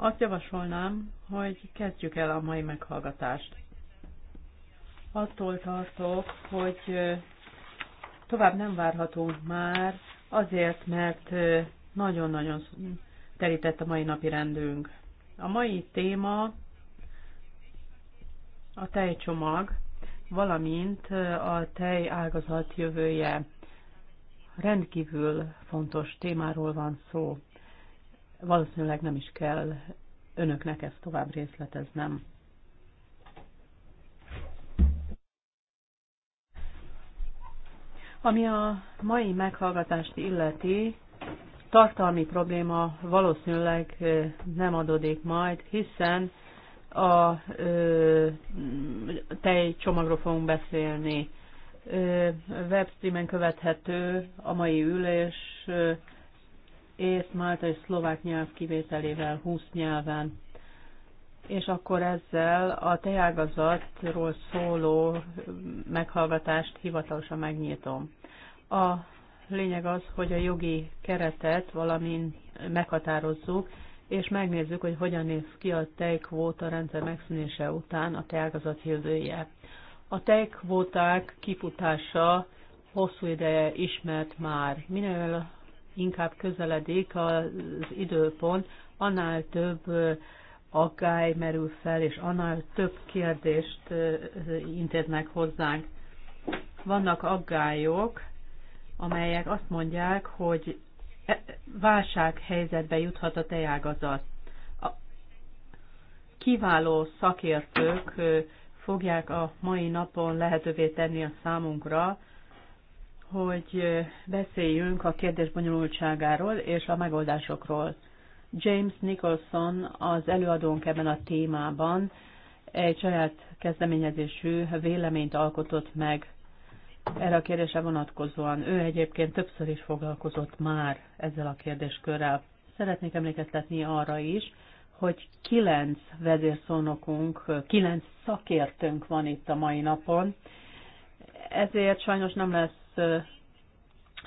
Azt javasolnám, hogy kezdjük el a mai meghallgatást. Attól tartok, hogy tovább nem várhatunk már, azért, mert nagyon-nagyon terített a mai napi rendünk. A mai téma a tejcsomag, valamint a tej ágazat jövője. Rendkívül fontos témáról van szó. Valószínűleg nem is kell önöknek ezt tovább részleteznem. Ami a mai meghallgatást illeti, tartalmi probléma valószínűleg nem adódik majd, hiszen a tej tejcsomagról fogunk beszélni. webstreamen követhető a mai ülés, ész, málta és szlovák nyelv kivételével 20 nyelven. És akkor ezzel a teágazatról szóló meghallgatást hivatalosan megnyitom. A lényeg az, hogy a jogi keretet valamint meghatározzuk, és megnézzük, hogy hogyan néz ki a tejkvóta rendszer megszűnése után a teágazat jövője. A tejkvóták kifutása hosszú ideje ismert már. Minél inkább közeledik az időpont, annál több aggály merül fel, és annál több kérdést intéznek hozzánk. Vannak aggályok, amelyek azt mondják, hogy e, válsághelyzetbe juthat a tejágazat. A kiváló szakértők fogják a mai napon lehetővé tenni a számunkra, hogy beszéljünk a kérdés bonyolultságáról és a megoldásokról. James Nicholson az előadónk ebben a témában egy saját kezdeményezésű véleményt alkotott meg erre a kérdésre vonatkozóan. Ő egyébként többször is foglalkozott már ezzel a kérdéskörrel. Szeretnék emlékeztetni arra is, hogy kilenc vezérszónokunk, kilenc szakértőnk van itt a mai napon, ezért sajnos nem lesz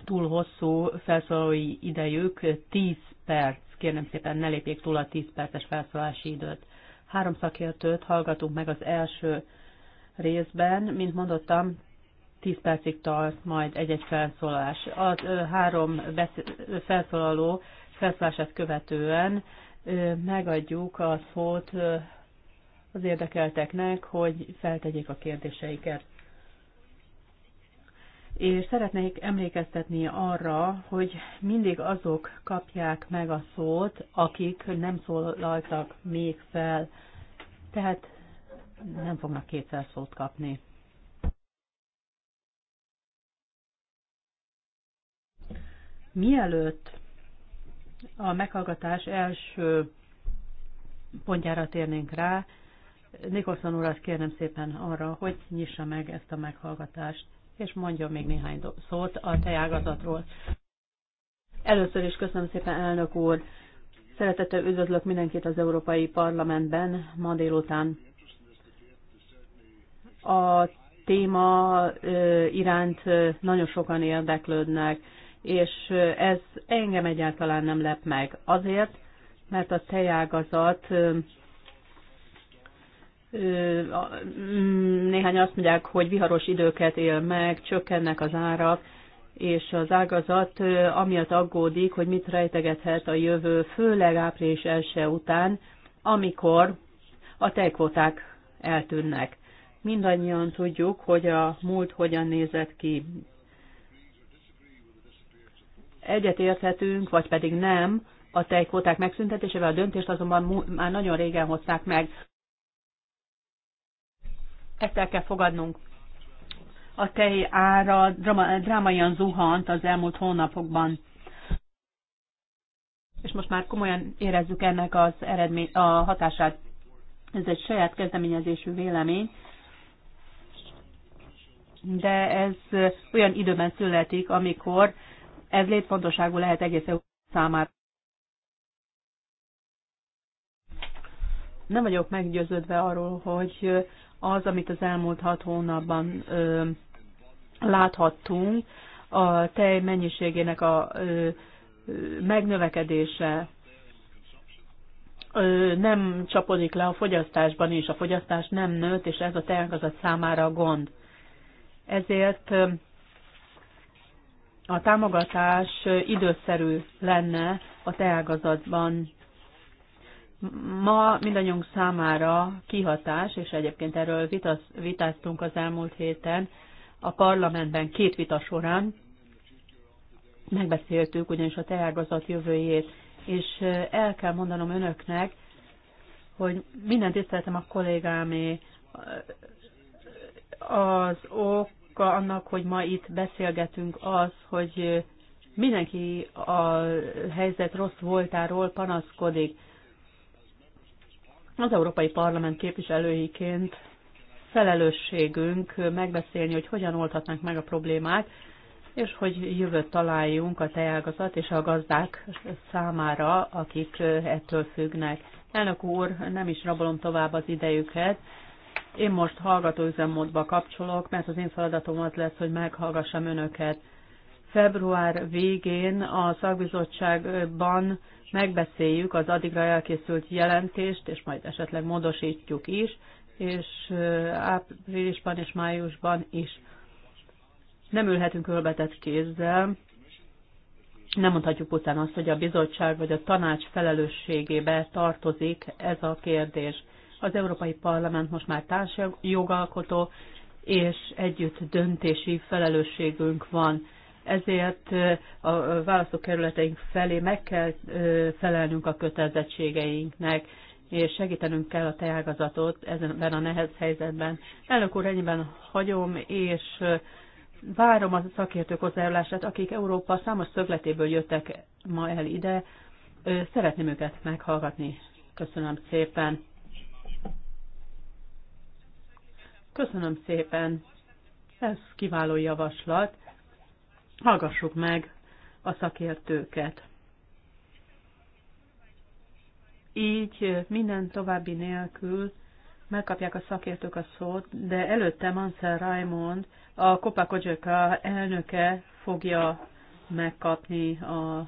túl hosszú felszólalói idejük, 10 perc, kérem szépen ne lépjék túl a 10 perces felszólási időt. Három szakértőt hallgatunk meg az első részben, mint mondottam, 10 percig tart majd egy-egy felszólalás. A három felszólaló felszólását követően megadjuk a szót az érdekelteknek, hogy feltegyék a kérdéseiket és szeretnék emlékeztetni arra, hogy mindig azok kapják meg a szót, akik nem szólaltak még fel, tehát nem fognak kétszer szót kapni. Mielőtt a meghallgatás első pontjára térnénk rá, Nikolson urat kérném szépen arra, hogy nyissa meg ezt a meghallgatást és mondjon még néhány szót a ágazatról. Először is köszönöm szépen, elnök úr! Szeretettel üdvözlök mindenkit az Európai Parlamentben ma délután. A téma iránt nagyon sokan érdeklődnek, és ez engem egyáltalán nem lep meg. Azért, mert a tejágazat Mm, néhány azt mondják, hogy viharos időket él meg, csökkennek az árak, és az ágazat amiatt aggódik, hogy mit rejtegethet a jövő, főleg április első után, amikor a tejkvoták eltűnnek. Mindannyian tudjuk, hogy a múlt hogyan nézett ki. Egyet érthetünk, vagy pedig nem, a tejkvoták megszüntetésével a döntést azonban már nagyon régen hozták meg. Ezt el kell fogadnunk. A tej ára drámaian zuhant az elmúlt hónapokban. És most már komolyan érezzük ennek az eredmény, a hatását. Ez egy saját kezdeményezésű vélemény, de ez olyan időben születik, amikor ez létfontosságú lehet egész EU számára. Nem vagyok meggyőződve arról, hogy az, amit az elmúlt hat hónapban ö, láthattunk, a tej mennyiségének a ö, megnövekedése ö, nem csapodik le a fogyasztásban is, a fogyasztás nem nőtt, és ez a tejágazat számára a gond. Ezért a támogatás időszerű lenne a teágazatban ma mindannyiunk számára kihatás, és egyébként erről vitasz, vitáztunk az elmúlt héten a parlamentben két vita során, megbeszéltük ugyanis a teágazat jövőjét, és el kell mondanom önöknek, hogy minden tiszteltem a kollégámé, az oka annak, hogy ma itt beszélgetünk az, hogy mindenki a helyzet rossz voltáról panaszkodik az Európai Parlament képviselőiként felelősségünk megbeszélni, hogy hogyan oldhatnánk meg a problémát, és hogy jövőt találjunk a teágazat és a gazdák számára, akik ettől függnek. Elnök úr, nem is rabolom tovább az idejüket. Én most hallgató üzemmódba kapcsolok, mert az én feladatom az lesz, hogy meghallgassam önöket. Február végén a szakbizottságban megbeszéljük az addigra elkészült jelentést, és majd esetleg módosítjuk is, és áprilisban és májusban is. Nem ülhetünk ölbetett kézzel, nem mondhatjuk pusztán azt, hogy a bizottság vagy a tanács felelősségébe tartozik ez a kérdés. Az Európai Parlament most már társjogalkotó, és együtt döntési felelősségünk van ezért a választókerületeink felé meg kell felelnünk a kötelezettségeinknek, és segítenünk kell a teágazatot ezenben a nehez helyzetben. Elnök úr, ennyiben hagyom, és várom a szakértők hozzájárulását, akik Európa számos szögletéből jöttek ma el ide. Szeretném őket meghallgatni. Köszönöm szépen. Köszönöm szépen. Ez kiváló javaslat. Hallgassuk meg a szakértőket. Így minden további nélkül megkapják a szakértők a szót, de előtte Mansell Raymond, a Kopa Kocseka elnöke fogja megkapni a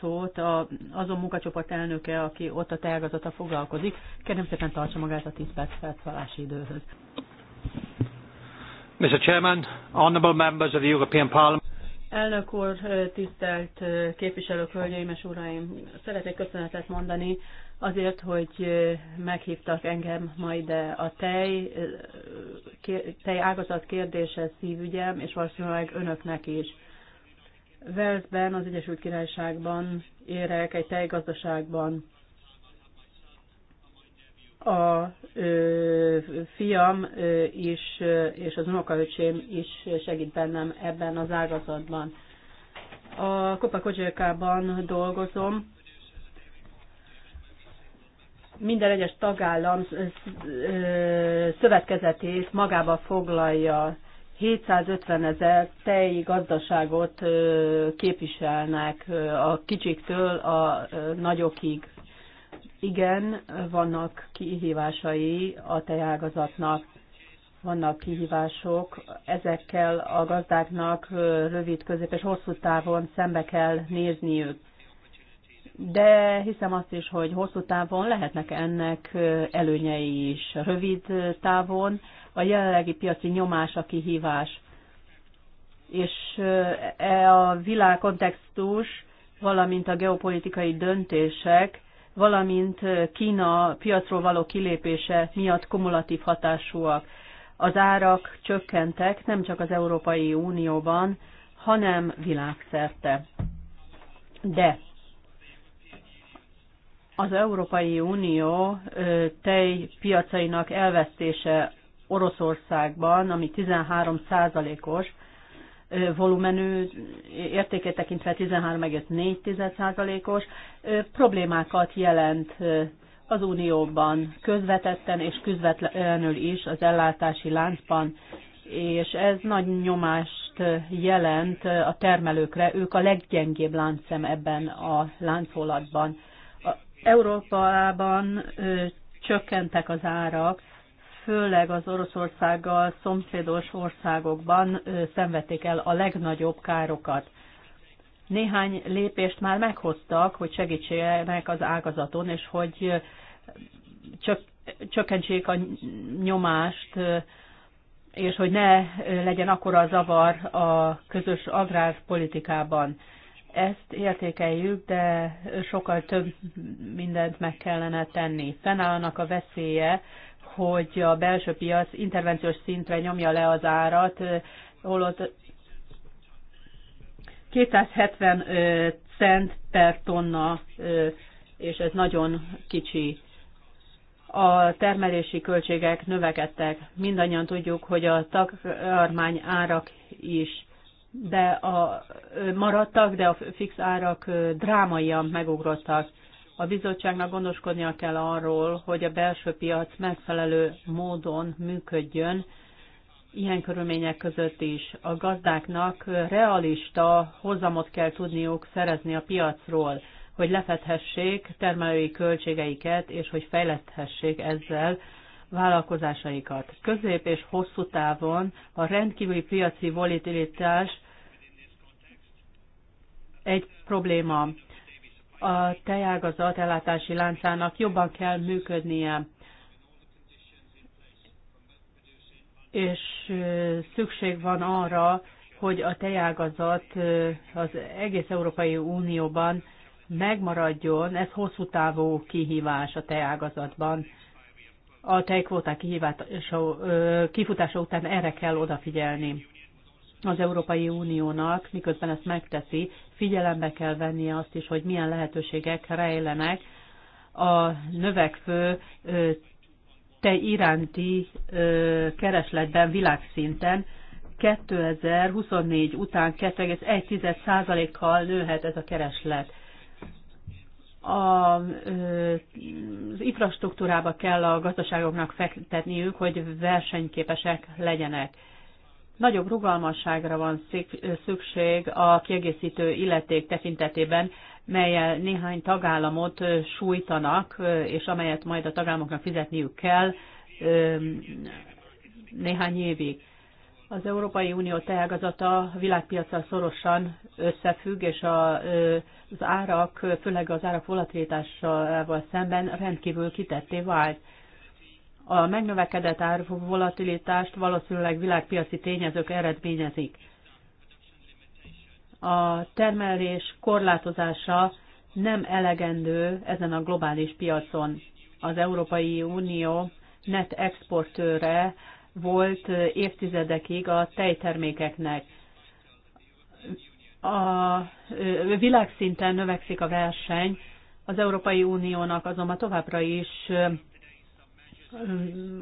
szót, a, azon munkacsoport elnöke, aki ott a tervezata foglalkozik. Kérem szépen tartsa magát a 10 perc felszállási időhöz. Mr. Chairman, honorable members of the European Parliament. Elnök úr, tisztelt képviselők, hölgyeim és uraim! Szeretnék köszönetet mondani azért, hogy meghívtak engem majd a tej, tej ágazat kérdése szívügyem, és valószínűleg önöknek is. Velszben, az Egyesült Királyságban érek egy tejgazdaságban a ö, fiam ö, is, ö, és az unokaöcsém is segít bennem ebben az ágazatban. A Kopakodzsélkában dolgozom. Minden egyes tagállam szövetkezetét magába foglalja. 750 ezer tej gazdaságot képviselnek a kicsiktől a nagyokig igen, vannak kihívásai a tejágazatnak, vannak kihívások, ezekkel a gazdáknak rövid, közép és hosszú távon szembe kell nézniük. De hiszem azt is, hogy hosszú távon lehetnek ennek előnyei is. Rövid távon a jelenlegi piaci nyomás a kihívás. És a e a világkontextus, valamint a geopolitikai döntések valamint Kína piacról való kilépése miatt kumulatív hatásúak. Az árak csökkentek nem csak az Európai Unióban, hanem világszerte. De az Európai Unió tejpiacainak elvesztése Oroszországban, ami 13 százalékos, volumenű, értékét tekintve 13,4%-os problémákat jelent az Unióban közvetetten és közvetlenül is az ellátási láncban, és ez nagy nyomást jelent a termelőkre, ők a leggyengébb láncszem ebben a láncolatban. Európában ö, csökkentek az árak, főleg az Oroszországgal szomszédos országokban szenvedték el a legnagyobb károkat. Néhány lépést már meghoztak, hogy segítsenek az ágazaton, és hogy csak, csökkentsék a nyomást, és hogy ne legyen akkora zavar a közös agrárpolitikában. Ezt értékeljük, de sokkal több mindent meg kellene tenni. Fennállnak a veszélye, hogy a belső piac intervenciós szintre nyomja le az árat, holott 270 cent per tonna, és ez nagyon kicsi. A termelési költségek növekedtek. Mindannyian tudjuk, hogy a takarmány árak is de a, maradtak, de a fix árak drámaian megugrottak. A bizottságnak gondoskodnia kell arról, hogy a belső piac megfelelő módon működjön, ilyen körülmények között is. A gazdáknak realista hozamot kell tudniuk szerezni a piacról, hogy lefedhessék termelői költségeiket, és hogy fejleszthessék ezzel vállalkozásaikat. Közép és hosszú távon a rendkívüli piaci volatilitás egy probléma a tejágazat ellátási láncának jobban kell működnie, és szükség van arra, hogy a tejágazat az egész Európai Unióban megmaradjon, ez hosszú távú kihívás a tejágazatban. A tejkvóták kifutása után erre kell odafigyelni az Európai Uniónak, miközben ezt megteszi, figyelembe kell vennie azt is, hogy milyen lehetőségek rejlenek a növekvő te iránti keresletben világszinten. 2024 után 2,1%-kal nőhet ez a kereslet. A, az infrastruktúrába kell a gazdaságoknak fektetniük, hogy versenyképesek legyenek Nagyobb rugalmasságra van szükség a kiegészítő illeték tekintetében, melyel néhány tagállamot sújtanak, és amelyet majd a tagállamoknak fizetniük kell néhány évig. Az Európai Unió teágazata világpiacsal szorosan összefügg, és az árak, főleg az árak volatilitásával szemben rendkívül kitetté vált. A megnövekedett árvolatilitást valószínűleg világpiaci tényezők eredményezik. A termelés korlátozása nem elegendő ezen a globális piacon. Az Európai Unió net exportőre volt évtizedekig a tejtermékeknek. A világszinten növekszik a verseny, az Európai Uniónak azonban továbbra is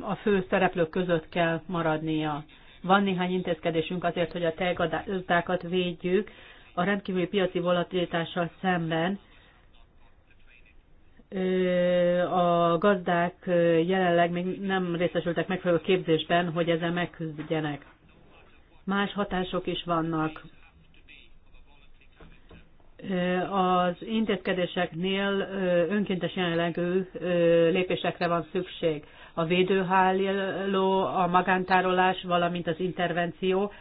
a fő szereplők között kell maradnia. Van néhány intézkedésünk azért, hogy a tejgazdákat védjük a rendkívüli piaci volatilitással szemben. A gazdák jelenleg még nem részesültek megfelelő képzésben, hogy ezzel megküzdjenek. Más hatások is vannak az intézkedéseknél önkéntes jelenlegű lépésekre van szükség a védőháló, a magántárolás, valamint az intervenció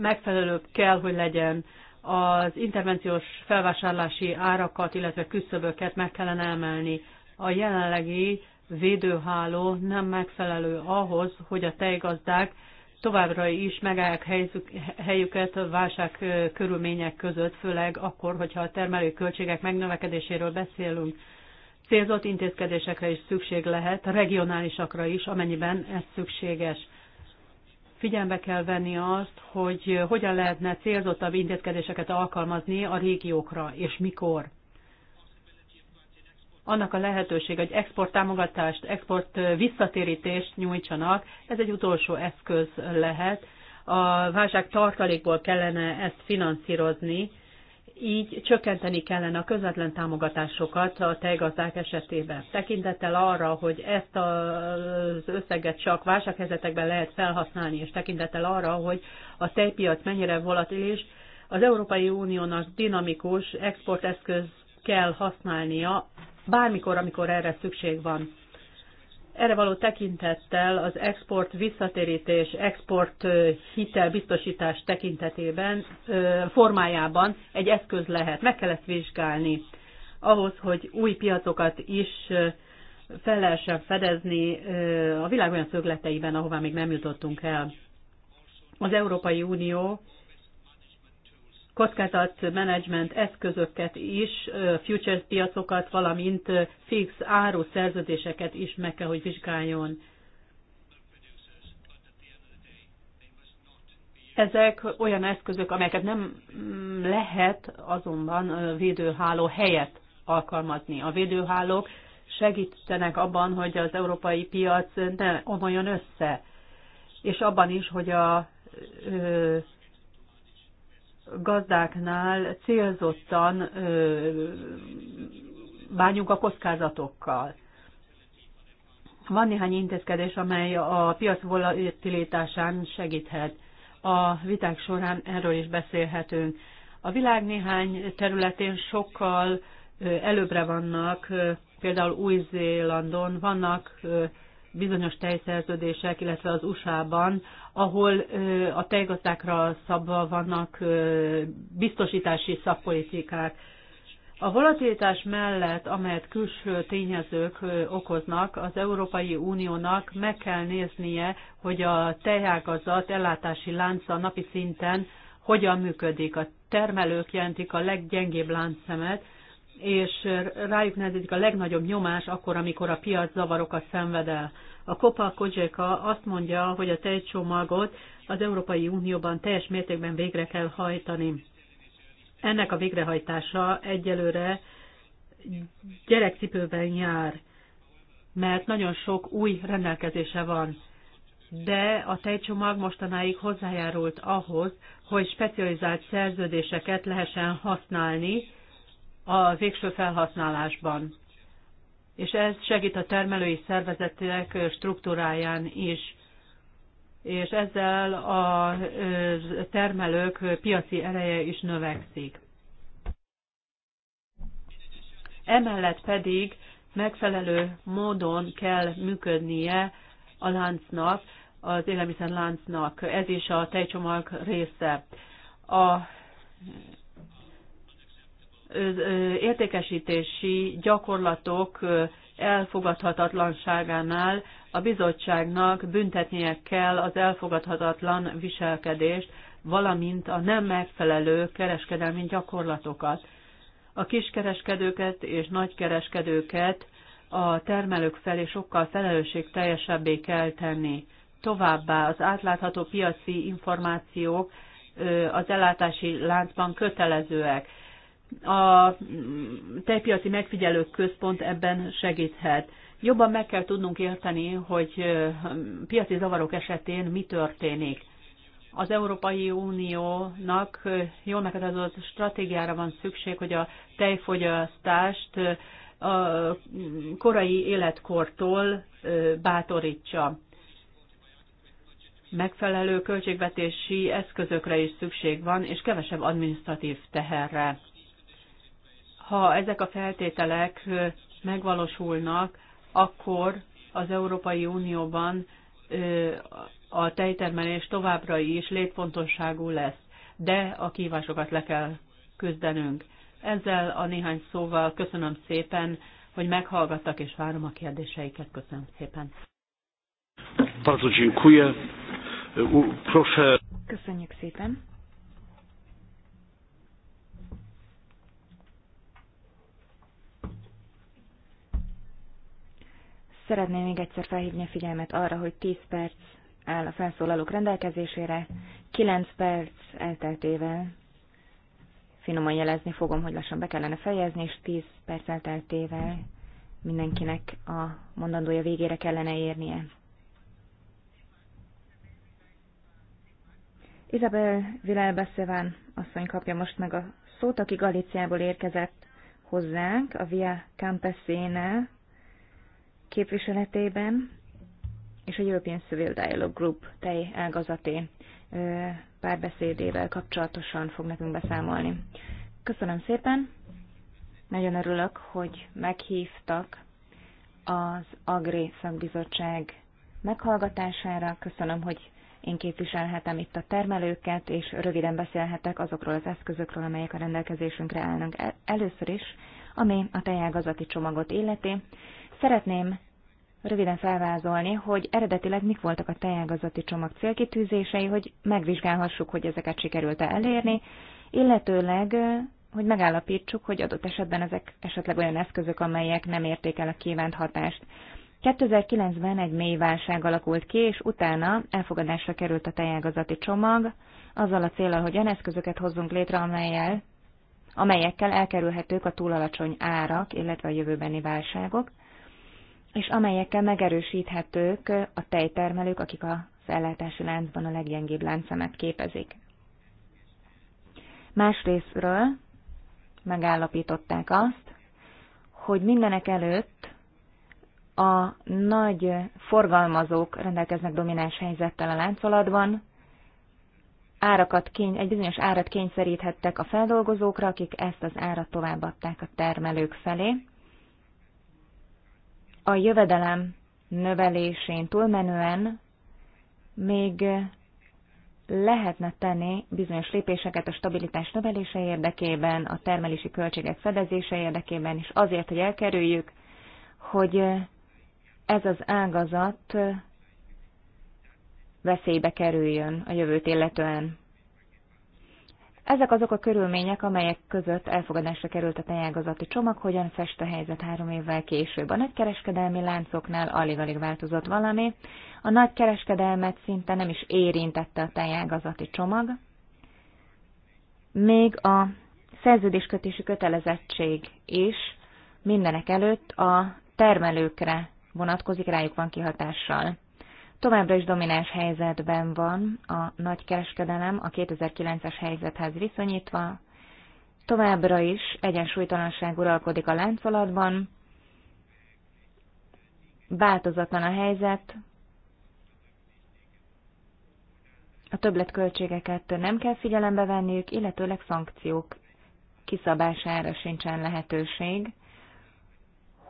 megfelelőbb kell, hogy legyen az intervenciós felvásárlási árakat, illetve küszöböket meg kellene emelni. A jelenlegi védőháló nem megfelelő ahhoz, hogy a tejgazdák továbbra is megállják helyüket a válság körülmények között, főleg akkor, hogyha a termelőköltségek megnövekedéséről beszélünk célzott intézkedésekre is szükség lehet, regionálisakra is, amennyiben ez szükséges. Figyelme kell venni azt, hogy hogyan lehetne célzottabb intézkedéseket alkalmazni a régiókra, és mikor. Annak a lehetőség, hogy export támogatást, export visszatérítést nyújtsanak, ez egy utolsó eszköz lehet. A válság tartalékból kellene ezt finanszírozni, így csökkenteni kellene a közvetlen támogatásokat a tejgazdák esetében. Tekintettel arra, hogy ezt az összeget csak válsághelyzetekben lehet felhasználni, és tekintettel arra, hogy a tejpiac mennyire volatilis, az Európai Uniónak dinamikus exporteszköz kell használnia bármikor, amikor erre szükség van. Erre való tekintettel az export visszatérítés, export hitel biztosítás tekintetében, formájában egy eszköz lehet. Meg kell ezt vizsgálni ahhoz, hogy új piacokat is fel lehessen fedezni a világ olyan szögleteiben, ahová még nem jutottunk el. Az Európai Unió kockázat menedzsment eszközöket is, futures piacokat, valamint fix áru szerződéseket is meg kell, hogy vizsgáljon. Ezek olyan eszközök, amelyeket nem mm, lehet azonban védőháló helyett alkalmazni. A védőhálók segítenek abban, hogy az európai piac ne omoljon össze, és abban is, hogy a gazdáknál célzottan bánjunk a kockázatokkal. Van néhány intézkedés, amely a piac volatilitásán segíthet. A viták során erről is beszélhetünk. A világ néhány területén sokkal előbbre vannak, például Új-Zélandon vannak bizonyos tejszerződések, illetve az USA-ban, ahol a tejgazdákra szabva vannak biztosítási szakpolitikák. A volatilitás mellett, amelyet külső tényezők okoznak, az Európai Uniónak meg kell néznie, hogy a tejágazat ellátási lánca napi szinten hogyan működik. A termelők jelentik a leggyengébb láncszemet, és rájuk nehezedik a legnagyobb nyomás akkor, amikor a piac zavarokat szenved el. A Kopa Kodzseka azt mondja, hogy a tejcsomagot az Európai Unióban teljes mértékben végre kell hajtani. Ennek a végrehajtása egyelőre gyerekcipőben jár, mert nagyon sok új rendelkezése van. De a tejcsomag mostanáig hozzájárult ahhoz, hogy specializált szerződéseket lehessen használni a végső felhasználásban és ez segít a termelői szervezetek struktúráján is, és ezzel a termelők piaci ereje is növekszik. Emellett pedig megfelelő módon kell működnie a láncnak, az élelmiszerláncnak. Ez is a tejcsomag része. A értékesítési gyakorlatok elfogadhatatlanságánál a bizottságnak büntetnie kell az elfogadhatatlan viselkedést, valamint a nem megfelelő kereskedelmi gyakorlatokat. A kiskereskedőket és nagykereskedőket a termelők felé sokkal felelősségteljesebbé kell tenni. Továbbá az átlátható piaci információk az ellátási láncban kötelezőek a tejpiaci megfigyelők központ ebben segíthet. Jobban meg kell tudnunk érteni, hogy piaci zavarok esetén mi történik. Az Európai Uniónak jól meghatározott stratégiára van szükség, hogy a tejfogyasztást a korai életkortól bátorítsa megfelelő költségvetési eszközökre is szükség van, és kevesebb adminisztratív teherre. Ha ezek a feltételek megvalósulnak, akkor az Európai Unióban a tejtermelés továbbra is létfontosságú lesz, de a kívásokat le kell küzdenünk. Ezzel a néhány szóval köszönöm szépen, hogy meghallgattak, és várom a kérdéseiket. Köszönöm szépen. Köszönjük szépen. Szeretném még egyszer felhívni a figyelmet arra, hogy 10 perc áll a felszólalók rendelkezésére, 9 perc elteltével finoman jelezni fogom, hogy lassan be kellene fejezni, és 10 perc elteltével mindenkinek a mondandója végére kellene érnie. Isabel Vilelbeszeván asszony kapja most meg a szót, aki Galíciából érkezett hozzánk, a Via Campesina képviseletében, és a European Civil Dialogue Group tej ágazaté párbeszédével kapcsolatosan fog nekünk beszámolni. Köszönöm szépen, nagyon örülök, hogy meghívtak az Agri Szakbizottság meghallgatására. Köszönöm, hogy én képviselhetem itt a termelőket, és röviden beszélhetek azokról az eszközökről, amelyek a rendelkezésünkre állnak először is, ami a tejágazati csomagot illeti. Szeretném röviden felvázolni, hogy eredetileg mik voltak a tejágazati csomag célkitűzései, hogy megvizsgálhassuk, hogy ezeket sikerült-e elérni, illetőleg hogy megállapítsuk, hogy adott esetben ezek esetleg olyan eszközök, amelyek nem érték el a kívánt hatást. 2009-ben egy mély válság alakult ki, és utána elfogadásra került a tejágazati csomag, azzal a célral, hogy olyan eszközöket hozzunk létre, amelyel, amelyekkel elkerülhetők a túl alacsony árak, illetve a jövőbeni válságok és amelyekkel megerősíthetők a tejtermelők, akik a ellátási láncban a leggyengébb láncemet képezik. Másrésztről megállapították azt, hogy mindenek előtt a nagy forgalmazók rendelkeznek domináns helyzettel a láncolatban, árakat kény, egy bizonyos árat kényszeríthettek a feldolgozókra, akik ezt az árat továbbadták a termelők felé, a jövedelem növelésén túlmenően még lehetne tenni bizonyos lépéseket a stabilitás növelése érdekében, a termelési költségek fedezése érdekében, és azért, hogy elkerüljük, hogy ez az ágazat veszélybe kerüljön a jövőt illetően. Ezek azok a körülmények, amelyek között elfogadásra került a tejágazati csomag, hogyan fest a helyzet három évvel később. A nagykereskedelmi láncoknál alig-alig változott valami. A nagykereskedelmet szinte nem is érintette a tejágazati csomag. Még a szerződéskötési kötelezettség is mindenek előtt a termelőkre vonatkozik, rájuk van kihatással továbbra is domináns helyzetben van a nagykereskedelem a 2009-es helyzethez viszonyítva, továbbra is egyensúlytalanság uralkodik a láncolatban, változatlan a helyzet, a többletköltségeket nem kell figyelembe venniük, illetőleg szankciók kiszabására sincsen lehetőség,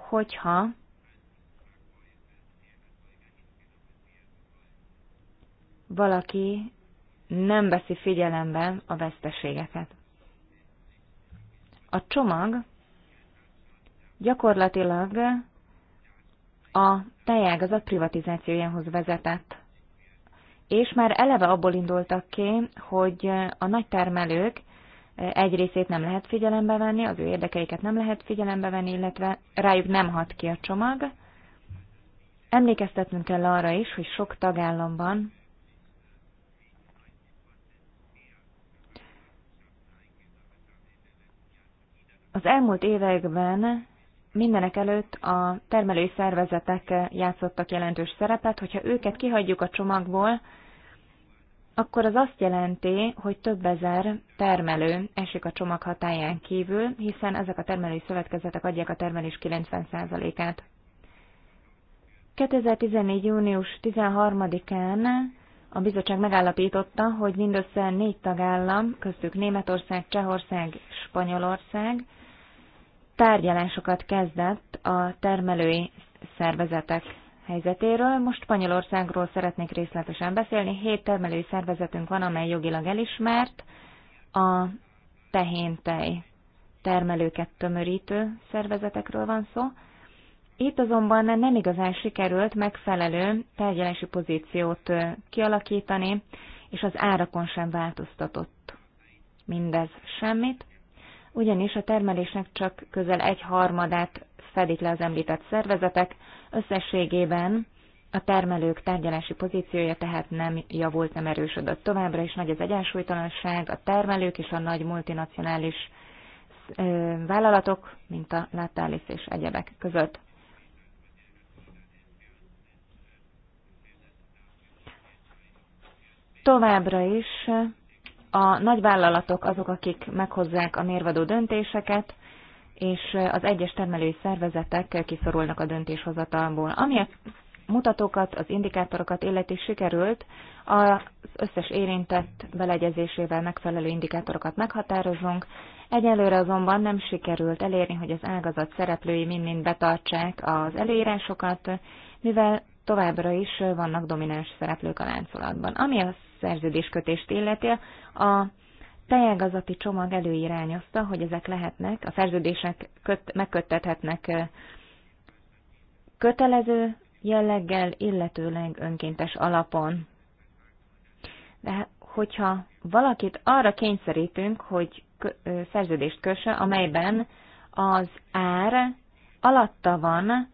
hogyha valaki nem veszi figyelembe a veszteségeket. A csomag gyakorlatilag a tejágazat privatizációjához vezetett. És már eleve abból indultak ki, hogy a nagy termelők egy részét nem lehet figyelembe venni, az ő érdekeiket nem lehet figyelembe venni, illetve rájuk nem hat ki a csomag. Emlékeztetnünk kell arra is, hogy sok tagállamban Az elmúlt években mindenek előtt a termelői szervezetek játszottak jelentős szerepet, hogyha őket kihagyjuk a csomagból, akkor az azt jelenti, hogy több ezer termelő esik a csomag hatáján kívül, hiszen ezek a termelői szövetkezetek adják a termelés 90%-át. 2014. június 13-án a bizottság megállapította, hogy mindössze négy tagállam, köztük Németország, Csehország, Spanyolország tárgyalásokat kezdett a termelői szervezetek helyzetéről. Most Spanyolországról szeretnék részletesen beszélni. Hét termelői szervezetünk van, amely jogilag elismert. A tehéntej termelőket tömörítő szervezetekről van szó. Itt azonban nem igazán sikerült megfelelő tárgyalási pozíciót kialakítani, és az árakon sem változtatott mindez semmit ugyanis a termelésnek csak közel egy harmadát fedik le az említett szervezetek, összességében a termelők tárgyalási pozíciója tehát nem javult, nem erősödött. Továbbra is nagy az egyensúlytalanság, a termelők és a nagy multinacionális vállalatok, mint a Latalis és egyebek között. Továbbra is a nagyvállalatok azok, akik meghozzák a mérvadó döntéseket, és az egyes termelői szervezetek kiszorulnak a döntéshozatalból. Ami a mutatókat, az indikátorokat illeti sikerült az összes érintett beleegyezésével megfelelő indikátorokat meghatározunk, egyelőre azonban nem sikerült elérni, hogy az ágazat szereplői mind-mind betartsák az előírásokat, mivel továbbra is vannak domináns szereplők a láncolatban. Ami az szerződéskötést illeti, a tejágazati csomag előirányozta, hogy ezek lehetnek, a szerződések köt, megköttethetnek kötelező jelleggel, illetőleg önkéntes alapon. De hát, hogyha valakit arra kényszerítünk, hogy szerződést kösse, amelyben az ár alatta van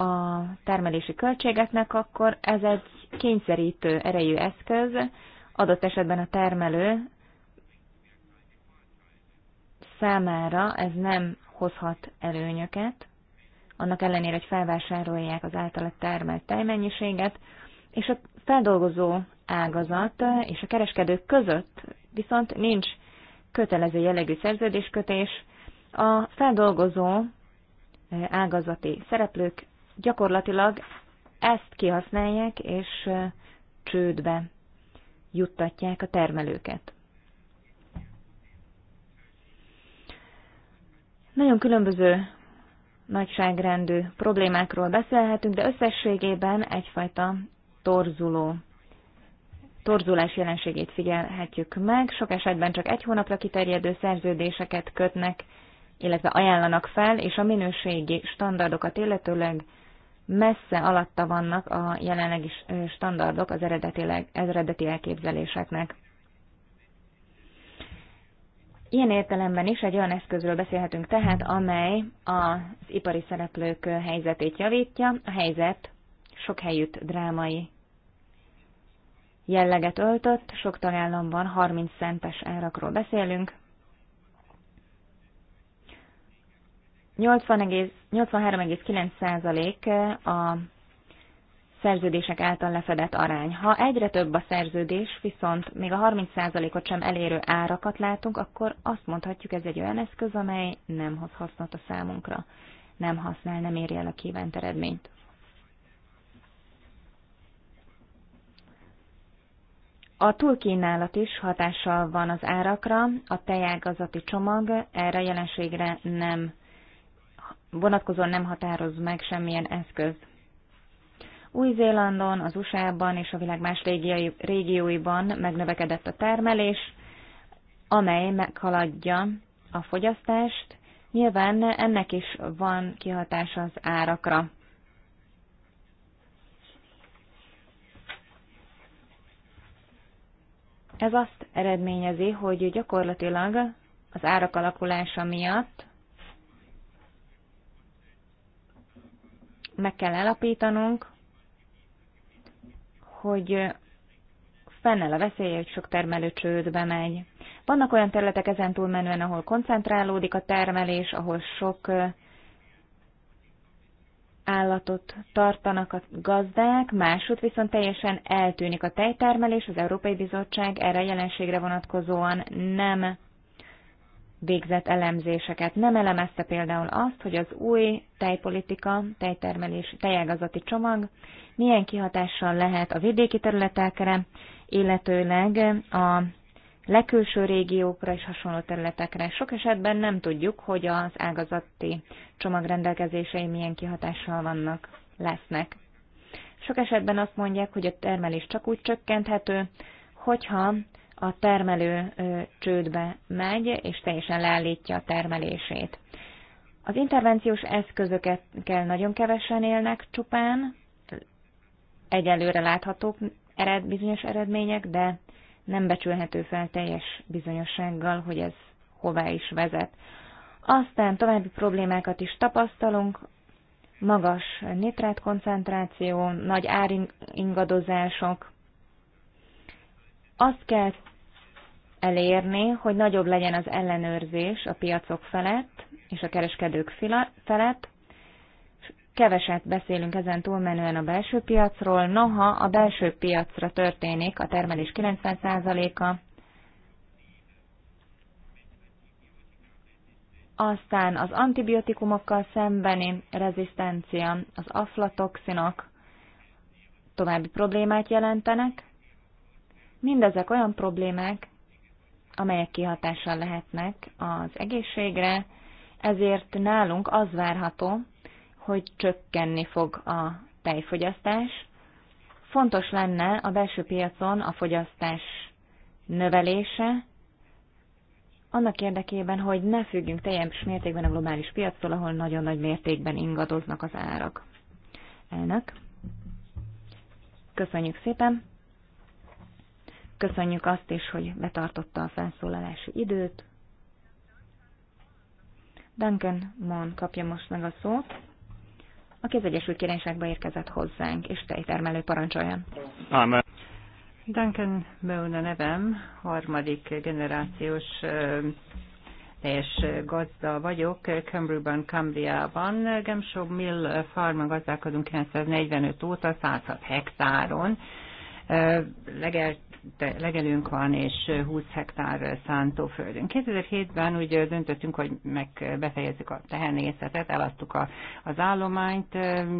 a termelési költségeknek, akkor ez egy kényszerítő erejű eszköz, adott esetben a termelő számára ez nem hozhat előnyöket, annak ellenére, hogy felvásárolják az általa termelt tejmennyiséget, és a feldolgozó ágazat és a kereskedők között viszont nincs kötelező jellegű szerződéskötés, a feldolgozó eh, ágazati szereplők gyakorlatilag ezt kihasználják, és csődbe juttatják a termelőket. Nagyon különböző nagyságrendű problémákról beszélhetünk, de összességében egyfajta torzuló, torzulás jelenségét figyelhetjük meg. Sok esetben csak egy hónapra kiterjedő szerződéseket kötnek, illetve ajánlanak fel, és a minőségi standardokat illetőleg messze alatta vannak a jelenlegi standardok az eredetileg, eredeti elképzeléseknek. Ilyen értelemben is egy olyan eszközről beszélhetünk tehát, amely az ipari szereplők helyzetét javítja. A helyzet sok helyütt drámai jelleget öltött, sok tagállamban 30 centes árakról beszélünk, 83,9% eh, a szerződések által lefedett arány. Ha egyre több a szerződés, viszont még a 30%-ot sem elérő árakat látunk, akkor azt mondhatjuk, ez egy olyan eszköz, amely nem hoz hasznot a számunkra. Nem használ, nem érje el a kívánt eredményt. A túlkínálat is hatással van az árakra, a tejágazati csomag erre a jelenségre nem vonatkozóan nem határoz meg semmilyen eszköz. Új-Zélandon, az USA-ban és a világ más régióiban megnövekedett a termelés, amely meghaladja a fogyasztást, nyilván ennek is van kihatása az árakra. Ez azt eredményezi, hogy gyakorlatilag az árak alakulása miatt meg kell állapítanunk, hogy fennel a veszélye, hogy sok termelő csődbe megy. Vannak olyan területek ezen túlmenően, ahol koncentrálódik a termelés, ahol sok állatot tartanak a gazdák, másút viszont teljesen eltűnik a tejtermelés, az Európai Bizottság erre a jelenségre vonatkozóan nem végzett elemzéseket. Nem elemezte például azt, hogy az új tejpolitika, tejtermelés, tejágazati csomag milyen kihatással lehet a vidéki területekre, illetőleg a legkülső régiókra és hasonló területekre. Sok esetben nem tudjuk, hogy az ágazati csomag rendelkezései milyen kihatással vannak, lesznek. Sok esetben azt mondják, hogy a termelés csak úgy csökkenthető, hogyha a termelő csődbe megy, és teljesen leállítja a termelését. Az intervenciós eszközöket kell nagyon kevesen élnek csupán, egyelőre láthatók ered, bizonyos eredmények, de nem becsülhető fel teljes bizonyossággal, hogy ez hová is vezet. Aztán további problémákat is tapasztalunk, magas nitrát koncentráció, nagy áringadozások. Azt kell elérni, hogy nagyobb legyen az ellenőrzés a piacok felett és a kereskedők felett. Keveset beszélünk ezen túlmenően a belső piacról, noha a belső piacra történik a termelés 90%-a, aztán az antibiotikumokkal szembeni rezisztencia, az aflatoxinok további problémát jelentenek. Mindezek olyan problémák, amelyek kihatással lehetnek az egészségre, ezért nálunk az várható, hogy csökkenni fog a tejfogyasztás. Fontos lenne a belső piacon a fogyasztás növelése, annak érdekében, hogy ne függjünk teljes mértékben a globális piactól, ahol nagyon nagy mértékben ingadoznak az árak. Elnök. Köszönjük szépen. Köszönjük azt is, hogy betartotta a felszólalási időt. Duncan Mon kapja most meg a szót, aki az Egyesült Királyságba érkezett hozzánk, és tejtermelő parancsoljon. Amen. Duncan Moon a nevem, harmadik generációs teljes gazda vagyok, Cambria-ban, Gemshaw Mill farmon gazdálkodunk 945 óta, 106 hektáron. Legelt legelőnk van, és 20 hektár szántóföldünk. 2007-ben úgy döntöttünk, hogy meg befejezzük a tehenészetet, eladtuk a, az állományt,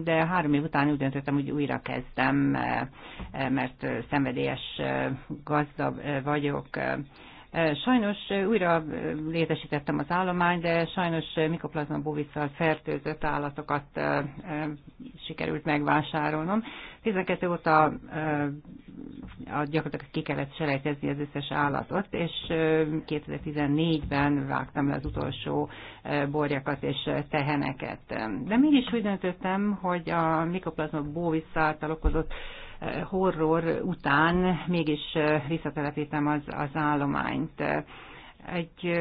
de három év után úgy döntöttem, hogy újra kezdem, mert szenvedélyes gazda vagyok. Sajnos újra létesítettem az állomány, de sajnos mikoplazma bovisszal fertőzött állatokat sikerült megvásárolnom. 12 óta a gyakorlatilag ki kellett selejtezni az összes állatot, és 2014-ben vágtam le az utolsó borjakat és teheneket. De mégis úgy döntöttem, hogy a mikoplazma bovisszal által okozott horror után mégis visszatelepítem az, az állományt. Egy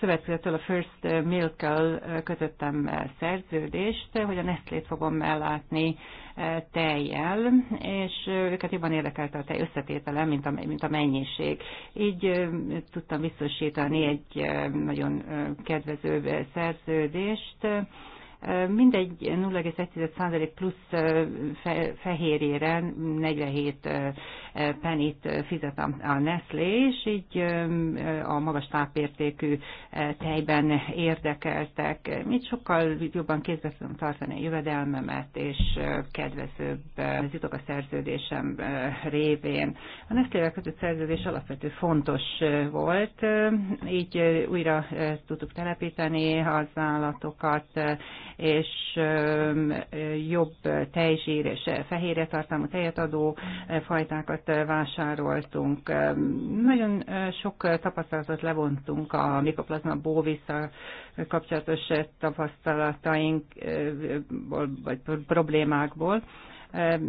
szövetkezettől a First Milk-kel kötöttem szerződést, hogy a Nestlét fogom ellátni tejjel, és őket jobban érdekelte a tej összetétele, mint a, mint a mennyiség. Így tudtam biztosítani egy nagyon kedvező szerződést, mindegy 0,1% plusz fehérjére 47 penit fizet a Nestlé, és így a magas tápértékű tejben érdekeltek. Mit sokkal jobban kézbe tudom tartani a jövedelmemet, és kedvezőbb az jutok a szerződésem révén. A Nestlével kötött szerződés alapvető fontos volt, így újra tudtuk telepíteni az állatokat, és jobb tejzsír és fehérje tartalmú tejet adó fajtákat vásároltunk. Nagyon sok tapasztalatot levontunk a mikoplazma bóvisza kapcsolatos tapasztalataink vagy problémákból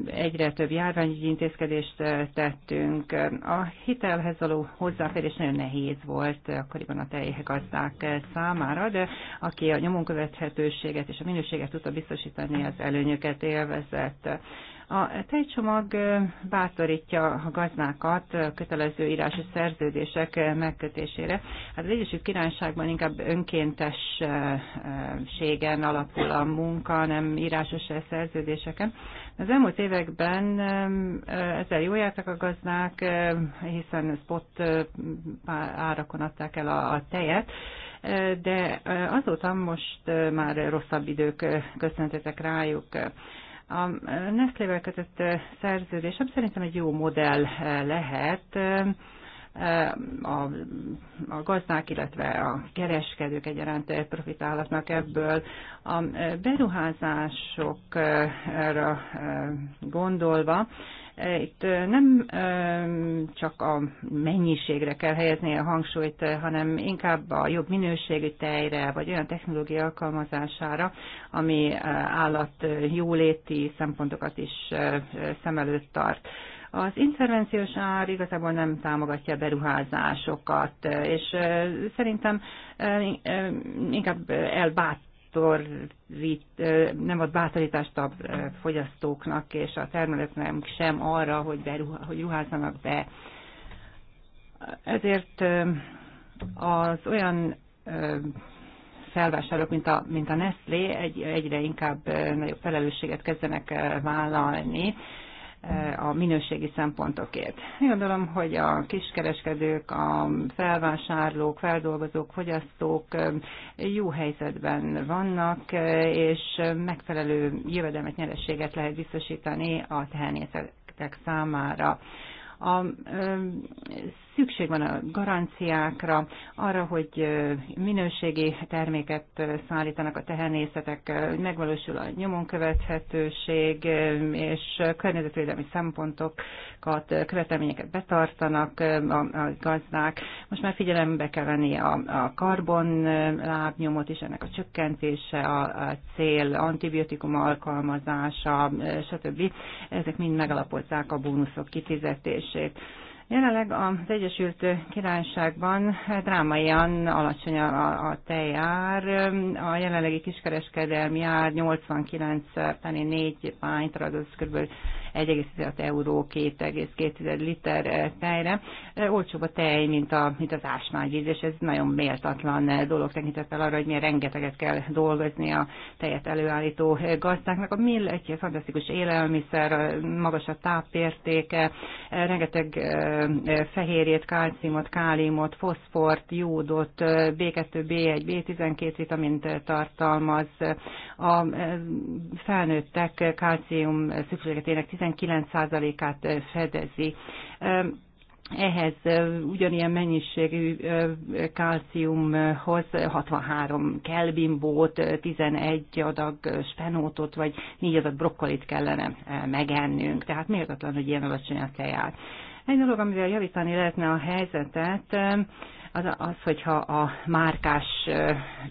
egyre több járványügyi intézkedést tettünk. A hitelhez való hozzáférés nagyon nehéz volt akkoriban a tejgazdák számára, de aki a nyomon követhetőséget és a minőséget tudta biztosítani, az előnyöket élvezett. A tejcsomag bátorítja a gazdákat kötelező írási szerződések megkötésére. Hát az Egyesült Királyságban inkább önkéntességen alapul a munka, nem írásos szerződéseken. Az elmúlt években ezzel jól jártak a gazdák, hiszen spot árakon adták el a tejet, de azóta most már rosszabb idők köszöntetek rájuk. A Nestlével kötött szerződésem szerintem egy jó modell lehet a, a gazdák, illetve a kereskedők egyaránt profitálhatnak ebből. A beruházásokra gondolva, itt nem csak a mennyiségre kell helyezni a hangsúlyt, hanem inkább a jobb minőségű tejre, vagy olyan technológia alkalmazására, ami állat jóléti szempontokat is szem előtt tart. Az intervenciós ár igazából nem támogatja beruházásokat, és szerintem inkább elbát bátorít, nem ad bátorítást a fogyasztóknak és a termelőknek sem arra, hogy, beruha, hogy ruházzanak be. Ezért az olyan felvásárlók, mint a, mint a Nestlé egy, egyre inkább nagyobb felelősséget kezdenek vállalni, a minőségi szempontokért. Én gondolom, hogy a kiskereskedők, a felvásárlók, feldolgozók, fogyasztók jó helyzetben vannak, és megfelelő jövedelmet, nyerességet lehet biztosítani a tehenészetek számára. A Szükség van a garanciákra, arra, hogy minőségi terméket szállítanak a tehenészetek, hogy megvalósul a nyomon követhetőség, és környezetvédelmi szempontokat, követelményeket betartanak a gazdák. Most már figyelembe kell venni a, a karbon lábnyomot is, ennek a csökkentése, a, a cél, antibiotikum alkalmazása, stb. Ezek mind megalapozzák a bónuszok kifizetését. Jelenleg az Egyesült Királyságban drámaian alacsony a, a tejár. A jelenlegi kiskereskedelmi ár 89 penny 4 pint, az kb. 1,5 euró 2,2 liter eh, tejre. Eh, olcsóbb a tej, mint, a, mint az ásványvíz, és ez nagyon méltatlan eh, dolog tekintettel arra, hogy milyen rengeteget kell dolgozni a tejet előállító gazdáknak. A mill egy fantasztikus élelmiszer, magas a tápértéke, rengeteg fehérjét, kalciumot, káliumot, foszfort, jódot, B2, B1, B12 vitamint tartalmaz. A felnőttek kalcium szükségletének 19%-át fedezi. Ehhez ugyanilyen mennyiségű kalciumhoz 63 kelbimbót, 11 adag spenótot, vagy 4 adag brokkolit kellene megennünk. Tehát méltatlan, hogy ilyen alacsony a tejár. Egy dolog, amivel javítani lehetne a helyzetet, az, az, hogyha a márkás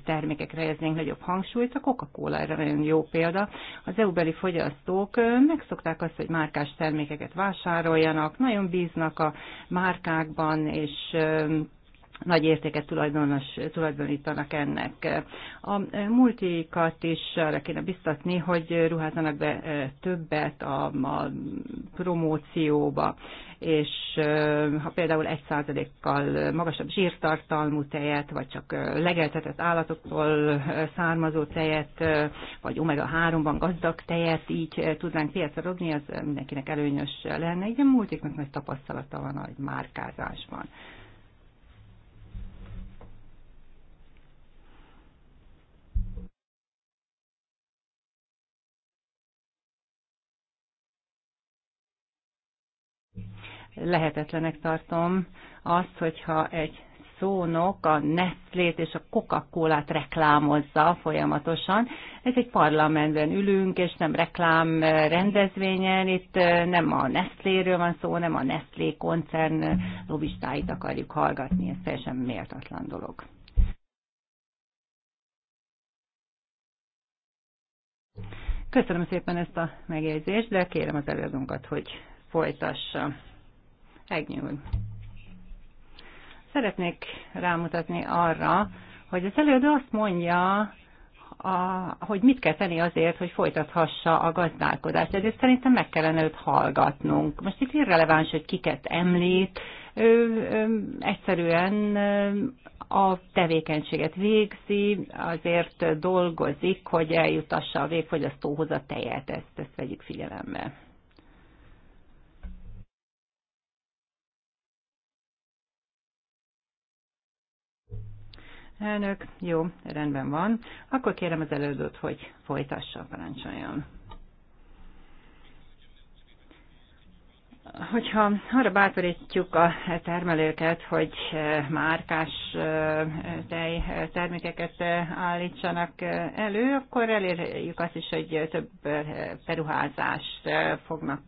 termékekre helyeznénk nagyobb hangsúlyt, a Coca-Cola erre nagyon jó példa. Az EU-beli fogyasztók megszokták azt, hogy márkás termékeket vásároljanak, nagyon bíznak a márkákban, és nagy értéket tulajdonos, tulajdonítanak ennek. A multikat is arra kéne biztatni, hogy ruházzanak be többet a, a promócióba és ha például 1 százalékkal magasabb zsírtartalmú tejet, vagy csak legeltetett állatoktól származó tejet, vagy omega-3-ban gazdag tejet így tudnánk piacra dobni, az mindenkinek előnyös lenne. Igen, múltiknak nagy tapasztalata van a márkázásban. lehetetlenek tartom azt, hogyha egy szónok a Nestlét és a Coca-Colát reklámozza folyamatosan. Ez egy parlamentben ülünk, és nem reklám rendezvényen, itt nem a Nestléről van szó, nem a Nestlé koncern lobistáit akarjuk hallgatni, ez teljesen méltatlan dolog. Köszönöm szépen ezt a megjegyzést, de kérem az előadónkat, hogy folytassa megnyúl. Szeretnék rámutatni arra, hogy az előadó azt mondja, a, hogy mit kell tenni azért, hogy folytathassa a gazdálkodást. Ezért szerintem meg kellene őt hallgatnunk. Most itt irreleváns, hogy kiket említ, ő, ö, egyszerűen a tevékenységet végzi, azért dolgozik, hogy eljutassa a végfogyasztóhoz a tejet, ezt, ezt vegyük figyelembe. Elnök, jó, rendben van. Akkor kérem az elődöt, hogy folytassa, parancsoljon. Hogyha arra bátorítjuk a termelőket, hogy eh, márkás eh, tej eh, termékeket állítsanak elő, akkor elérjük azt is, hogy több peruházást fognak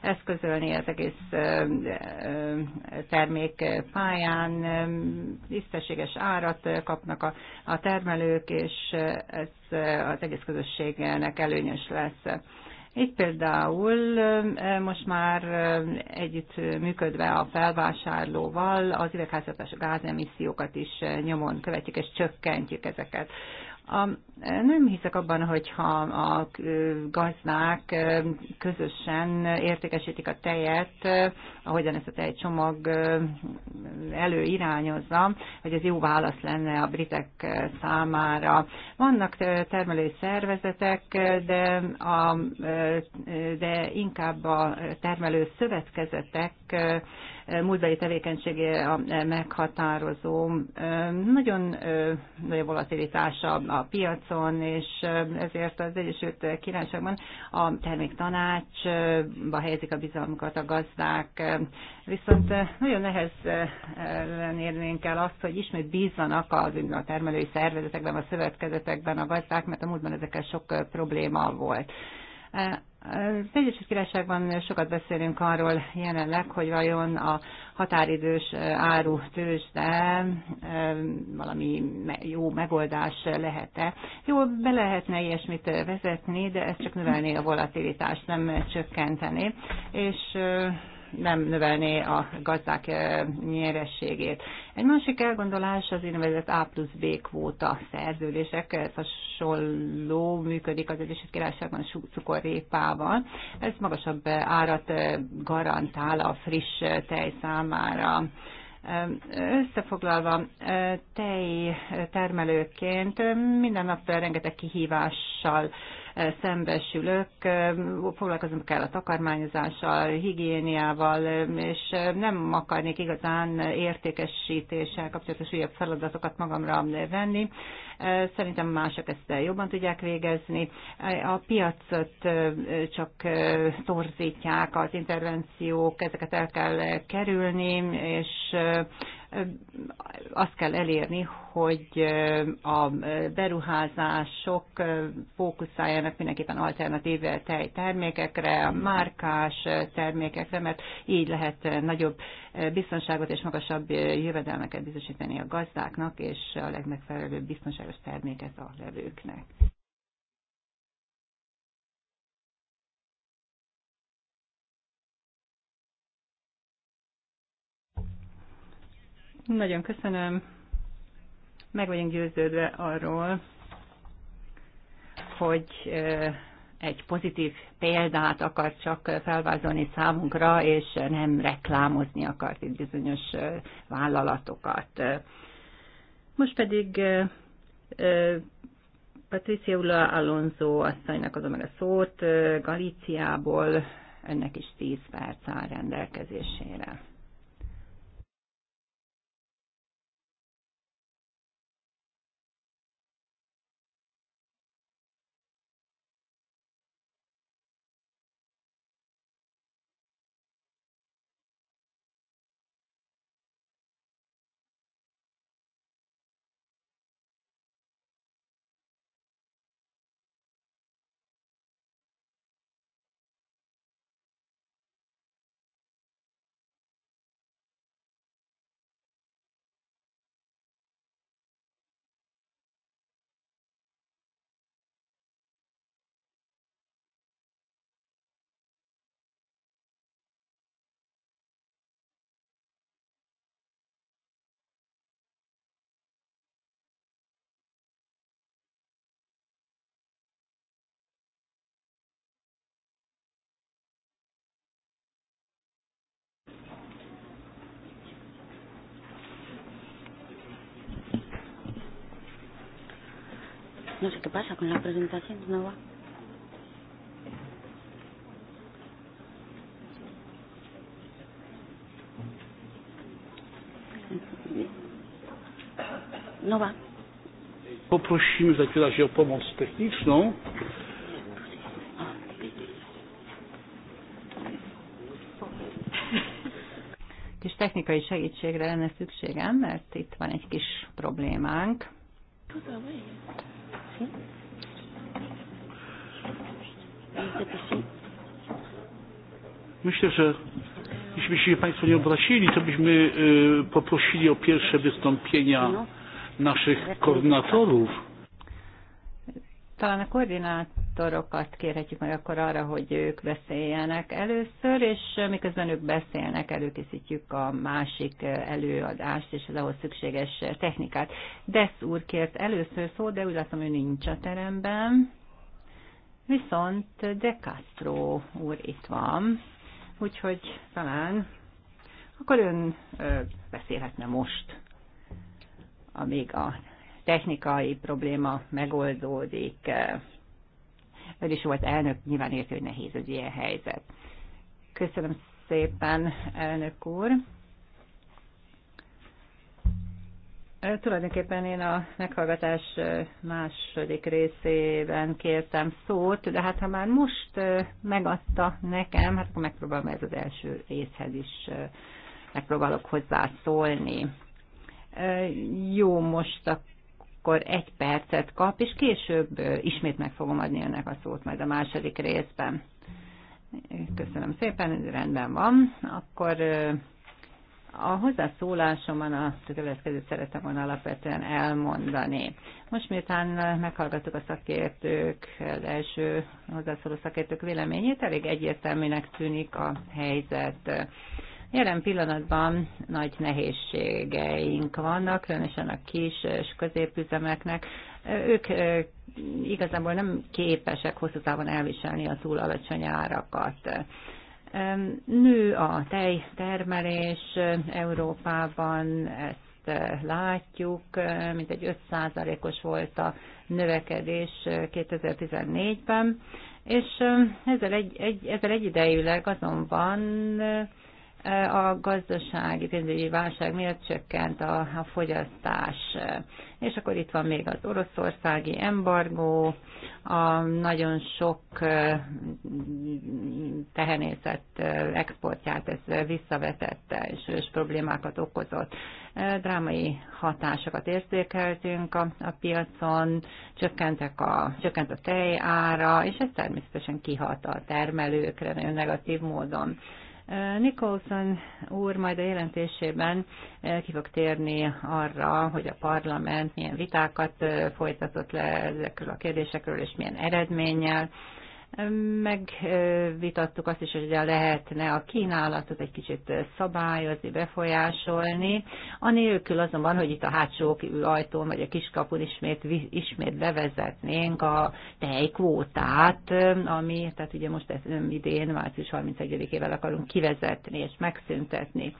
eszközölni az egész pályán, tisztességes árat kapnak a, a termelők, és ez az egész közösségnek előnyös lesz. Így például most már együtt működve a felvásárlóval az üvegházhatású gázemissziókat is nyomon követjük és csökkentjük ezeket. A, nem hiszek abban, hogyha a gazdák közösen értékesítik a tejet, ahogyan ezt a tejcsomag előirányozza, hogy ez jó válasz lenne a britek számára. Vannak termelői szervezetek, de, a, de inkább a termelő szövetkezetek múltbeli tevékenysége a meghatározó. Nagyon nagy volatilitás a piacon, és ezért az Egyesült Királyságban a terméktanácsba helyezik a bizalmukat a gazdák. Viszont nagyon nehezen érnénk el azt, hogy ismét bízzanak az, a termelői szervezetekben, a szövetkezetekben a gazdák, mert a múltban ezekkel sok probléma volt. Az Egyesült Királyságban sokat beszélünk arról jelenleg, hogy vajon a határidős áru tőzsde valami jó megoldás lehet-e. Jó, be lehetne ilyesmit vezetni, de ez csak növelné a volatilitást, nem csökkenteni. És nem növelné a gazdák eh, nyerességét. Egy másik elgondolás az úgynevezett A plusz B kvóta szerződések, ez hasonló működik az Egyesült Királyságban, cukorrépában. Ez magasabb eh, árat eh, garantál a friss tej számára. Összefoglalva, tej termelőként minden nap rengeteg kihívással szembesülök, foglalkozom kell a takarmányozással, higiéniával, és nem akarnék igazán értékesítéssel kapcsolatos újabb feladatokat magamra venni. Szerintem mások ezt jobban tudják végezni. A piacot csak torzítják az intervenciók, ezeket el kell kerülni, és azt kell elérni, hogy a beruházások fókuszáljanak mindenképpen alternatív tejtermékekre, a márkás termékekre, mert így lehet nagyobb biztonságot és magasabb jövedelmeket biztosítani a gazdáknak, és a legmegfelelőbb biztonságos terméket a levőknek. Nagyon köszönöm. Meg vagyunk győződve arról, hogy egy pozitív példát akar csak felvázolni számunkra, és nem reklámozni akart itt bizonyos vállalatokat. Most pedig Patricia Ula Alonso asszonynak adom meg a szót, Galíciából, ennek is 10 perc áll rendelkezésére. No sé qué pasa con la presentación, no va. No va. Poprosimy w takim razie o pomoc techniczną. Kis technikai segítségre lenne szükségem, mert itt van egy kis problémánk. Tudom, Myślę, że jeśli byście Państwo nie obrazili, to byśmy e, poprosili o pierwsze wystąpienia naszych koordynatorów. Talán a koordinát doktorokat kérhetjük meg akkor arra, hogy ők beszéljenek először, és miközben ők beszélnek, előkészítjük a másik előadást és az ahhoz szükséges technikát. Desz úr kért először szó, de úgy látom, hogy nincs a teremben. Viszont De Castro úr itt van, úgyhogy talán akkor ön beszélhetne most, amíg a technikai probléma megoldódik. Ön is volt elnök, nyilván érti, hogy nehéz egy ilyen helyzet. Köszönöm szépen, elnök úr. Tulajdonképpen én a meghallgatás második részében kértem szót, de hát ha már most megadta nekem, hát akkor megpróbálom ez az első részhez is megpróbálok hozzászólni. Jó, most akkor akkor egy percet kap, és később ismét meg fogom adni önnek a szót majd a második részben. Köszönöm szépen, rendben van. Akkor a hozzászólásomban a következőt szeretem volna alapvetően elmondani. Most miután meghallgattuk a szakértők, az első hozzászóló szakértők véleményét, elég egyértelműnek tűnik a helyzet. Jelen pillanatban nagy nehézségeink vannak, különösen a kis és középüzemeknek. Ők igazából nem képesek hosszú távon elviselni a túl alacsony árakat. Nő a tejtermelés Európában, ezt látjuk, mint egy 5%-os volt a növekedés 2014-ben, és ezzel, egy, egy, ezzel egyidejűleg azonban a gazdasági pénzügyi válság miatt csökkent a, a fogyasztás. És akkor itt van még az oroszországi embargó, a nagyon sok tehenészet exportját ez visszavetette, és ős problémákat okozott. Drámai hatásokat érzékeltünk a, a piacon, csökkentek a, csökkent a tej ára, és ez természetesen kihat a termelőkre nagyon negatív módon. Nicholson úr majd a jelentésében eh, ki fog térni arra, hogy a parlament milyen vitákat eh, folytatott le ezekről a kérdésekről, és milyen eredménnyel. Megvitattuk azt is, hogy lehetne a kínálatot egy kicsit szabályozni, befolyásolni, anélkül azonban, hogy itt a hátsó ajtón vagy a kiskapun ismét, ismét bevezetnénk a tejkvótát, ami, tehát ugye most ez, idén, március 31-ével akarunk kivezetni és megszüntetni.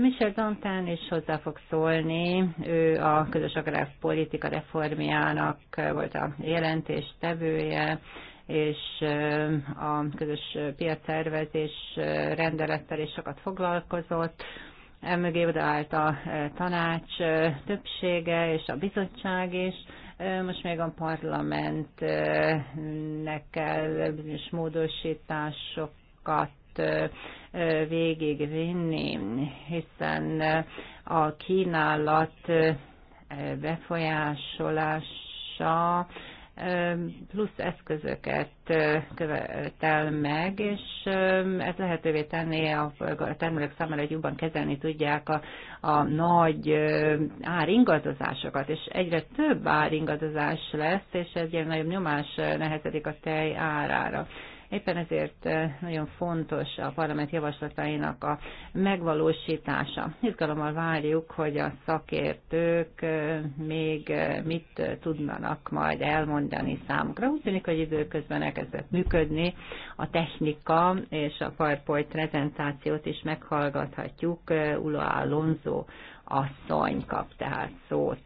Michel Dantán is hozzá fog szólni, ő a közös agrárpolitika reformjának volt a jelentéstevője, és a közös piactervezés rendelettel is sokat foglalkozott. Emögé odaállt a tanács többsége és a bizottság is. Most még a parlamentnek kell bizonyos módosításokat végigvinni, hiszen a kínálat befolyásolása plusz eszközöket követel meg, és ez lehetővé tenné a termelők számára, hogy jobban kezelni tudják a, a nagy áringadozásokat, és egyre több áringadozás lesz, és egy ilyen nagyobb nyomás nehezedik a tej árára. Éppen ezért eh, nagyon fontos a parlament javaslatainak a megvalósítása. Izgalommal várjuk, hogy a szakértők eh, még eh, mit tudnának majd elmondani számukra. Úgy tűnik, hogy időközben elkezdett működni a technika, és a PowerPoint prezentációt is meghallgathatjuk. Ula Alonso asszony kap tehát szót.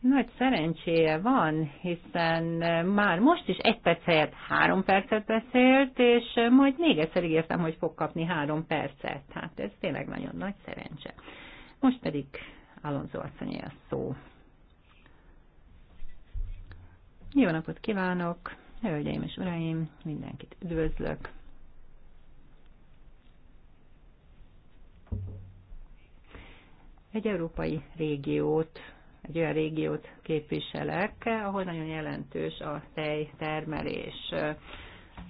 nagy szerencséje van, hiszen eh, már most is egy perc helyett három percet beszélt, és eh, majd még egyszer ígértem, hogy fog kapni három percet. Hát ez tényleg nagyon nagy szerencse. Most pedig Alonso asszonyé a szó. Jó napot kívánok, hölgyeim és uraim, mindenkit üdvözlök. Egy európai régiót egy olyan régiót képviselek, ahol nagyon jelentős a tejtermelés.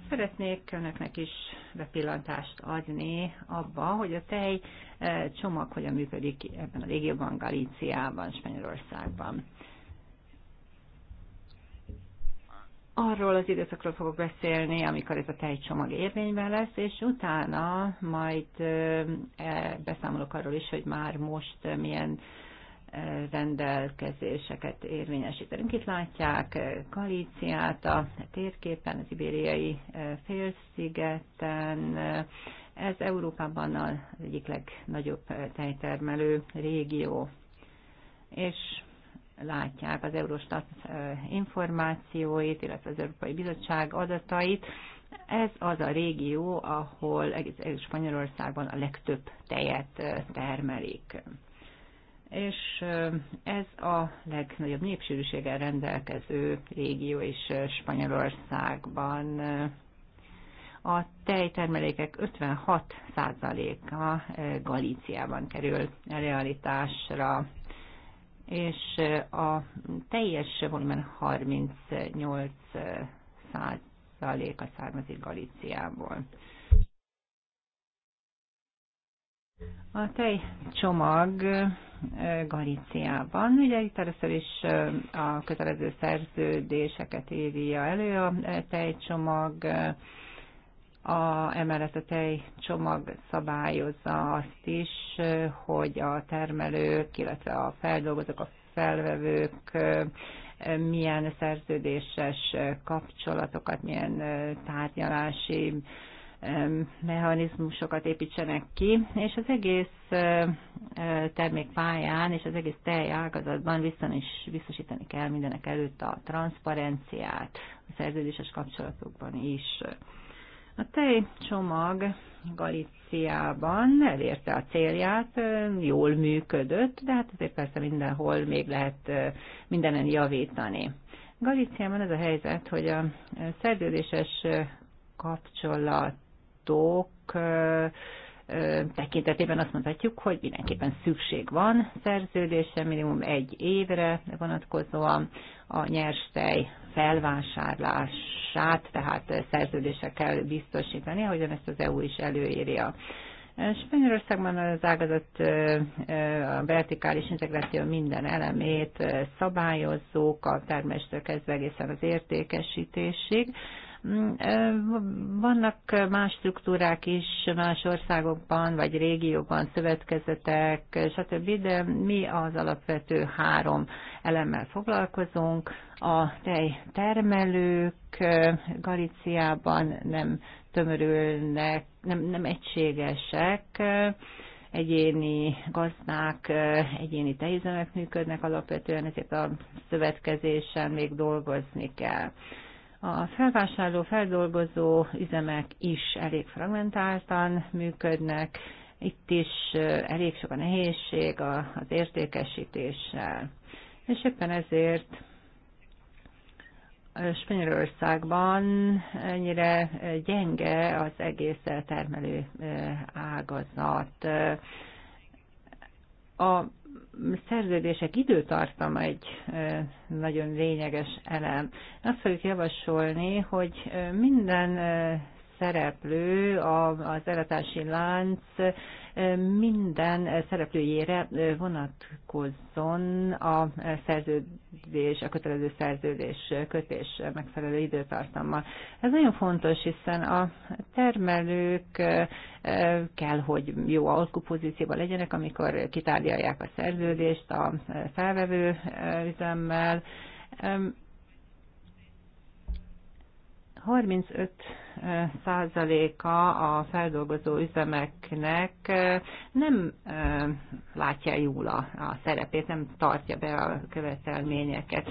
Szeretnék önöknek is bepillantást adni abba, hogy a tej eh, csomag hogyan működik ebben a régióban, Galíciában, Spanyolországban. arról az időszakról fogok beszélni, amikor ez a tejcsomag érvényben lesz, és utána majd eh, beszámolok arról is, hogy már most eh, milyen rendelkezéseket érvényesítenünk. Itt látják Galíciát a térképen, az ibériai eh, félszigeten. Ez Európában az egyik legnagyobb eh, tejtermelő régió. És látják az Eurostat eh, információit, illetve az Európai Bizottság adatait. Ez az a régió, ahol egész Spanyolországban a legtöbb tejet termelik és ez a legnagyobb népsűrűséggel rendelkező régió is Spanyolországban. A tejtermelékek 56%-a Galíciában kerül realitásra, és a teljes volumen 38%-a származik Galíciából. A tej csomag Galíciában. Ugye itt először is a kötelező szerződéseket írja elő a e, tejcsomag, a, emellett a tejcsomag szabályozza azt is, hogy a termelők, illetve a feldolgozók, a felvevők milyen szerződéses kapcsolatokat, milyen tárgyalási mechanizmusokat építsenek ki, és az egész termékpályán és az egész teljágazatban is biztosítani kell mindenek előtt a transzparenciát, a szerződéses kapcsolatokban is. A tejcsomag Galiciában elérte a célját, jól működött, de hát azért persze mindenhol még lehet mindenen javítani. Galiciában ez a helyzet, hogy a szerződéses kapcsolat adatok tekintetében azt mondhatjuk, hogy mindenképpen szükség van szerződése minimum egy évre vonatkozóan a nyers tej felvásárlását, tehát szerződésekkel biztosítani, ahogyan ezt az EU is előírja. Spanyolországban az ágazat a vertikális integráció minden elemét szabályozzuk, a termestől kezdve egészen az értékesítésig. Vannak más struktúrák is más országokban, vagy régióban, szövetkezetek, stb., de mi az alapvető három elemmel foglalkozunk. A tejtermelők eh, Galiciában nem tömörülnek, nem, nem egységesek, eh, egyéni gazdák, eh, egyéni tejüzemek működnek alapvetően, ezért a szövetkezésen még dolgozni kell. A felvásárló, feldolgozó üzemek is elég fragmentáltan működnek, itt is elég sok a nehézség az értékesítéssel. És éppen ezért Spanyolországban ennyire gyenge az egész termelő ágazat. A szerződések időtartama egy nagyon lényeges elem. Azt fogjuk javasolni, hogy minden szereplő, az ellátási lánc minden szereplőjére vonatkozzon a szerződés, a kötelező szerződés kötés megfelelő időtartammal. Ez nagyon fontos, hiszen a termelők kell, hogy jó alkupozícióban legyenek, amikor kitárgyalják a szerződést a felvevő üzemmel, 35 eh, százaléka a feldolgozó üzemeknek eh, nem eh, látja jól a, szerepét, nem tartja be a követelményeket.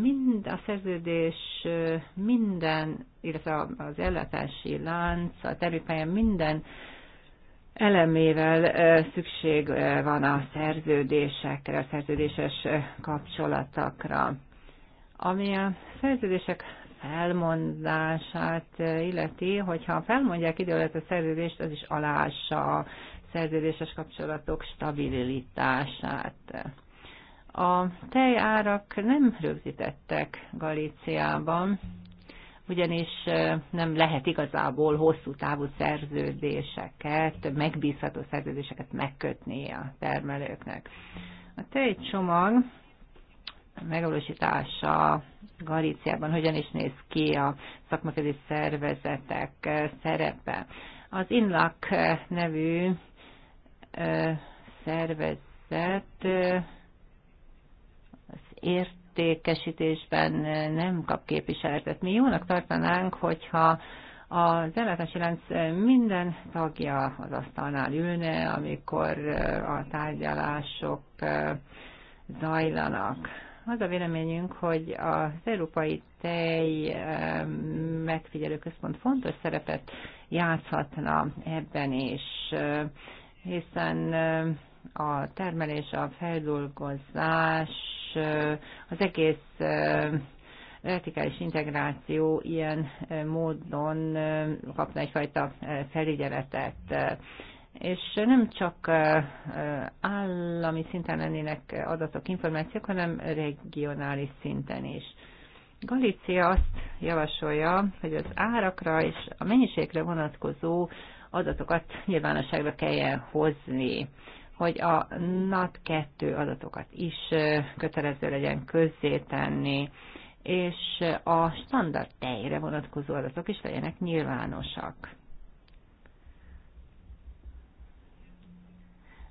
Mind a szerződés minden, illetve az ellátási lánc, a terüpályán minden elemével szükség van a szerződésekre, a szerződéses kapcsolatokra. Ami a szerződések felmondását illeti, hogyha felmondják időlet a szerződést, az is alássa a szerződéses kapcsolatok stabilitását. A tejárak nem rögzítettek Galíciában, ugyanis nem lehet igazából hosszú távú szerződéseket, megbízható szerződéseket megkötni a termelőknek. A tejcsomag megvalósítása Galíciában hogyan is néz ki a szakmaközi szervezetek szerepe. Az INLAK nevű szervezet az értékesítésben nem kap képviseletet. Mi jónak tartanánk, hogyha az ellátási lánc minden tagja az asztalnál ülne, amikor a tárgyalások zajlanak az a véleményünk, hogy az Európai Tej Megfigyelő Központ fontos szerepet játszhatna ebben is, hiszen a termelés, a feldolgozás, az egész vertikális integráció ilyen módon kapna egyfajta felügyeletet és nem csak állami szinten lennének adatok, információk, hanem regionális szinten is. Galícia azt javasolja, hogy az árakra és a mennyiségre vonatkozó adatokat nyilvánosságra kelljen hozni, hogy a NAT2 adatokat is kötelező legyen közzétenni, és a standard tejre vonatkozó adatok is legyenek nyilvánosak.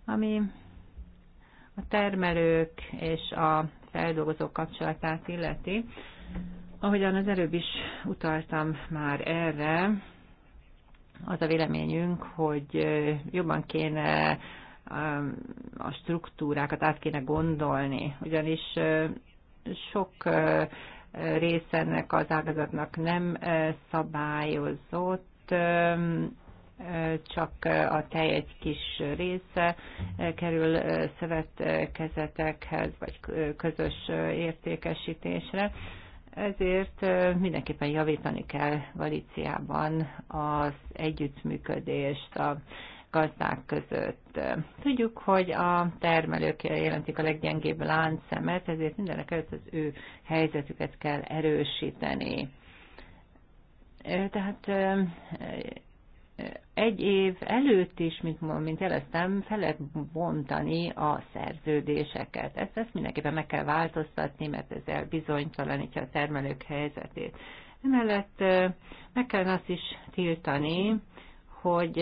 ami a termelők és a feldolgozók kapcsolatát illeti. Ahogyan az előbb is utaltam már erre, az a véleményünk, hogy jobban kéne a struktúrákat át kéne gondolni, ugyanis sok része ennek az ágazatnak nem szabályozott, csak a tej egy kis része kerül szövetkezetekhez, vagy közös értékesítésre. Ezért mindenképpen javítani kell Galíciában az együttműködést, a gazdák között. Tudjuk, hogy a termelők jelentik a leggyengébb láncszemet, ezért mindenek előtt az ő helyzetüket kell erősíteni. Tehát egy év előtt is, mint, mint jeleztem, fel lehet bontani a szerződéseket. Ezt, ezt mindenképpen meg kell változtatni, mert ezzel bizonytalanítja a termelők helyzetét. Emellett meg kell azt is tiltani, hogy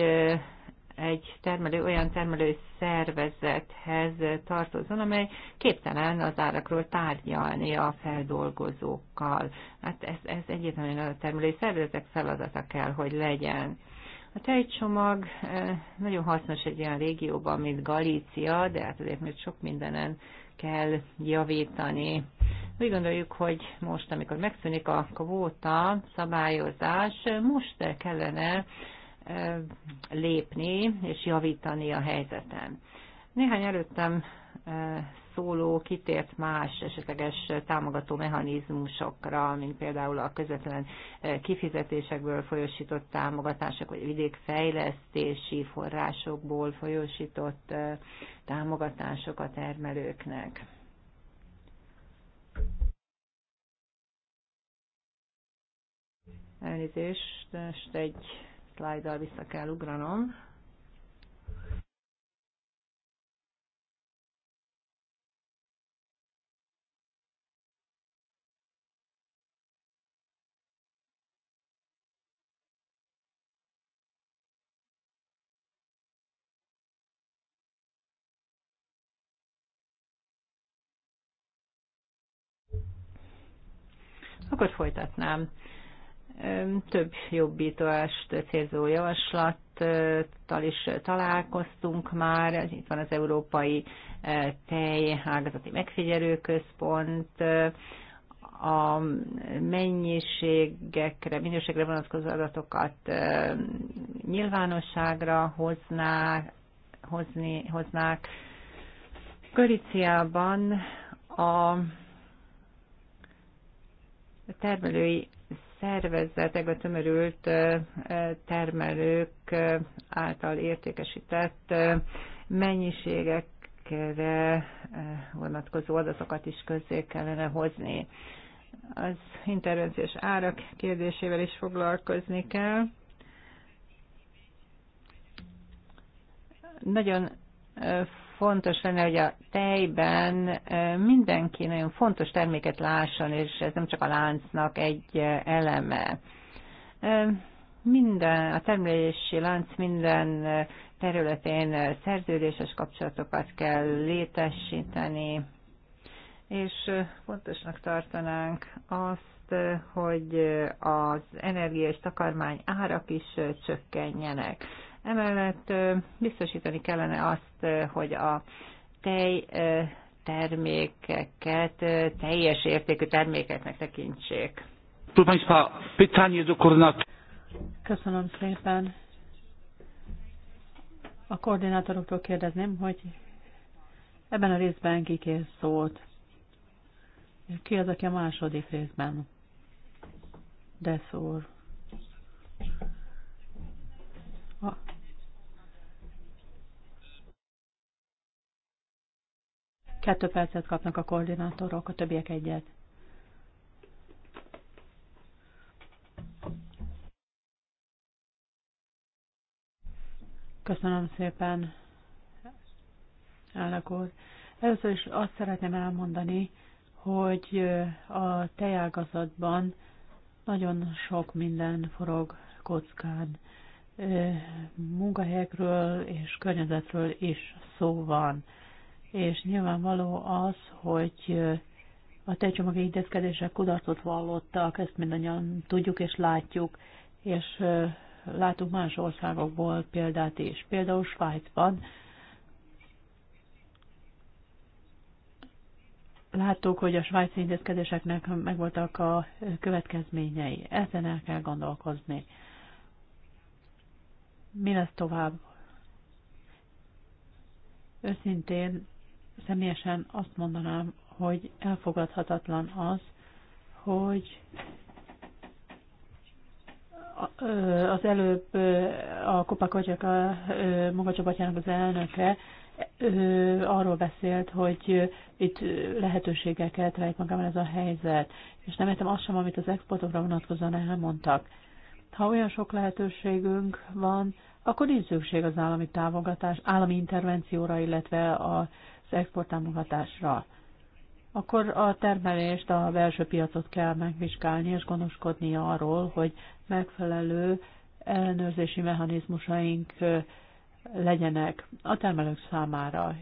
egy termelő olyan termelő szervezethez tartozon, amely képtelen az árakról tárgyalni a feldolgozókkal. Hát ez, ez egyetlenül a termelői szervezetek feladata kell, hogy legyen. A tejcsomag eh, nagyon hasznos egy olyan régióban, mint Galícia, de hát azért még sok mindenen kell javítani. Úgy gondoljuk, hogy most, amikor megszűnik a kvóta szabályozás, most kellene eh, lépni és javítani a helyzeten. Néhány előttem eh, szóló kitért más esetleges támogató mechanizmusokra, mint például a közvetlen eh, kifizetésekből folyosított támogatások, vagy vidékfejlesztési forrásokból folyosított eh, támogatások a termelőknek. Elnézést, most egy szlájddal vissza kell ugranom. Akkor folytatnám. Több jobbítást célzó javaslattal is találkoztunk már. Itt van az Európai Megfigyelő Megfigyelőközpont, a mennyiségekre, minőségre vonatkozó adatokat nyilvánosságra hoznák, hozni, hoznák. Göriciában a termelői a tömörült termelők által értékesített mennyiségekre vonatkozó adatokat is közzé kellene hozni. Az intervenciós árak kérdésével is foglalkozni kell. Nagyon fontos lenne, hogy a tejben mindenki nagyon fontos terméket lásson, és ez nem csak a láncnak egy eleme. Minden, a termelési lánc minden területén szerződéses kapcsolatokat kell létesíteni, és fontosnak tartanánk azt, hogy az energia és takarmány árak is csökkenjenek. Emellett biztosítani kellene azt, hogy a tej termékeket teljes értékű termékeknek tekintsék. Köszönöm szépen. A koordinátoroktól kérdezném, hogy ebben a részben ki kér szót. Ki az, aki a második részben? De szór. Kettő percet kapnak a koordinátorok, a többiek egyet. Köszönöm szépen, elnök úr. Először is azt szeretném elmondani, hogy a tejágazatban nagyon sok minden forog kockán. Munkahelyekről és környezetről is szó van és nyilvánvaló az, hogy a tejcsomag intézkedések kudarcot vallottak, ezt mindannyian tudjuk és látjuk, és látunk más országokból példát is. Például Svájcban láttuk, hogy a svájci intézkedéseknek megvoltak a következményei. Ezen el kell gondolkozni. Mi lesz tovább? Őszintén Személyesen azt mondanám, hogy elfogadhatatlan az, hogy az előbb a Kopa Kocsaka munkacsoportjának az elnöke arról beszélt, hogy itt lehetőségeket rejt magában ez a helyzet, és nem értem azt sem, amit az exportokra vonatkozóan elmondtak. Ha olyan sok lehetőségünk van, akkor nincs szükség az állami támogatás, állami intervencióra, illetve a exporttámogatásra. Akkor a termelést, a belső piacot kell megvizsgálni és gondoskodni arról, hogy megfelelő ellenőrzési mechanizmusaink legyenek a termelők számára.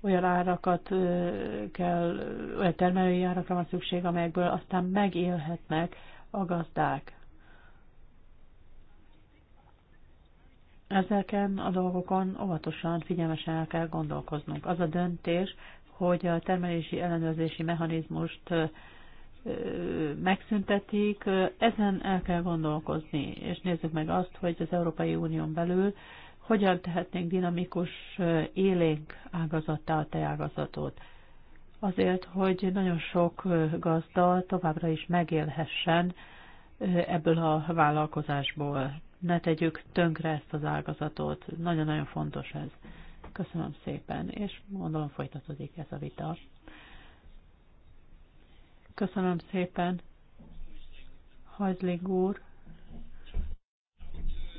Olyan árakat kell, olyan termelői árakra van szükség, amelyekből aztán megélhetnek a gazdák. Ezeken a dolgokon óvatosan, figyelmesen el kell gondolkoznunk. Az a döntés, hogy a termelési ellenőrzési mechanizmust megszüntetik, ezen el kell gondolkozni, és nézzük meg azt, hogy az Európai Unión belül hogyan tehetnénk dinamikus élénk ágazattá a teágazatot. Azért, hogy nagyon sok gazda továbbra is megélhessen ebből a vállalkozásból ne tegyük tönkre ezt az ágazatot. Nagyon-nagyon fontos ez. Köszönöm szépen, és gondolom folytatódik ez a vita. Köszönöm szépen, Hajzling úr.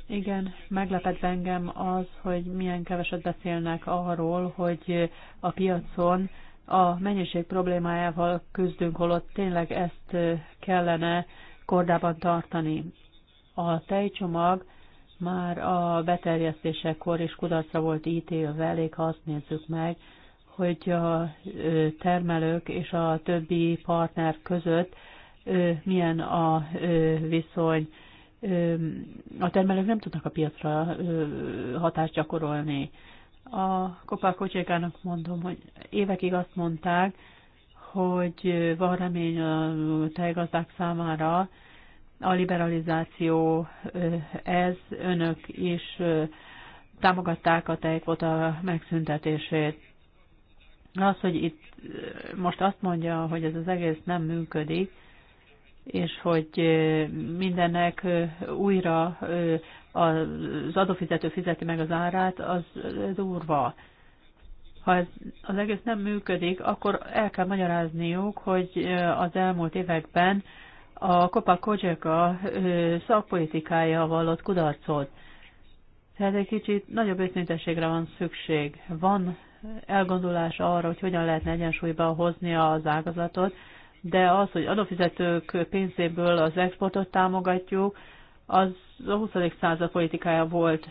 Igen, meglepett engem az, hogy milyen keveset beszélnek arról, hogy a piacon a mennyiség problémájával küzdünk, holott tényleg ezt kellene kordában tartani. A tejcsomag már a beterjesztésekor is kudarca volt ítélve, elég ha azt nézzük meg, hogy a termelők és a többi partner között milyen a viszony. A termelők nem tudnak a piacra hatást gyakorolni. A kopákocsékának mondom, hogy évekig azt mondták, hogy van remény a tejgazdák számára, a liberalizáció, ez önök is támogatták a tejkvota megszüntetését. Az, hogy itt most azt mondja, hogy ez az egész nem működik, és hogy mindennek újra az adófizető fizeti meg az árát, az durva. Ha ez, az egész nem működik, akkor el kell magyarázniuk, hogy az elmúlt években a Kopa Kocseka szakpolitikája vallott kudarcot. Tehát egy kicsit nagyobb őszintességre van szükség. Van elgondolás arra, hogy hogyan lehetne egyensúlyba hozni az ágazatot, de az, hogy adófizetők pénzéből az exportot támogatjuk, az a 20. század politikája volt,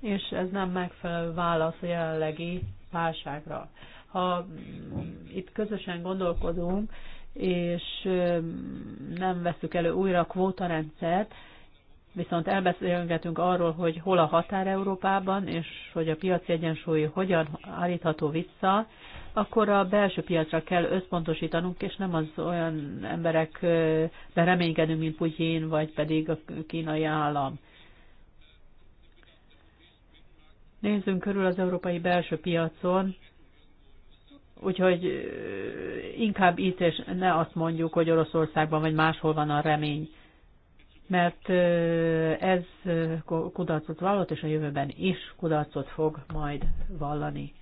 és ez nem megfelelő válasz a jelenlegi válságra. Ha itt közösen gondolkodunk, és nem veszük elő újra a kvótarendszert, viszont elbeszélgetünk arról, hogy hol a határ Európában, és hogy a piaci egyensúly hogyan állítható vissza, akkor a belső piacra kell összpontosítanunk, és nem az olyan emberek reménykedünk, mint Putyin, vagy pedig a kínai állam. Nézzünk körül az európai belső piacon, Úgyhogy inkább itt, és ne azt mondjuk, hogy Oroszországban vagy máshol van a remény, mert ez kudarcot vallott, és a jövőben is kudarcot fog majd vallani.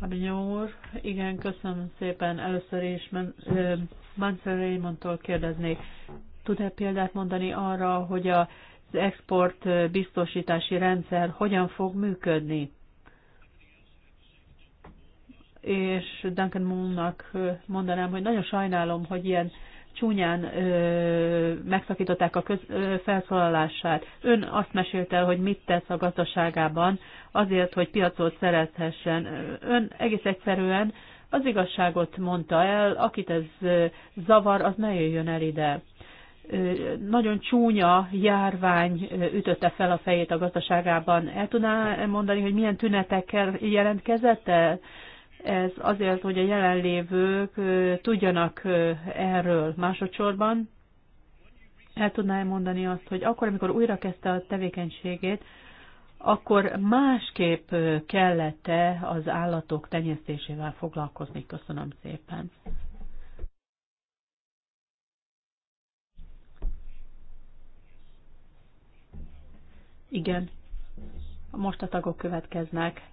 Abinyó úr, igen, köszönöm szépen. Először is Mansell Raymondtól kérdeznék, tud-e példát mondani arra, hogy az export biztosítási rendszer hogyan fog működni? és Duncan Moonnak mondanám, hogy nagyon sajnálom, hogy ilyen csúnyán ö, megszakították a köz, ö, felszólalását. Ön azt mesélte, hogy mit tesz a gazdaságában azért, hogy piacot szerezhessen. Ön egész egyszerűen az igazságot mondta el, akit ez zavar, az ne jöjjön el ide. Nagyon csúnya járvány ütötte fel a fejét a gazdaságában. El tudná mondani, hogy milyen tünetekkel jelentkezett el? Ez azért, hogy a jelenlévők tudjanak erről. Másodszorban el tudná mondani azt, hogy akkor, amikor újra kezdte a tevékenységét, akkor másképp kellett-e az állatok tenyésztésével foglalkozni? Köszönöm szépen. Igen. Most a tagok következnek.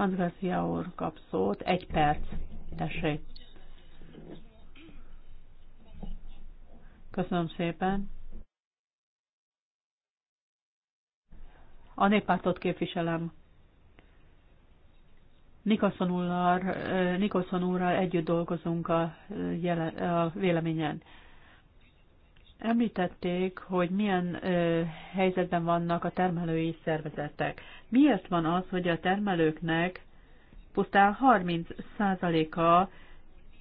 Hans Garcia úr kap szót. Egy perc. Tessék. Köszönöm szépen. A néppártot képviselem. Nikoszon, úrral, eh, úrral együtt dolgozunk a, a véleményen. Említették, hogy milyen ö, helyzetben vannak a termelői szervezetek. Miért van az, hogy a termelőknek pusztán 30%-a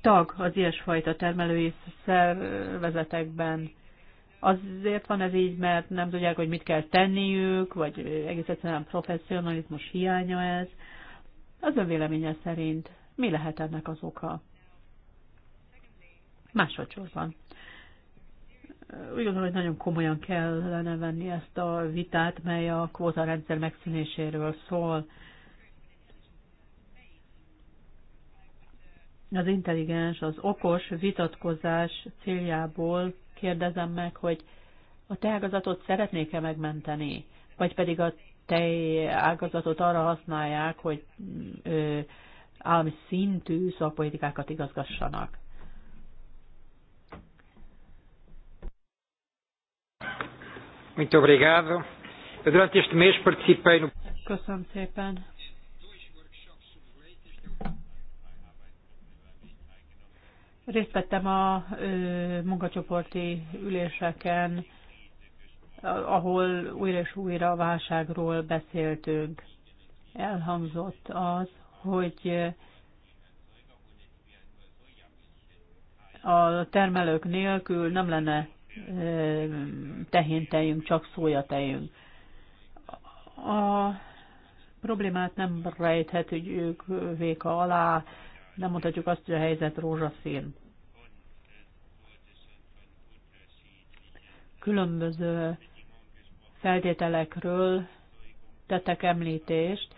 tag az ilyesfajta termelői szervezetekben? Azért van ez így, mert nem tudják, hogy mit kell tenniük, vagy egész egyszerűen professzionalizmus hiánya ez. Az ön véleménye szerint mi lehet ennek az oka? Másodszorban. Úgy gondolom, hogy nagyon komolyan kellene venni ezt a vitát, mely a rendszer megszűnéséről szól. Az intelligens, az okos vitatkozás céljából kérdezem meg, hogy a te ágazatot szeretnék-e megmenteni, vagy pedig a te ágazatot arra használják, hogy ö, állami szintű szakpolitikákat igazgassanak. Muito obrigado. Eu durante este mês participei no... Köszönöm szépen. Részt vettem a ö, munkacsoporti üléseken, ahol újra és újra a válságról beszéltünk. Elhangzott az, hogy a termelők nélkül nem lenne tehén tejünk, csak szója tejünk. A problémát nem rejthetjük véka alá, nem mondhatjuk azt, hogy a helyzet rózsaszín. Különböző feltételekről tettek említést,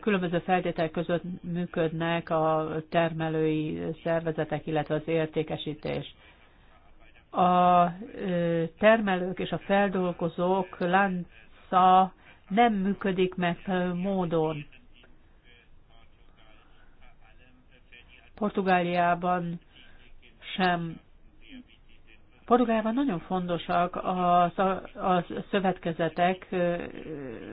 különböző feltételek között működnek a termelői szervezetek, illetve az értékesítés a termelők és a feldolgozók lánca nem működik megfelelő módon. Portugáliában sem. Portugáliában nagyon fontosak a, a szövetkezetek,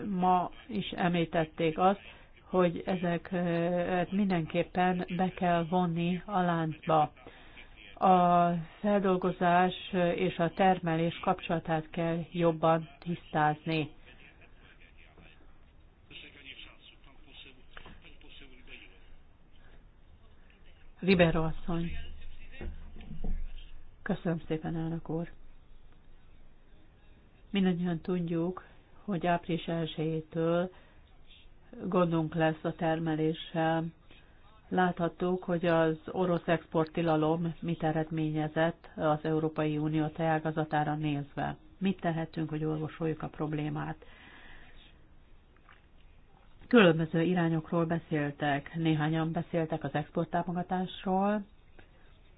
ma is említették azt, hogy ezeket mindenképpen be kell vonni a láncba a feldolgozás és a termelés kapcsolatát kell jobban tisztázni. Ribero asszony. Köszönöm szépen, elnök úr. Mindannyian tudjuk, hogy április 1 gondunk lesz a termeléssel, Láthattuk, hogy az orosz exporttilalom mit eredményezett az Európai Unió teágazatára nézve. Mit tehetünk, hogy orvosoljuk a problémát? Különböző irányokról beszéltek. Néhányan beszéltek az exporttámogatásról.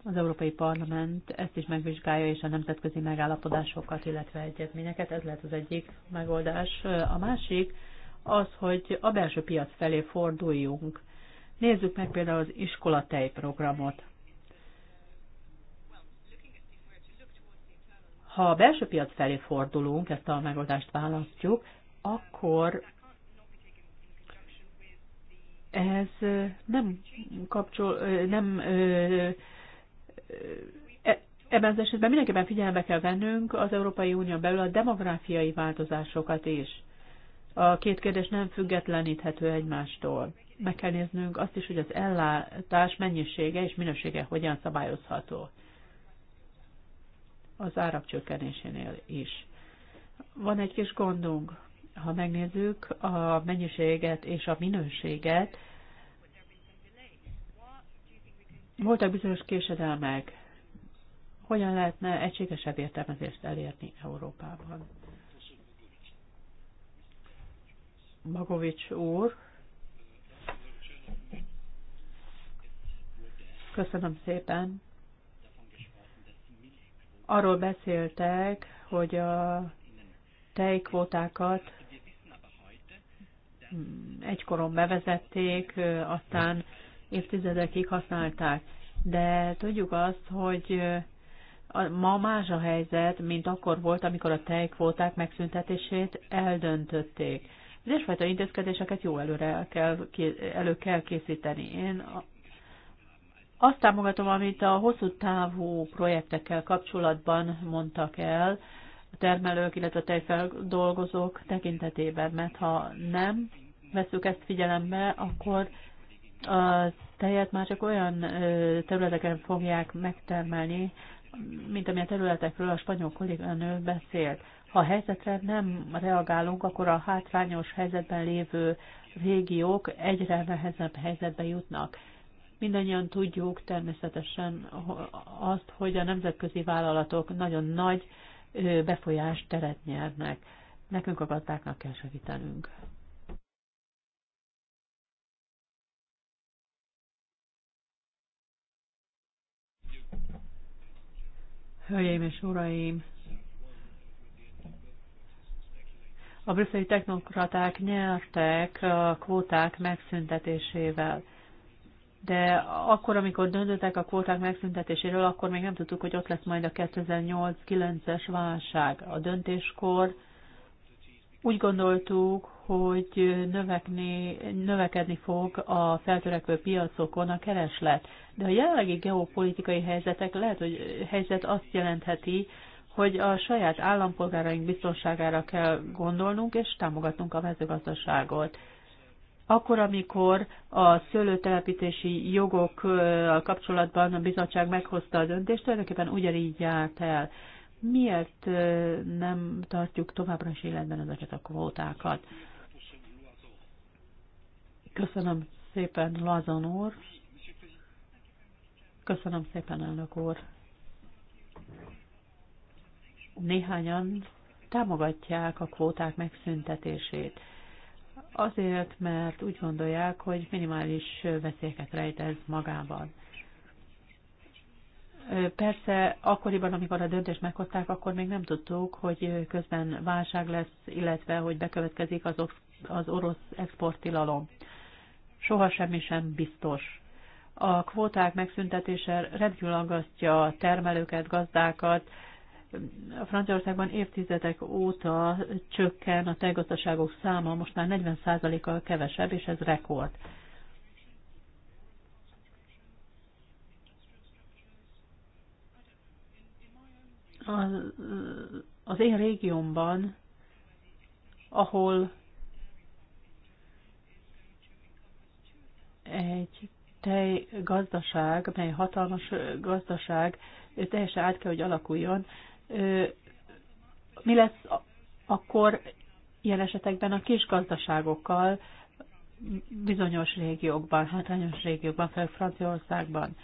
Az Európai Parlament ezt is megvizsgálja, és a nemzetközi megállapodásokat, illetve egyezményeket. Ez lehet az egyik megoldás. A másik az, hogy a belső piac felé forduljunk Nézzük meg például az iskola programot. Ha a belső piac felé fordulunk, ezt a megoldást választjuk, akkor ez nem kapcsol, nem e, ebben az esetben mindenképpen figyelembe kell vennünk az Európai unió belül a demográfiai változásokat is. A két kérdés nem függetleníthető egymástól meg kell néznünk azt is, hogy az ellátás mennyisége és minősége hogyan szabályozható az árak csökkenésénél is. Van egy kis gondunk, ha megnézzük a mennyiséget és a minőséget, voltak bizonyos késedelmek. Hogyan lehetne egységesebb értelmezést elérni Európában? Magovics úr, Köszönöm szépen. Arról beszéltek, hogy a tejkvótákat egykoron bevezették, aztán évtizedekig használták. De tudjuk azt, hogy ma más a helyzet, mint akkor volt, amikor a tejkvóták megszüntetését eldöntötték. Az ilyesfajta intézkedéseket jó előre el kell, elő kell készíteni. Én azt támogatom, amit a hosszú távú projektekkel kapcsolatban mondtak el, a termelők, illetve a tejfeldolgozók tekintetében, mert ha nem veszük ezt figyelembe, akkor a tejet már csak olyan területeken fogják megtermelni, mint amilyen területekről a spanyol kolléganő beszélt. Ha a helyzetre nem reagálunk, akkor a hátrányos helyzetben lévő régiók egyre nehezebb helyzetbe jutnak. Mindannyian tudjuk természetesen azt, hogy a nemzetközi vállalatok nagyon nagy befolyást teret nyernek. Nekünk a gazdáknak kell segítenünk. Hölgyeim és uraim! A brüsszeli technokraták nyertek a kvóták megszüntetésével de akkor, amikor döntöttek a kvóták megszüntetéséről, akkor még nem tudtuk, hogy ott lesz majd a 2008-9-es válság. A döntéskor úgy gondoltuk, hogy növekni, növekedni fog a feltörekvő piacokon a kereslet. De a jelenlegi geopolitikai helyzetek lehet, hogy helyzet azt jelentheti, hogy a saját állampolgáraink biztonságára kell gondolnunk és támogatnunk a mezőgazdaságot akkor, amikor a szőlőtelepítési jogok kapcsolatban a bizottság meghozta a döntést, tulajdonképpen ugyanígy járt el. Miért nem tartjuk továbbra is életben ezeket a kvótákat? Köszönöm szépen, Lazon úr. Köszönöm szépen, elnök úr. Néhányan támogatják a kvóták megszüntetését azért, mert úgy gondolják, hogy minimális veszélyeket rejt ez magában. Persze akkoriban, amikor a döntést meghozták, akkor még nem tudtuk, hogy közben válság lesz, illetve hogy bekövetkezik az, az orosz exporttilalom. Soha semmi sem biztos. A kvóták megszüntetése rendkívül aggasztja a termelőket, gazdákat, a Franciaországban évtizedek óta csökken a tejgazdaságok száma, most már 40%-kal kevesebb, és ez rekord. Az, én régiómban, ahol egy tejgazdaság, mely hatalmas gazdaság, teljesen át kell, hogy alakuljon, mi lesz akkor ilyen esetekben a kis gazdaságokkal bizonyos régiókban, hátrányos régiókban, fel Franciaországban.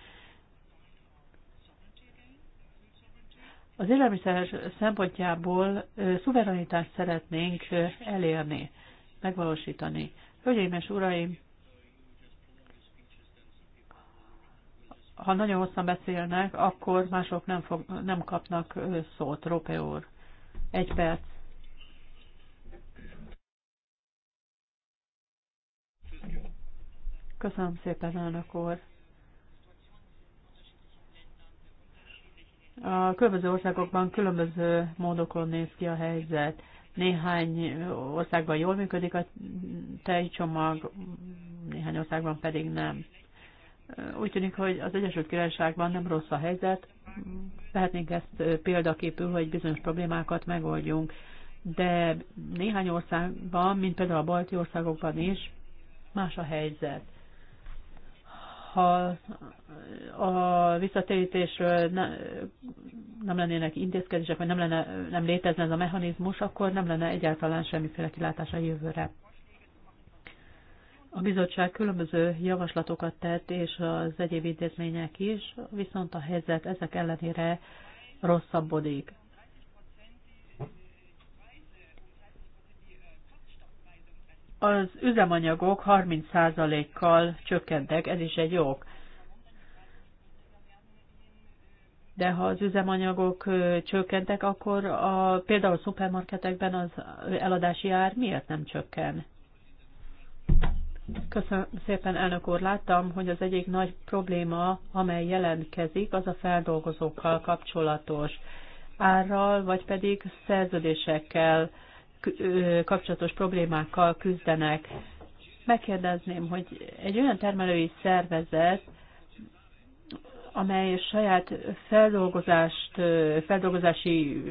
Az élelmiszer szempontjából szuverenitást szeretnénk elérni, megvalósítani. Hölgyeim és uraim, ha nagyon hosszan beszélnek, akkor mások nem, fog, nem kapnak szót. Rópe úr, egy perc. Köszönöm szépen, elnök úr. A különböző országokban különböző módokon néz ki a helyzet. Néhány országban jól működik a tejcsomag, néhány országban pedig nem. Úgy tűnik, hogy az Egyesült Királyságban nem rossz a helyzet, lehetnénk ezt példaképül, hogy bizonyos problémákat megoldjunk, de néhány országban, mint például a balti országokban is, más a helyzet. Ha a visszatérítésről nem lennének intézkedések, vagy nem, lenne, nem létezne ez a mechanizmus, akkor nem lenne egyáltalán semmiféle kilátása a jövőre. A bizottság különböző javaslatokat tett, és az egyéb intézmények is, viszont a helyzet ezek ellenére rosszabbodik. Az üzemanyagok 30%-kal csökkentek, ez is egy jog. De ha az üzemanyagok csökkentek, akkor a, például a szupermarketekben az eladási ár miért nem csökken? Köszönöm szépen, elnök úr. Láttam, hogy az egyik nagy probléma, amely jelentkezik, az a feldolgozókkal kapcsolatos árral, vagy pedig szerződésekkel kapcsolatos problémákkal küzdenek. Megkérdezném, hogy egy olyan termelői szervezet, amely saját feldolgozást, feldolgozási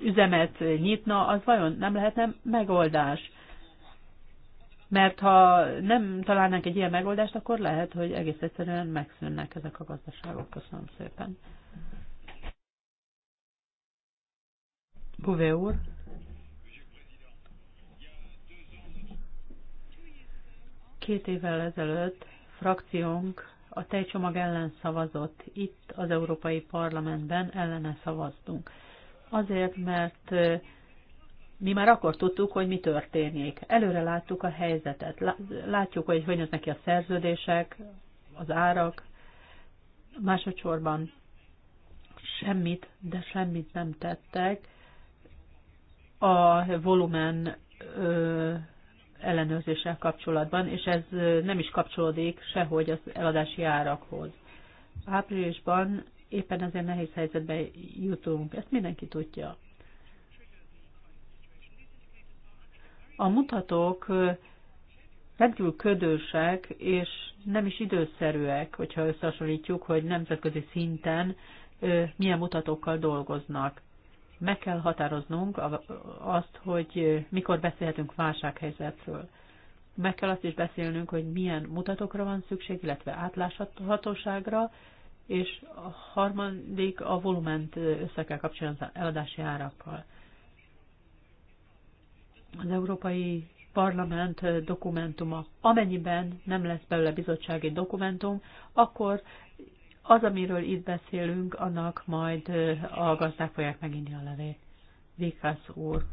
üzemet nyitna, az vajon nem lehetne megoldás? mert ha nem találnánk egy ilyen megoldást, akkor lehet, hogy egész egyszerűen megszűnnek ezek a gazdaságok. Köszönöm szépen. Bové úr. Két évvel ezelőtt frakciónk a tejcsomag ellen szavazott. Itt az Európai Parlamentben ellene szavaztunk. Azért, mert mi már akkor tudtuk, hogy mi történik. Előre láttuk a helyzetet. Látjuk, hogy hogy neki a szerződések, az árak. Másodszorban semmit, de semmit nem tettek a volumen ö, ellenőrzéssel kapcsolatban, és ez nem is kapcsolódik sehogy az eladási árakhoz. Áprilisban éppen ezért nehéz helyzetbe jutunk, ezt mindenki tudja. A mutatók rendkívül ködösek, és nem is időszerűek, hogyha összehasonlítjuk, hogy nemzetközi szinten milyen mutatókkal dolgoznak. Meg kell határoznunk azt, hogy mikor beszélhetünk válsághelyzetről. Meg kell azt is beszélnünk, hogy milyen mutatókra van szükség, illetve átláthatóságra, és a harmadik a volument össze kell kapcsolni az eladási árakkal az Európai Parlament dokumentuma. Amennyiben nem lesz belőle bizottsági dokumentum, akkor az, amiről itt beszélünk, annak majd a gazdák fogják meginni a levét. Vikász úr.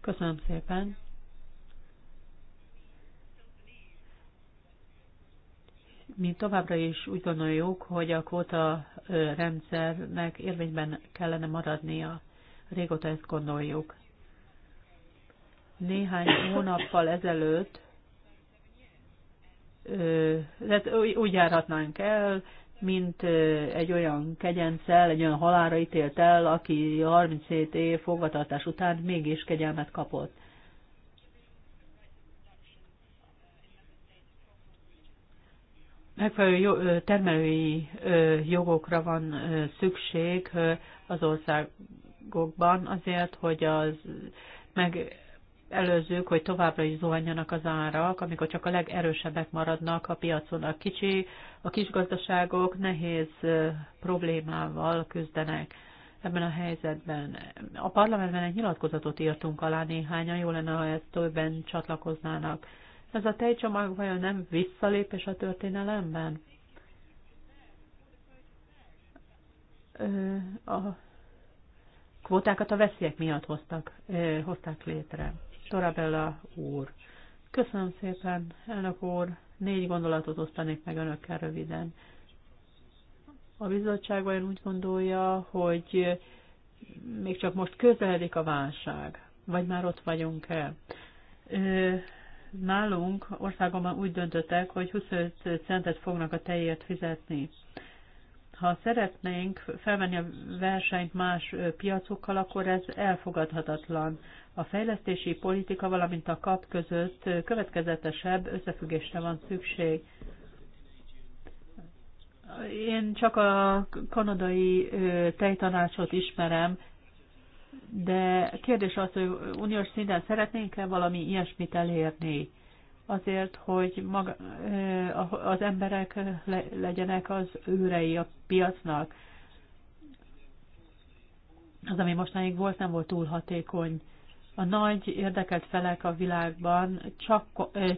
Köszönöm szépen. Mi továbbra is úgy gondoljuk, hogy a kvóta rendszernek érvényben kellene maradnia régóta ezt gondoljuk. Néhány hónappal ezelőtt tehát úgy járhatnánk el, mint egy olyan kegyencel, egy olyan halára ítélt el, aki 37 év fogvatartás után mégis kegyelmet kapott. Megfelelő termelői jogokra van szükség az ország országokban azért, hogy az meg előzzük, hogy továbbra is zuhanjanak az árak, amikor csak a legerősebbek maradnak a piacon. A kicsi, a kis gazdaságok nehéz problémával küzdenek ebben a helyzetben. A parlamentben egy nyilatkozatot írtunk alá néhányan, jó lenne, ha ezt többen csatlakoznának. Ez a tejcsomag vajon nem visszalépés a történelemben? A kvótákat a veszélyek miatt hoztak, eh, hozták létre. Torabella úr. Köszönöm szépen, elnök úr. Négy gondolatot osztanék meg önökkel röviden. A bizottság vajon úgy gondolja, hogy még csak most közeledik a válság, vagy már ott vagyunk-e? Nálunk országomban úgy döntöttek, hogy 25 centet fognak a tejért fizetni. Ha szeretnénk felvenni a versenyt más piacokkal, akkor ez elfogadhatatlan. A fejlesztési politika, valamint a kap között következetesebb összefüggésre van szükség. Én csak a kanadai tejtanácsot ismerem, de kérdés az, hogy uniós szinten szeretnénk-e valami ilyesmit elérni? azért, hogy maga, az emberek legyenek az őrei a piacnak. Az, ami mostanáig volt, nem volt túl hatékony. A nagy érdekelt felek a világban csak,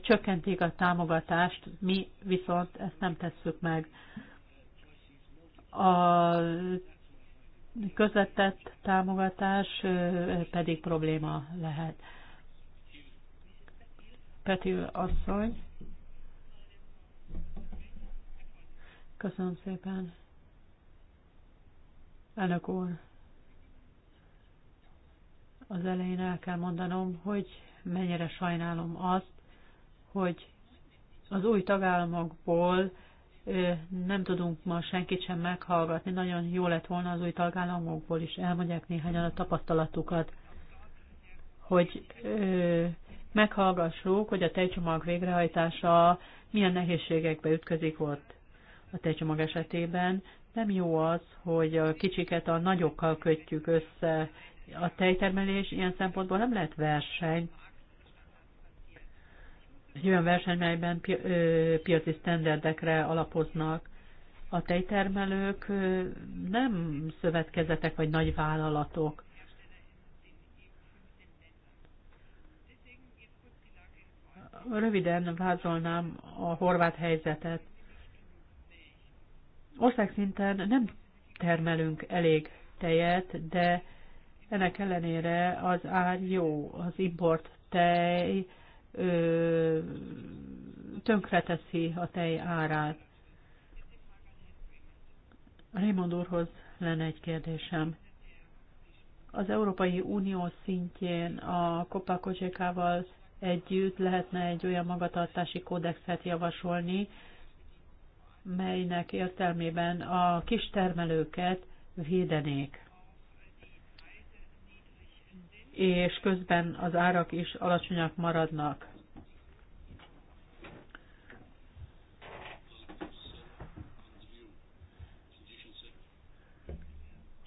csökkentik a támogatást, mi viszont ezt nem tesszük meg. A közvetett támogatás pedig probléma lehet. Peti asszony. Köszönöm szépen. Elnök úr, az elején el kell mondanom, hogy mennyire sajnálom azt, hogy az új tagállamokból nem tudunk ma senkit sem meghallgatni. Nagyon jó lett volna az új tagállamokból is elmondják néhányan a tapasztalatukat, hogy meghallgassuk, hogy a tejcsomag végrehajtása milyen nehézségekbe ütközik ott a tejcsomag esetében. Nem jó az, hogy a kicsiket a nagyokkal kötjük össze. A tejtermelés ilyen szempontból nem lehet verseny. Egy olyan verseny, melyben pi- ö, piaci sztenderdekre alapoznak. A tejtermelők nem szövetkezetek vagy nagy vállalatok röviden vázolnám a horvát helyzetet. Országszinten nem termelünk elég tejet, de ennek ellenére az ár jó, az import tej ö, tönkreteszi a tej árát. Raymond úrhoz lenne egy kérdésem. Az Európai Unió szintjén a Kopakocsékával együtt lehetne egy olyan magatartási kódexet javasolni, melynek értelmében a kis termelőket védenék. És közben az árak is alacsonyak maradnak.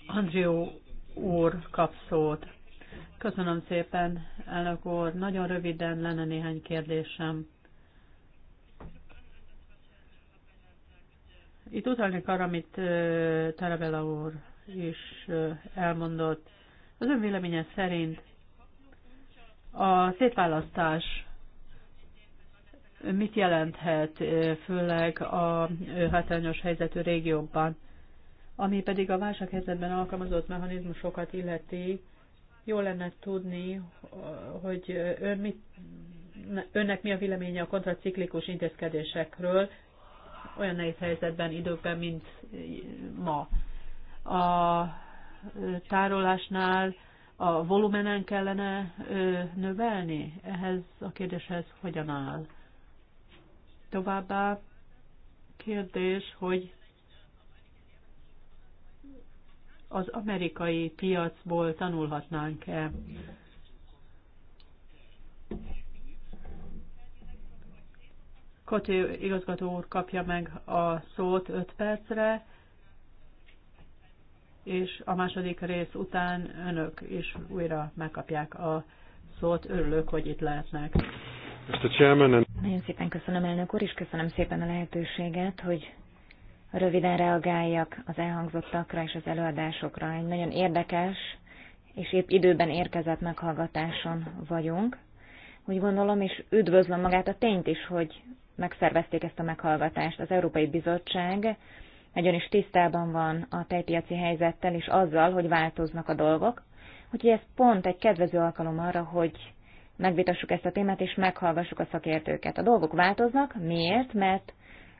Andrió úr kap szót. Köszönöm szépen, elnök úr. Nagyon röviden lenne néhány kérdésem. Itt utalnék arra, amit Tarabella úr is elmondott. Az ön véleménye szerint a szétválasztás mit jelenthet, főleg a hátrányos helyzetű régiókban, ami pedig a válsághelyzetben alkalmazott mechanizmusokat illeti, jó lenne tudni, hogy ön mit, önnek mi a véleménye a kontraciklikus intézkedésekről olyan nehéz helyzetben, időkben, mint ma. A tárolásnál a volumenen kellene növelni? Ehhez a kérdéshez hogyan áll? Továbbá kérdés, hogy az amerikai piacból tanulhatnánk-e. Kati igazgató úr kapja meg a szót 5 percre, és a második rész után önök is újra megkapják a szót. Örülök, hogy itt lehetnek. Mr. Chairman and... Nagyon szépen köszönöm, elnök úr, és köszönöm szépen a lehetőséget, hogy röviden reagáljak az elhangzottakra és az előadásokra. Egy nagyon érdekes és épp időben érkezett meghallgatáson vagyunk. Úgy gondolom, és üdvözlöm magát a tényt is, hogy megszervezték ezt a meghallgatást. Az Európai Bizottság nagyon is tisztában van a tejpiaci helyzettel és azzal, hogy változnak a dolgok. Úgyhogy ez pont egy kedvező alkalom arra, hogy megvitassuk ezt a témát, és meghallgassuk a szakértőket. A dolgok változnak, miért? Mert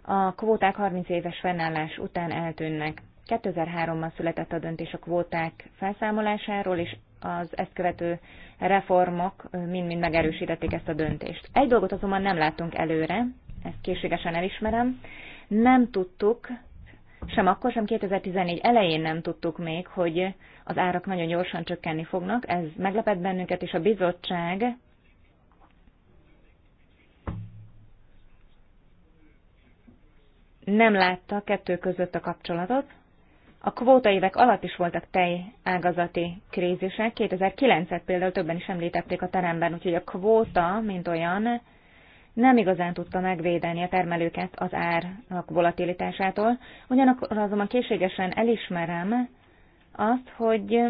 a kvóták 30 éves fennállás után eltűnnek. 2003-ban született a döntés a kvóták felszámolásáról, és az ezt követő reformok mind-mind megerősítették ezt a döntést. Egy dolgot azonban nem láttunk előre, ezt készségesen elismerem, nem tudtuk, sem akkor, sem 2014 elején nem tudtuk még, hogy az árak nagyon gyorsan csökkenni fognak. Ez meglepett bennünket, és a bizottság nem látta kettő között a kapcsolatot. A kvóta évek alatt is voltak tej ágazati krízisek, 2009-et például többen is említették a teremben, úgyhogy a kvóta, mint olyan, nem igazán tudta megvédeni a termelőket az ár volatilitásától, ugyanakkor azonban készségesen elismerem azt, hogy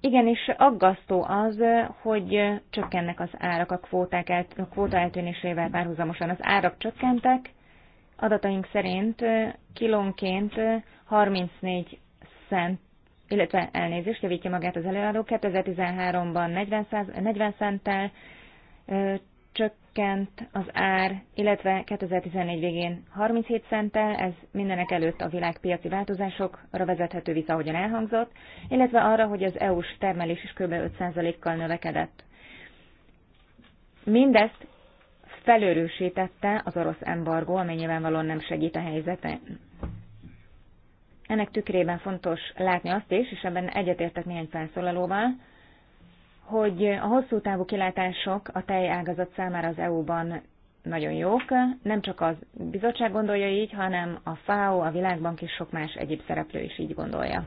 igenis aggasztó az, hogy csökkennek az árak a kvóták, el, a kvóta eltűnésével párhuzamosan. Az árak csökkentek, Adataink szerint kilónként 34 cent, illetve elnézést, javítja magát az előadó, 2013-ban 40, 40 centtel csökkent az ár, illetve 2014 végén 37 centtel, ez mindenek előtt a világpiaci változásokra vezethető vissza, ahogyan elhangzott, illetve arra, hogy az EU-s termelés is kb. 5%-kal növekedett. Mindezt felerősítette az orosz embargó, amely nyilvánvalóan nem segít a helyzeten. Ennek tükrében fontos látni azt is, és ebben egyetértek néhány felszólalóval, hogy a hosszú távú kilátások a tejágazat számára az EU-ban nagyon jók. Nem csak az bizottság gondolja így, hanem a FAO, a Világbank és sok más egyéb szereplő is így gondolja.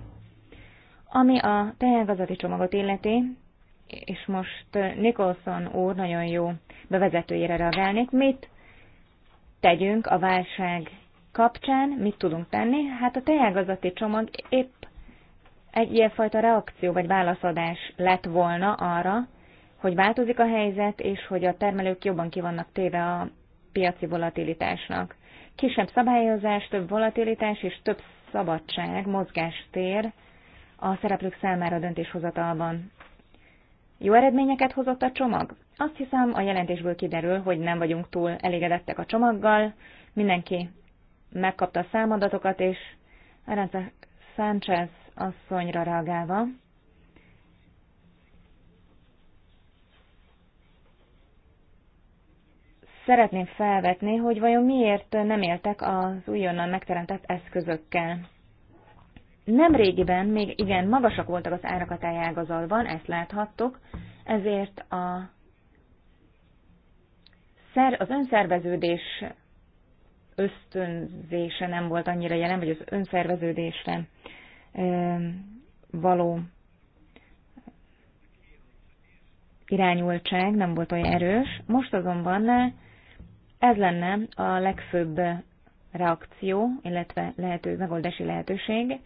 Ami a tejágazati csomagot illeti, és most eh, Nicholson úr nagyon jó bevezetőjére reagálnék. Mit tegyünk a válság kapcsán, mit tudunk tenni? Hát a tejágazati csomag épp egy ilyenfajta reakció vagy válaszadás lett volna arra, hogy változik a helyzet, és hogy a termelők jobban kivannak téve a piaci volatilitásnak. Kisebb szabályozás, több volatilitás és több szabadság, mozgástér a szereplők számára a döntéshozatalban. Jó eredményeket hozott a csomag? Azt hiszem, a jelentésből kiderül, hogy nem vagyunk túl elégedettek a csomaggal. Mindenki megkapta a számadatokat, és Aranza Sánchez asszonyra reagálva. Szeretném felvetni, hogy vajon miért nem éltek az újonnan megteremtett eszközökkel. Nem régiben még igen magasak voltak az árak a tájágazalban, ezt láthattuk, ezért a szer, az önszerveződés ösztönzése nem volt annyira jelen, vagy az önszerveződésre való irányultság nem volt olyan erős. Most azonban ez lenne a legfőbb reakció, illetve lehető, megoldási lehetőség.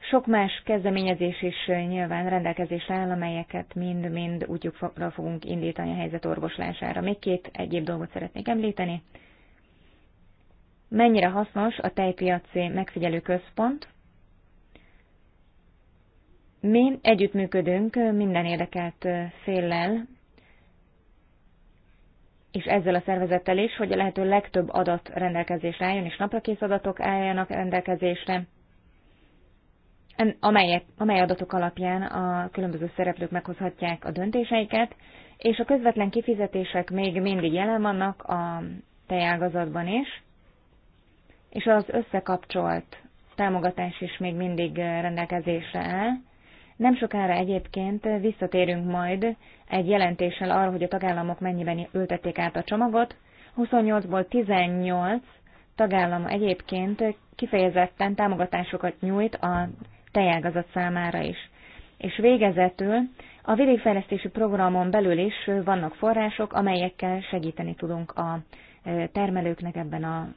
Sok más kezdeményezés is nyilván rendelkezésre áll, amelyeket mind-mind útjukra fogunk indítani a helyzet orvoslására. Még két egyéb dolgot szeretnék említeni. Mennyire hasznos a tejpiaci megfigyelő központ? Mi együttműködünk minden érdekelt féllel, és ezzel a szervezettel is, hogy a lehető legtöbb adat rendelkezésre álljon, és naprakész adatok álljanak rendelkezésre amelyek, amely adatok alapján a különböző szereplők meghozhatják a döntéseiket, és a közvetlen kifizetések még mindig jelen vannak a tejágazatban is, és az összekapcsolt támogatás is még mindig eh, rendelkezésre áll. Nem sokára egyébként visszatérünk majd egy jelentéssel arra, hogy a tagállamok mennyiben ültették át a csomagot. 28-ból 18 tagállam egyébként kifejezetten támogatásokat nyújt a tejágazat számára is. És végezetül a vidékfejlesztési programon belül is vannak források, amelyekkel segíteni tudunk a termelőknek ebben a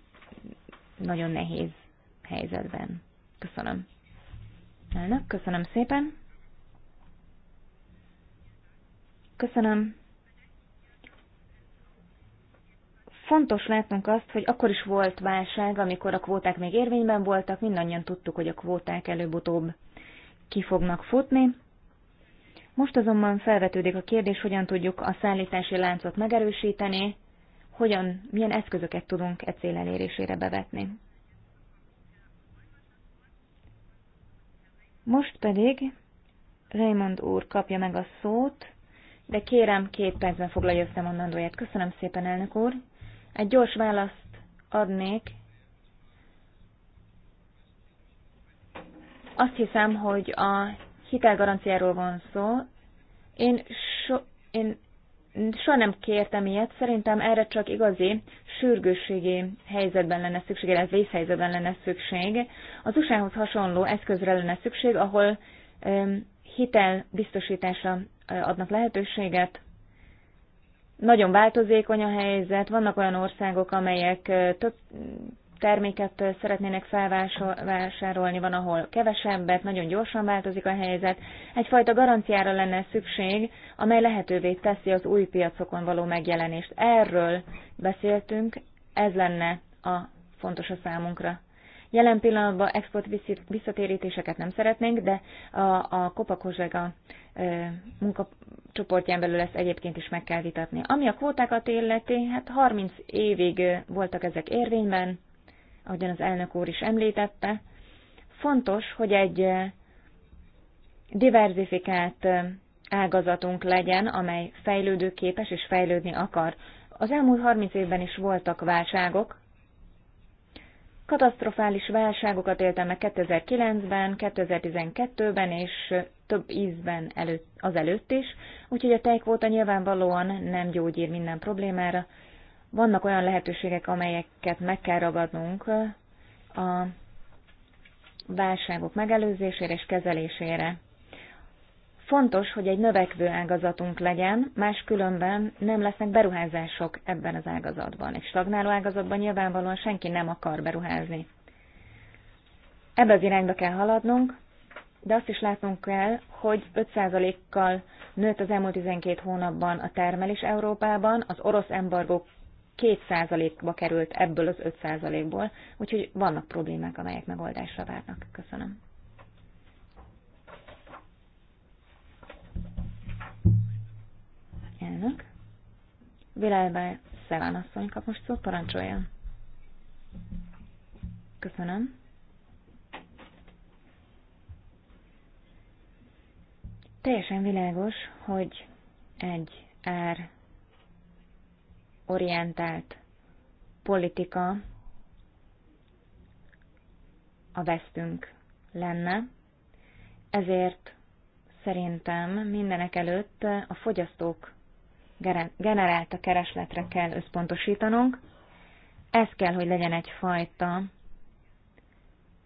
nagyon nehéz helyzetben. Köszönöm. Elnök, köszönöm szépen. Köszönöm. Fontos látnunk azt, hogy akkor is volt válság, amikor a kvóták még érvényben voltak, mindannyian tudtuk, hogy a kvóták előbb-utóbb ki fognak futni. Most azonban felvetődik a kérdés, hogyan tudjuk a szállítási láncot megerősíteni, hogyan, milyen eszközöket tudunk e cél elérésére bevetni. Most pedig Raymond úr kapja meg a szót, de kérem, két percben foglalja össze mondandóját. Köszönöm szépen, elnök úr! Egy gyors választ adnék. Azt hiszem, hogy a hitelgaranciáról van szó. Én, so, én soha nem kértem ilyet, szerintem erre csak igazi, sürgősségi helyzetben lenne szükség, illetve vészhelyzetben lenne szükség. Az usa hasonló eszközre lenne szükség, ahol hitel biztosításra adnak lehetőséget, nagyon változékony a helyzet, vannak olyan országok, amelyek több terméket szeretnének felvásárolni, van, ahol kevesebbet, nagyon gyorsan változik a helyzet. Egyfajta garanciára lenne szükség, amely lehetővé teszi az új piacokon való megjelenést. Erről beszéltünk, ez lenne a fontos a számunkra. Jelen pillanatban export visszatérítéseket nem szeretnénk, de a, a Kopa Kozsega munkacsoportján belül ezt egyébként is meg kell vitatni. Ami a kvótákat illeti, hát 30 évig voltak ezek érvényben, ahogyan az elnök úr is említette. Fontos, hogy egy diverzifikált ágazatunk legyen, amely fejlődőképes és fejlődni akar. Az elmúlt 30 évben is voltak válságok, Katasztrofális válságokat éltem meg 2009-ben, 2012-ben és több ízben előtt, az előtt is, úgyhogy a tejkvóta nyilvánvalóan nem gyógyír minden problémára. Vannak olyan lehetőségek, amelyeket meg kell ragadnunk a válságok megelőzésére és kezelésére. Fontos, hogy egy növekvő ágazatunk legyen, máskülönben nem lesznek beruházások ebben az ágazatban. Egy stagnáló ágazatban nyilvánvalóan senki nem akar beruházni. Ebbe az irányba kell haladnunk, de azt is látnunk kell, hogy 5%-kal nőtt az elmúlt 12 hónapban a termelés Európában, az orosz embargó 2%-ba került ebből az 5%-ból, úgyhogy vannak problémák, amelyek megoldásra várnak. Köszönöm. elnök. Világbe Szeván asszony kap most szót, parancsoljon. Köszönöm. Teljesen világos, hogy egy ár orientált politika a vesztünk lenne, ezért szerintem mindenek előtt a fogyasztók generált a keresletre kell összpontosítanunk. Ez kell, hogy legyen egyfajta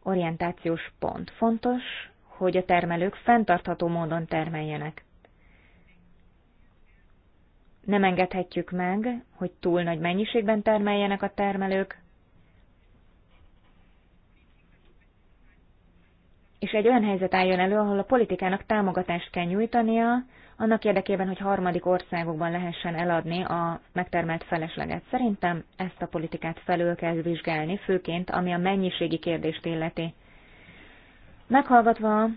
orientációs pont. Fontos, hogy a termelők fenntartható módon termeljenek. Nem engedhetjük meg, hogy túl nagy mennyiségben termeljenek a termelők, és egy olyan helyzet álljon elő, ahol a politikának támogatást kell nyújtania, annak érdekében, hogy harmadik országokban lehessen eladni a megtermelt felesleget. Szerintem ezt a politikát felül kell vizsgálni, főként ami a mennyiségi kérdést illeti. Meghallgatva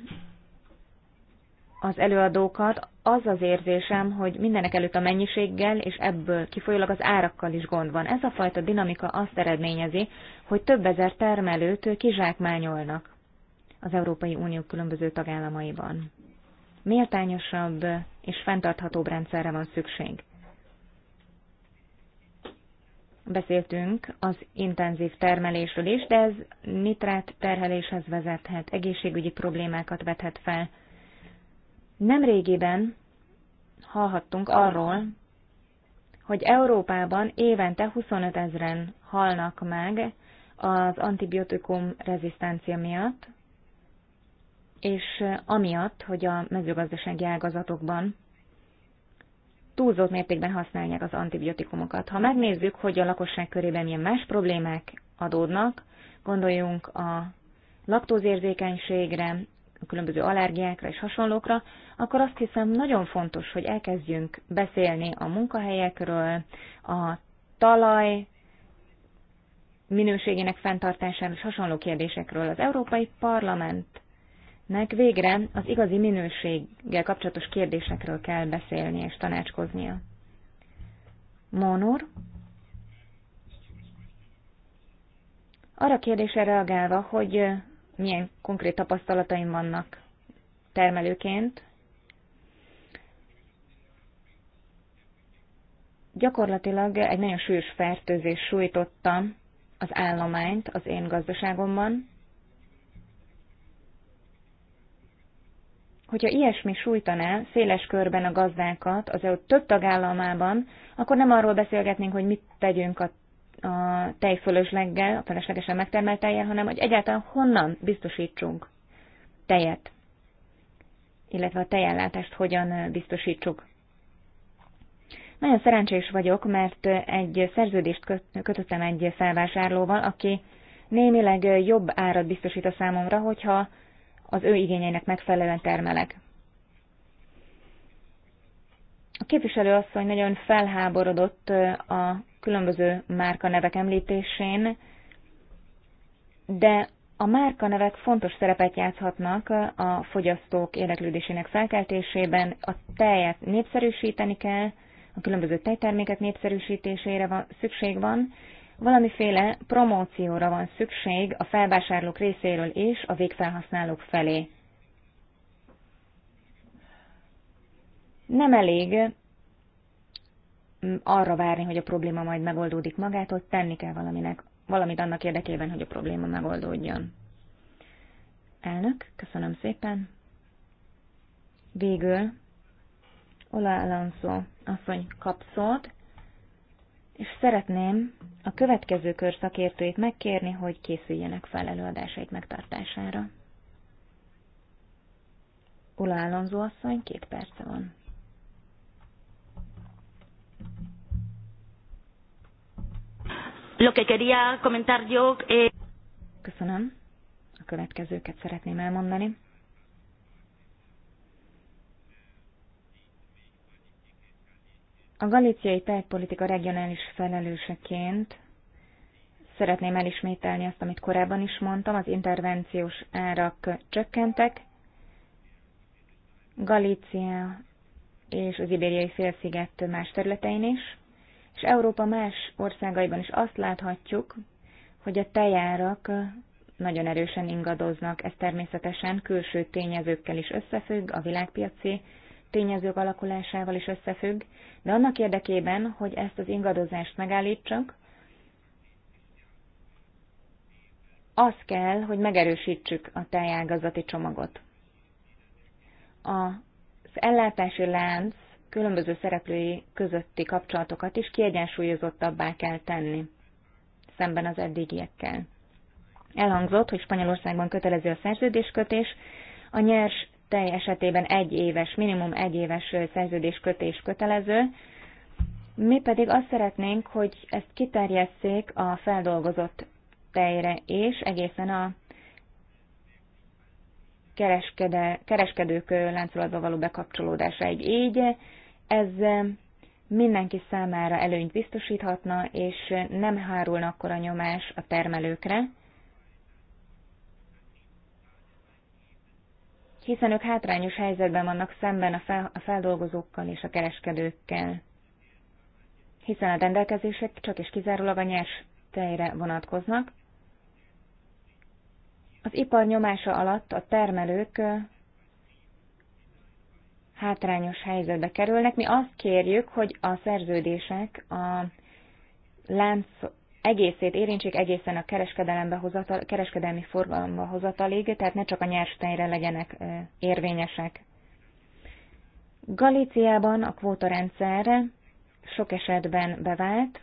az előadókat, az az érzésem, hogy mindenek előtt a mennyiséggel, és ebből kifolyólag az árakkal is gond van. Ez a fajta dinamika azt eredményezi, hogy több ezer termelőt kizsákmányolnak az Európai Unió különböző tagállamaiban méltányosabb és fenntarthatóbb rendszerre van szükség. Beszéltünk az intenzív termelésről is, de ez nitrát terheléshez vezethet, egészségügyi problémákat vethet fel. Nemrégiben hallhattunk arról, hogy Európában évente 25 ezeren halnak meg az antibiotikum rezisztencia miatt, és amiatt, hogy a mezőgazdasági ágazatokban túlzott mértékben használják az antibiotikumokat. Ha megnézzük, hogy a lakosság körében milyen más problémák adódnak, gondoljunk a laktózérzékenységre, a különböző allergiákra és hasonlókra, akkor azt hiszem nagyon fontos, hogy elkezdjünk beszélni a munkahelyekről, a talaj minőségének fenntartásáról és hasonló kérdésekről. Az Európai Parlament nek végre az igazi minőséggel kapcsolatos kérdésekről kell beszélnie és tanácskoznia. Mónur arra kérdésre reagálva, hogy milyen konkrét tapasztalataim vannak termelőként, gyakorlatilag egy nagyon súlyos fertőzés sújtotta az állományt az én gazdaságomban, hogyha ilyesmi sújtaná széles körben a gazdákat az EU több tagállamában, akkor nem arról beszélgetnénk, hogy mit tegyünk a, a tejfölösleggel, a feleslegesen megtermelt tejjel, hanem hogy egyáltalán honnan biztosítsunk tejet, illetve a tejellátást hogyan biztosítsuk. Nagyon szerencsés vagyok, mert egy szerződést kötöttem egy felvásárlóval, aki némileg jobb árat biztosít a számomra, hogyha az ő igényeinek megfelelően termelek. A képviselőasszony nagyon felháborodott a különböző márkanevek említésén, de a márkanevek fontos szerepet játszhatnak a fogyasztók érdeklődésének felkeltésében, a tejet népszerűsíteni kell, a különböző tejtermékek népszerűsítésére van, szükség van, Valamiféle promócióra van szükség a felvásárlók részéről és a végfelhasználók felé. Nem elég mm, arra várni, hogy a probléma majd megoldódik magától, tenni kell valaminek, valamit annak érdekében, hogy a probléma megoldódjon. Elnök, köszönöm szépen. Végül Ola Alonso asszony kap szót, és szeretném a következő kör szakértőit megkérni, hogy készüljenek fel előadásait megtartására. Ula Alonso asszony, két perce van. Lo que quería comentar yo... Eh... Köszönöm. A következőket szeretném elmondani. A galiciai tájpolitika regionális felelőseként szeretném elismételni azt, amit korábban is mondtam, az intervenciós árak csökkentek. Galícia és az ibériai félsziget más területein is, és Európa más országaiban is azt láthatjuk, hogy a tejárak nagyon erősen ingadoznak, ez természetesen külső tényezőkkel is összefügg, a világpiaci tényezők alakulásával is összefügg, de annak érdekében, hogy ezt az ingadozást megállítsak, az kell, hogy megerősítsük a tejágazati csomagot. Az ellátási lánc különböző szereplői közötti kapcsolatokat is kiegyensúlyozottabbá kell tenni, szemben az eddigiekkel. Elhangzott, hogy Spanyolországban kötelező a szerződéskötés, a nyers tej esetében egy éves, minimum egy éves kötés kötelező, mi pedig azt szeretnénk, hogy ezt kiterjesszék a feldolgozott tejre és egészen a kereskedők láncolatba való bekapcsolódásáig. Így ez eh, mindenki számára előnyt biztosíthatna, és nem hárulna akkor a nyomás a termelőkre, hiszen ők hátrányos helyzetben vannak szemben a, fel, a feldolgozókkal és a kereskedőkkel. Hiszen a rendelkezések csak és kizárólag a nyers tejre vonatkoznak. Az ipar nyomása alatt a termelők hátrányos helyzetbe kerülnek. Mi azt kérjük, hogy a szerződések a lánc, egészét érintsék egészen a kereskedelembe hozatal, kereskedelmi forgalomba hozatalig, tehát ne csak a nyers tejre legyenek érvényesek. Galíciában a kvótarendszer sok esetben bevált.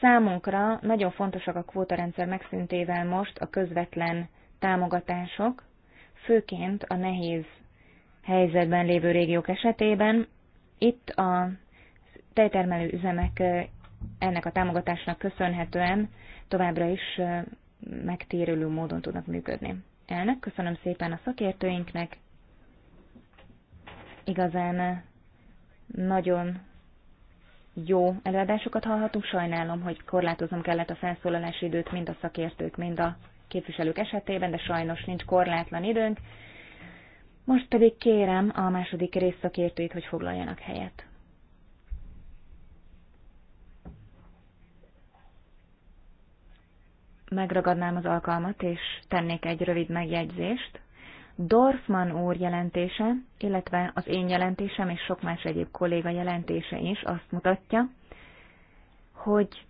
Számunkra nagyon fontosak a kvótarendszer megszüntével most a közvetlen támogatások, főként a nehéz helyzetben lévő régiók esetében. Itt a tejtermelő üzemek ennek a támogatásnak köszönhetően továbbra is megtérülő módon tudnak működni. Elnök, köszönöm szépen a szakértőinknek. Igazán nagyon jó előadásokat hallhatunk. Sajnálom, hogy korlátoznom kellett a felszólalási időt mind a szakértők, mind a képviselők esetében, de sajnos nincs korlátlan időnk. Most pedig kérem a második rész szakértőit, hogy foglaljanak helyet. megragadnám az alkalmat, és tennék egy rövid megjegyzést. Dorfman úr jelentése, illetve az én jelentésem és sok más egyéb kolléga jelentése is azt mutatja, hogy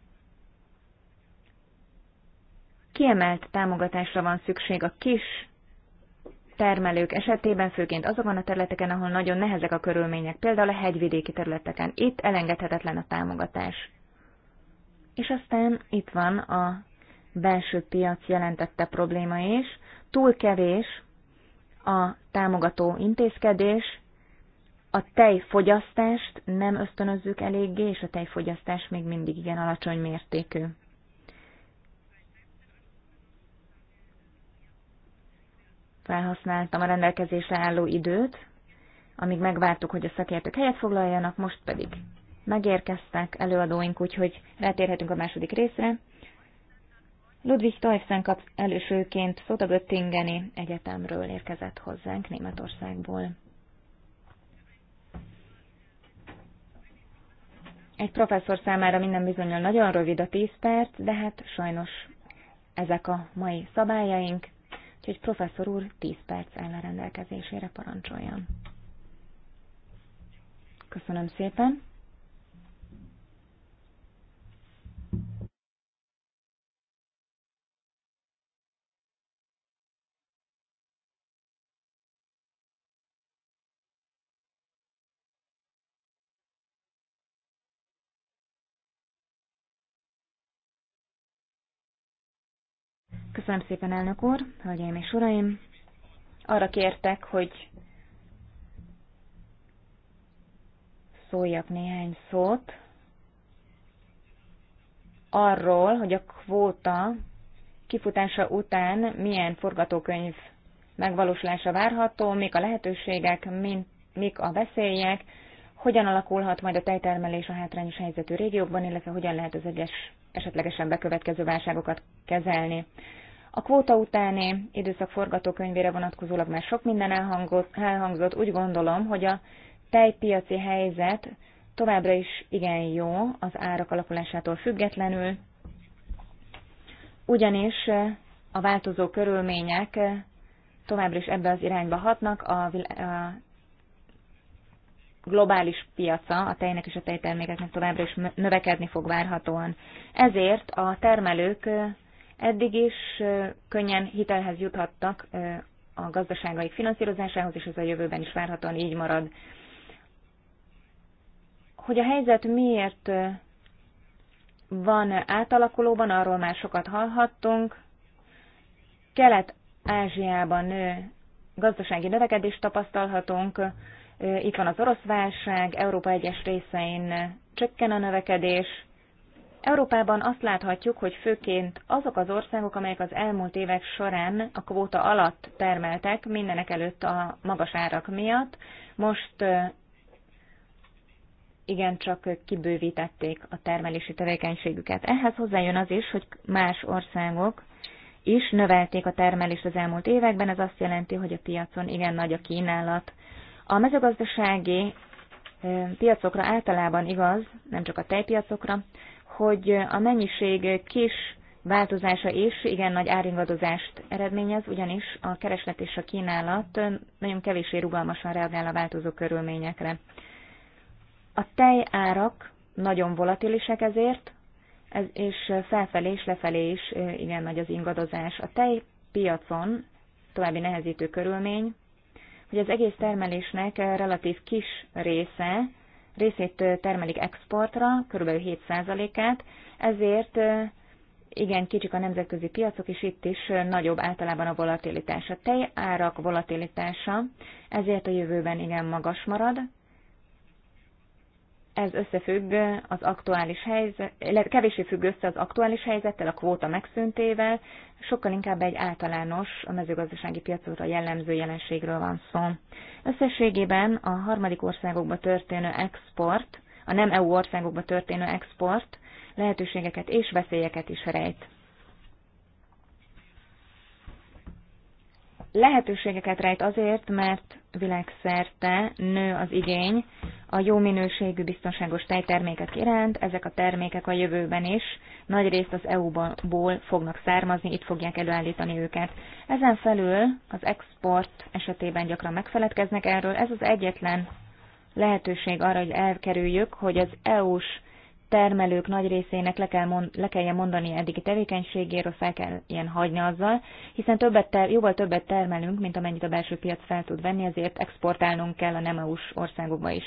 kiemelt támogatásra van szükség a kis termelők esetében, főként azokon a területeken, ahol nagyon nehezek a körülmények, például a hegyvidéki területeken. Itt elengedhetetlen a támogatás. És aztán itt van a belső piac jelentette probléma is, túl kevés a támogató intézkedés, a tejfogyasztást nem ösztönözzük eléggé, és a tejfogyasztás még mindig igen alacsony mértékű. Felhasználtam a rendelkezésre álló időt, amíg megvártuk, hogy a szakértők helyet foglaljanak, most pedig megérkeztek előadóink, úgyhogy rátérhetünk a második részre. Ludwig Teufsen kap elősőként Szotaböttingeni Egyetemről érkezett hozzánk Németországból. Egy professzor számára minden bizonyal nagyon rövid a 10 perc, de hát sajnos ezek a mai szabályaink, úgyhogy professzor úr 10 perc ellenrendelkezésére parancsoljon. Köszönöm szépen! Köszönöm szépen, elnök úr, hölgyeim és uraim. Arra kértek, hogy szóljak néhány szót arról, hogy a kvóta kifutása után milyen forgatókönyv megvalósulása várható, mik a lehetőségek, mik a veszélyek, hogyan alakulhat majd a tejtermelés a hátrányos helyzetű régiókban, illetve hogyan lehet az egyes esetlegesen bekövetkező válságokat kezelni. A kvóta utáni időszak forgatókönyvére vonatkozólag már sok minden elhangzott. Úgy gondolom, hogy a tejpiaci helyzet továbbra is igen jó az árak alakulásától függetlenül, ugyanis a változó körülmények továbbra is ebbe az irányba hatnak, a globális piaca a tejnek és a tejtermékeknek továbbra is növekedni fog várhatóan. Ezért a termelők eddig is könnyen hitelhez juthattak a gazdaságaik finanszírozásához, és ez a jövőben is várhatóan így marad. Hogy a helyzet miért van átalakulóban, arról már sokat hallhattunk. Kelet-Ázsiában gazdasági növekedést tapasztalhatunk, itt van az orosz válság, Európa egyes részein csökken a növekedés. Európában azt láthatjuk, hogy főként azok az országok, amelyek az elmúlt évek során a kvóta alatt termeltek, mindenek előtt a magas árak miatt, most igencsak kibővítették a termelési tevékenységüket. Ehhez hozzájön az is, hogy más országok is növelték a termelést az elmúlt években, ez azt jelenti, hogy a piacon igen nagy a kínálat. A mezőgazdasági piacokra általában igaz, nem csak a tejpiacokra, hogy a mennyiség kis változása is igen nagy áringadozást eredményez, ugyanis a kereslet és a kínálat nagyon kevésé rugalmasan reagál a változó körülményekre. A tejárak nagyon volatilisek ezért, ez, és felfelé és lefelé is igen nagy az ingadozás. A tejpiacon további nehezítő körülmény hogy az egész termelésnek relatív kis része, részét termelik exportra, kb. 7%-át, ezért igen, kicsik a nemzetközi piacok, és itt is nagyobb általában a volatilitása. Tej árak volatilitása, ezért a jövőben igen magas marad, ez összefügg az aktuális helyzet, kevésbé függ össze az aktuális helyzettel, a kvóta megszüntével, sokkal inkább egy általános, a mezőgazdasági piacokra jellemző jelenségről van szó. Összességében a harmadik országokba történő export, a nem EU országokba történő export lehetőségeket és veszélyeket is rejt. Lehetőségeket rejt azért, mert világszerte nő az igény a jó minőségű biztonságos tejtermékek iránt, ezek a termékek a jövőben is nagy részt az EU-ból fognak származni, itt fogják előállítani őket. Ezen felül az export esetében gyakran megfeledkeznek erről, ez az egyetlen lehetőség arra, hogy elkerüljük, hogy az EU-s termelők nagy részének le, kell mond, le kelljen mondani eddigi tevékenységéről, fel kelljen hagyni azzal, hiszen többet ter, jóval többet termelünk, mint amennyit a belső piac fel tud venni, ezért exportálnunk kell a nem EU-s országokba is.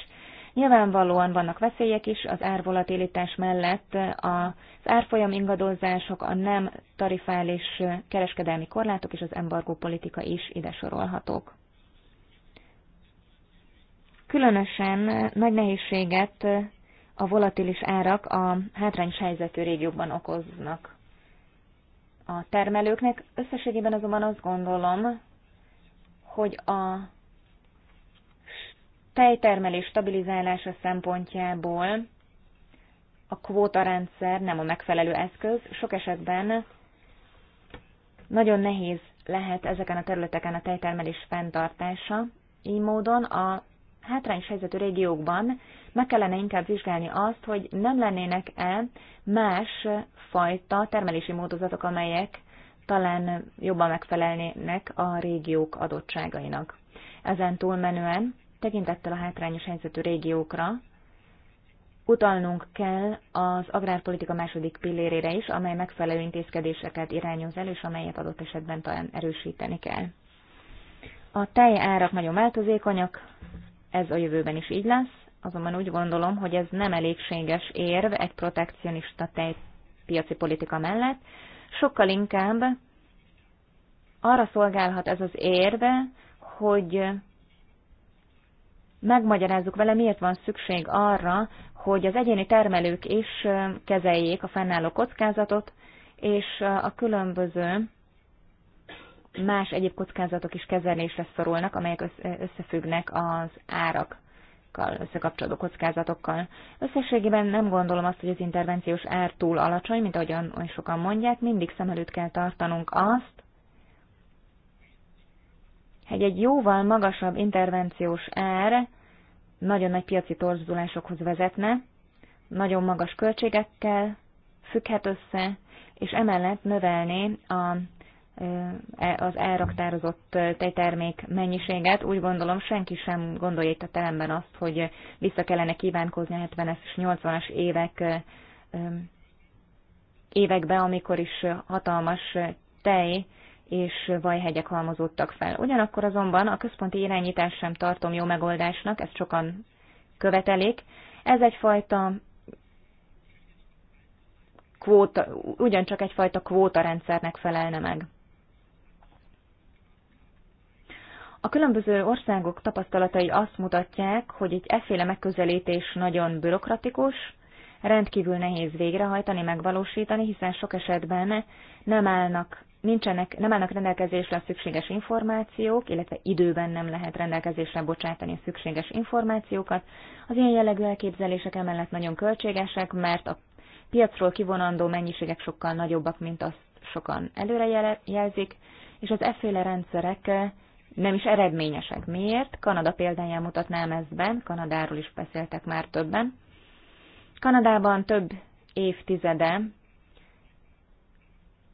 Nyilvánvalóan vannak veszélyek is, az árvolatilitás mellett az árfolyam ingadozások, a nem tarifális kereskedelmi korlátok és az embargó politika is ide sorolhatók. Különösen nagy nehézséget a volatilis árak a hátrányos helyzetű régiókban okoznak a termelőknek. Összességében azonban azt gondolom, hogy a tejtermelés stabilizálása szempontjából a kvótarendszer nem a megfelelő eszköz. Sok esetben nagyon nehéz lehet ezeken a területeken a tejtermelés fenntartása. Így módon a hátrányos helyzetű régiókban meg kellene inkább vizsgálni azt, hogy nem lennének-e más fajta termelési módozatok, amelyek talán jobban megfelelnének a régiók adottságainak. Ezen túlmenően, tekintettel a hátrányos helyzetű régiókra, utalnunk kell az agrárpolitika második pillérére is, amely megfelelő intézkedéseket irányoz el, és amelyet adott esetben talán erősíteni kell. A tej árak nagyon változékonyak, ez a jövőben is így lesz, azonban úgy gondolom, hogy ez nem elégséges érv egy protekcionista tejpiaci politika mellett, sokkal inkább arra szolgálhat ez az érve, hogy megmagyarázzuk vele, miért van szükség arra, hogy az egyéni termelők is kezeljék a fennálló kockázatot, és a különböző más egyéb kockázatok is kezelésre szorulnak, amelyek összefüggnek az árak összekapcsolódó kockázatokkal. Összességében nem gondolom azt, hogy az intervenciós ár túl alacsony, mint ahogyan oly sokan mondják, mindig szem előtt kell tartanunk azt, hogy egy jóval magasabb intervenciós ár nagyon nagy piaci torzulásokhoz vezetne, nagyon magas költségekkel függhet össze, és emellett növelné a E, az elraktározott tejtermék mennyiséget. Úgy gondolom, senki sem gondolja itt a teremben azt, hogy vissza kellene kívánkozni a 70-es és 80-as évek e, e, évekbe, amikor is hatalmas tej és vajhegyek halmozódtak fel. Ugyanakkor azonban a központi irányítás sem tartom jó megoldásnak, ezt sokan követelik. Ez egyfajta kvóta, ugyancsak egyfajta rendszernek felelne meg. A különböző országok tapasztalatai azt mutatják, hogy egy efféle megközelítés nagyon bürokratikus, rendkívül nehéz végrehajtani, megvalósítani, hiszen sok esetben nem állnak, nincsenek, nem állnak rendelkezésre a szükséges információk, illetve időben nem lehet rendelkezésre bocsátani a szükséges információkat. Az ilyen jellegű elképzelések emellett nagyon költségesek, mert a piacról kivonandó mennyiségek sokkal nagyobbak, mint azt sokan előrejelzik, és az efféle rendszerek nem is eredményesek. Miért? Kanada példáján mutatnám ezt be, Kanadáról is beszéltek már többen. Kanadában több évtizede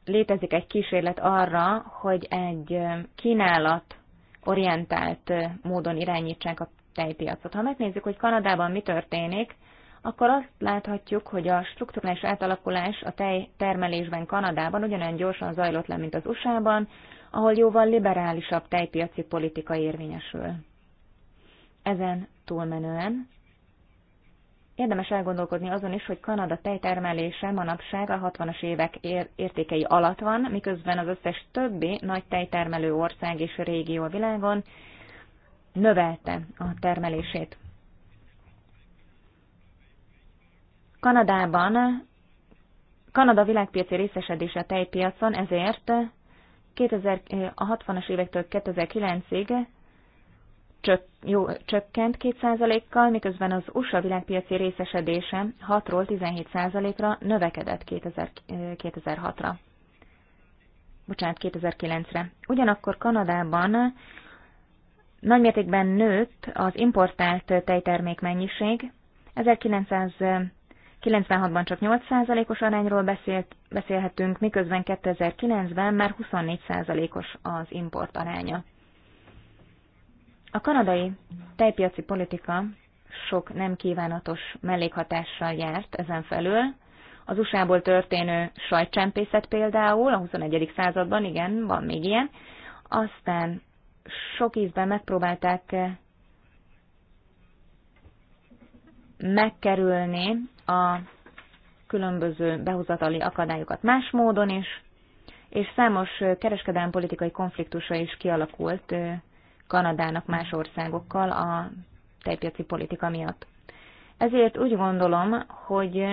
létezik egy kísérlet arra, hogy egy kínálat orientált módon irányítsák a tejpiacot. Ha megnézzük, hogy Kanadában mi történik, akkor azt láthatjuk, hogy a strukturális átalakulás a tejtermelésben Kanadában ugyanolyan gyorsan zajlott le, mint az USA-ban, ahol jóval liberálisabb tejpiaci politika érvényesül. Ezen túlmenően érdemes elgondolkodni azon is, hogy Kanada tejtermelése manapság a 60-as évek értékei alatt van, miközben az összes többi nagy tejtermelő ország és régió a világon növelte a termelését. Kanadában Kanada világpiaci részesedése a tejpiacon ezért 2000, eh, a 60-as évektől 2009-ig csök, jó, csökkent 2%-kal, miközben az USA világpiaci részesedése 6-ról 17%-ra növekedett 2000, 2006-ra. Eh, Bocsánat, 2009-re. Ugyanakkor Kanadában nagymértékben nőtt az importált tejtermék mennyiség, 1900 96-ban csak 8%-os arányról beszélt, beszélhetünk, miközben 2009-ben már 24%-os az import aránya. A kanadai tejpiaci politika sok nem kívánatos mellékhatással járt ezen felül. Az USA-ból történő sajtcsempészet például a 21. században, igen, van még ilyen, aztán sok ízben megpróbálták megkerülni a különböző behozatali akadályokat más módon is, és számos kereskedelmi politikai konfliktusa is kialakult Kanadának más országokkal a tejpiaci politika miatt. Ezért úgy gondolom, hogy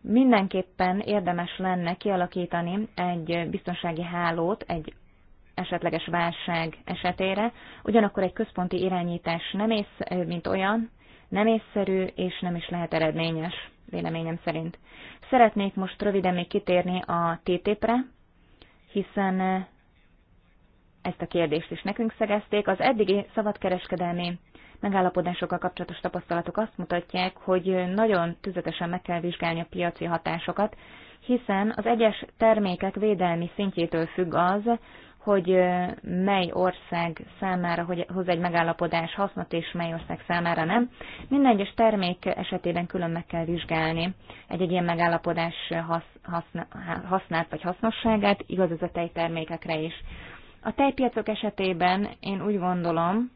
mindenképpen érdemes lenne kialakítani egy biztonsági hálót egy esetleges válság esetére, ugyanakkor egy központi irányítás nem ész, mint olyan, nem észszerű és nem is lehet eredményes, véleményem szerint. Szeretnék most röviden még kitérni a TTIP-re, hiszen eh, ezt a kérdést is nekünk szegezték. Az eddigi szabadkereskedelmi megállapodásokkal kapcsolatos tapasztalatok azt mutatják, hogy nagyon tüzetesen meg kell vizsgálni a piaci hatásokat, hiszen az egyes termékek védelmi szintjétől függ az, hogy mely ország számára hogy hoz egy megállapodás hasznot, és mely ország számára nem. Minden egyes termék esetében külön meg kell vizsgálni egy-egy ilyen megállapodás hasz, haszna, hasznát vagy hasznosságát, igaz ez a tejtermékekre is. A tejpiacok esetében én úgy gondolom,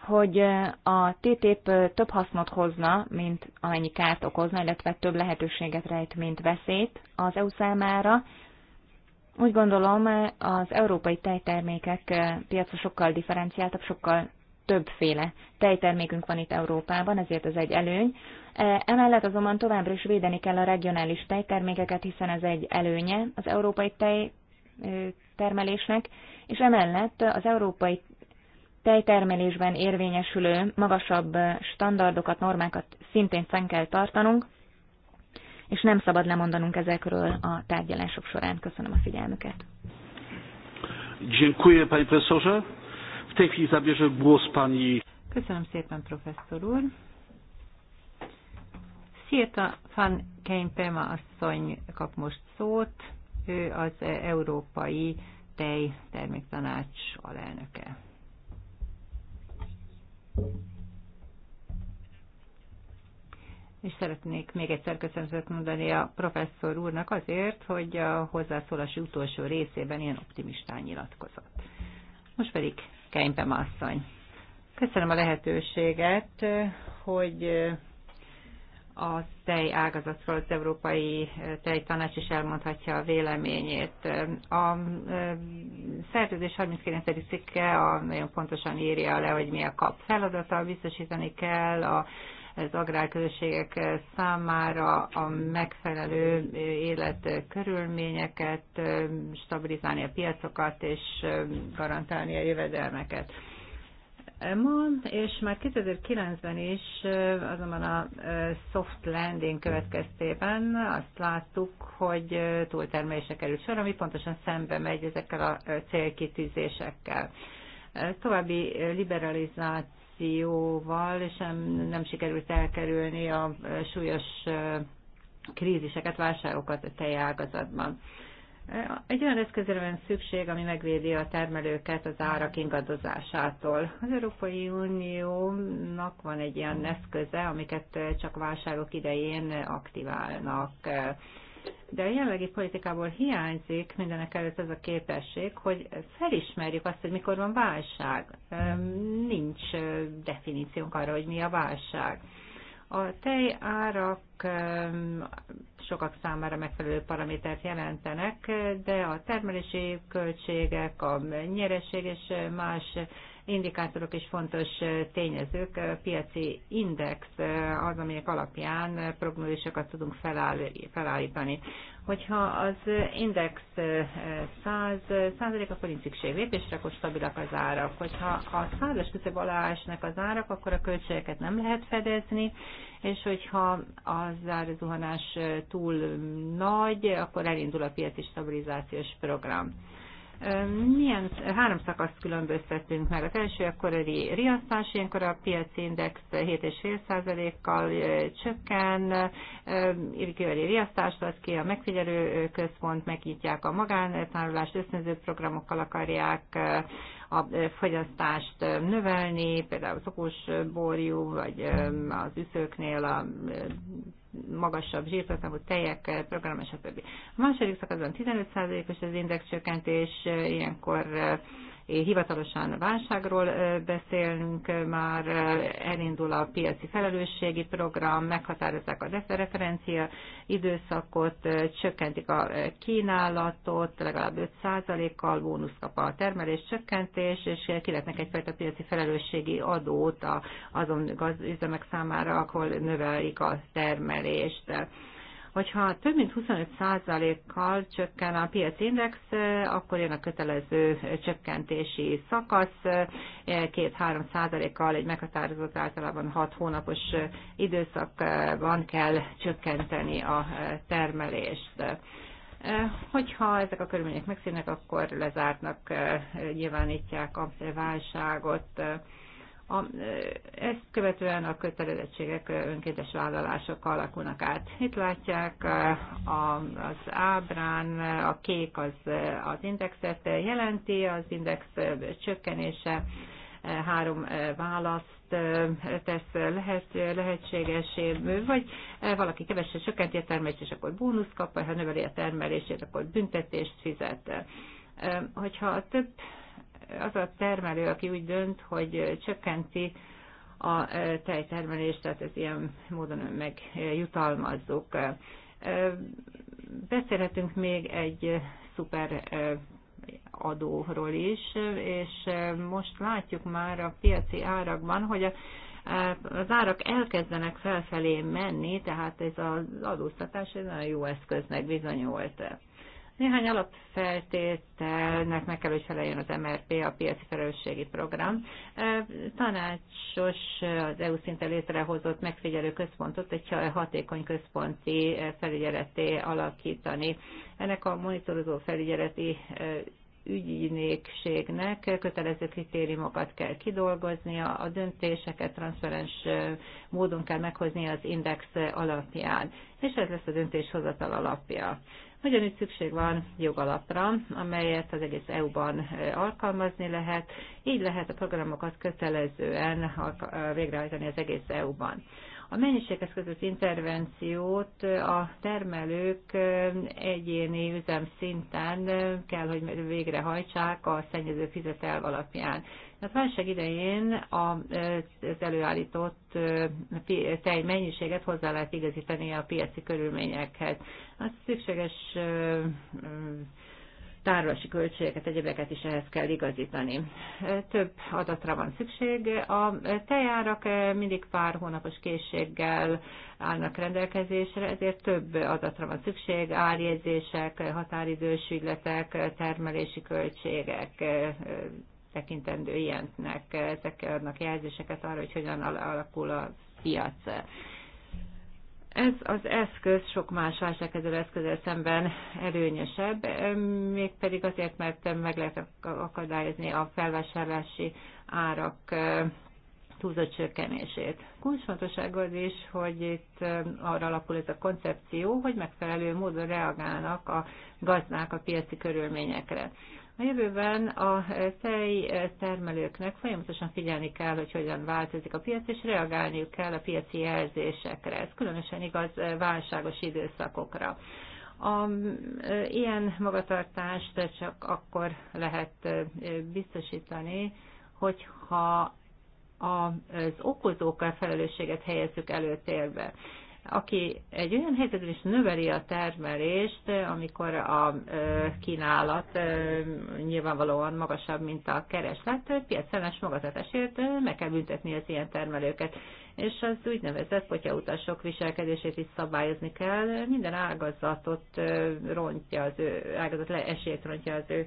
hogy a TTIP több hasznot hozna, mint amennyi kárt okozna, illetve több lehetőséget rejt, mint veszélyt az EU számára, úgy gondolom, az európai tejtermékek eh, piaca sokkal differenciáltabb, sokkal többféle tejtermékünk van itt Európában, ezért ez egy előny. Eh, emellett azonban továbbra is védeni kell a regionális tejtermékeket, hiszen ez egy előnye az európai tejtermelésnek, eh, és emellett az európai tejtermelésben érvényesülő magasabb standardokat, normákat szintén fenn kell tartanunk, és nem szabad lemondanunk ezekről a tárgyalások során. Köszönöm a figyelmüket. Köszönöm szépen, professzor úr. Szirta van Keimpema asszony kap most szót. Ő az Európai Tej Terméktanács alelnöke. Thank you és szeretnék még egyszer köszönetet mondani a professzor úrnak azért, hogy a hozzászólási utolsó részében ilyen optimistán nyilatkozott. Most pedig Keimpem asszony. Köszönöm a lehetőséget, hogy a tej ágazatról az Európai Tej Tanács is elmondhatja a véleményét. A e, szerződés 39. cikke a, nagyon pontosan írja le, hogy mi a kap feladata, biztosítani kell a az agrárközösségek számára a megfelelő életkörülményeket, stabilizálni a piacokat és garantálni a jövedelmeket. Ma, és már 2009-ben is, azonban a soft landing következtében azt láttuk, hogy túltermelése került sor, ami pontosan szembe megy ezekkel a célkitűzésekkel. További liberalizált recesszióval, és nem, nem sikerült elkerülni a súlyos kríziseket, válságokat a tejágazatban. Egy olyan eszközre van szükség, ami megvédi a termelőket az árak ingadozásától. Az Európai Uniónak van egy ilyen eszköze, amiket csak válságok idején aktiválnak de a jelenlegi politikából hiányzik mindenek előtt az a képesség, hogy felismerjük azt, hogy mikor van válság. Nincs definíciónk arra, hogy mi a válság. A tej árak sokak számára megfelelő paramétert jelentenek, de a termelési költségek, a nyereség és más indikátorok és fontos tényezők, piaci index az, amelyek alapján prognózisokat tudunk feláll, felállítani. Hogyha az index 100 százalék, akkor nincs szükség lépésre, akkor stabilak az árak. Hogyha a százas küszöb alá esnek az árak, akkor a költségeket nem lehet fedezni, és hogyha az árazuhanás túl nagy, akkor elindul a piaci stabilizációs program. Milyen három szakaszt különböztetünk meg? Az első a korai riasztás, ilyenkor a piaci index 7,5%-kal csökken, köröli riasztást ad ki, a megfigyelő központ megnyitják a magántárolást, ösztönző programokkal akarják a fogyasztást növelni, például az okos borjú, vagy az üszőknél a magasabb zsírtartalmú tejek program, stb. A második szakaszban 15%-os az index csökkentés, ilyenkor hivatalosan válságról beszélünk, már elindul a piaci felelősségi program, meghatározzák a referencia időszakot, csökkentik a kínálatot, legalább 5%-kal bónusz kap a termelés csökkentés, és kiletnek egyfajta piaci felelősségi adót azon üzemek számára, ahol növelik a termelést Hogyha több mint 25%-kal csökken a piacindex, index, akkor jön a kötelező csökkentési szakasz, 2-3%-kal egy meghatározott általában 6 hónapos időszakban kell csökkenteni a termelést. Hogyha ezek a körülmények megszűnnek, akkor lezártnak nyilvánítják a válságot. A, ezt követően a kötelezettségek önkéntes vállalások alakulnak át. Itt látják a, az ábrán, a kék az, az indexet jelenti, az index csökkenése három választ tesz lehet, lehetségesé, vagy valaki kevesen csökkenti a termelést, és akkor bónusz kap, vagy ha növeli a termelését, akkor büntetést fizet. Hogyha több az a termelő, aki úgy dönt, hogy csökkenti a e, tejtermelést, tehát ez ilyen módon megjutalmazzuk. E, beszélhetünk még egy szuper e, adóról is, és most látjuk már a piaci árakban, hogy a az árak elkezdenek felfelé menni, tehát ez az adóztatás egy nagyon jó eszköznek bizonyult. Néhány alapfeltételnek meg kell, hogy feleljön az MRP, a piaci felelősségi program. Tanácsos az EU szinten létrehozott megfigyelő központot egy hatékony központi felügyeleté alakítani. Ennek a monitorozó felügyeleti ügyinégségnek kötelező kritériumokat kell kidolgoznia, a döntéseket transzparens módon kell meghozni az index alapján, és ez lesz a döntéshozatal alapja. Ugyanúgy szükség van jogalapra, amelyet az egész EU-ban alkalmazni lehet, így lehet a programokat kötelezően végrehajtani az egész EU-ban. A mennyiséghez között intervenciót a termelők egyéni üzem szinten kell, hogy végrehajtsák a szennyező fizetel alapján. A válság idején az előállított tej mennyiséget hozzá lehet igazítani a piaci körülményekhez. Az szükséges tárolási költségeket, egyebeket is ehhez kell igazítani. Több adatra van szükség. A tejárak mindig pár hónapos készséggel állnak rendelkezésre, ezért több adatra van szükség, árjegyzések, határidős ügyletek, termelési költségek, tekintendő ilyennek, ezek adnak jelzéseket arra, hogy hogyan alakul a piac. Ez az eszköz sok más válságkezelő eszközzel szemben előnyösebb, mégpedig azért, mert meg lehet akadályozni a felvásárlási árak túlzott csökkenését. Kulcsfontosság az is, hogy itt arra alapul ez a koncepció, hogy megfelelő módon reagálnak a gazdák a piaci körülményekre. A jövőben a tej termelőknek folyamatosan figyelni kell, hogy hogyan változik a piac, és reagálniuk kell a piaci jelzésekre. Ez különösen igaz válságos időszakokra. A, e, ilyen magatartást csak akkor lehet e, biztosítani, hogyha az okozókkal felelősséget helyezzük előtérbe aki egy olyan helyzetben is növeli a termelést, amikor a kínálat nyilvánvalóan magasabb, mint a kereslet, piacellenes magatartásért meg kell büntetni az ilyen termelőket. És az úgynevezett potyautasok viselkedését is szabályozni kell. Minden ágazatot rontja az ő, ágazat esélyt rontja az ő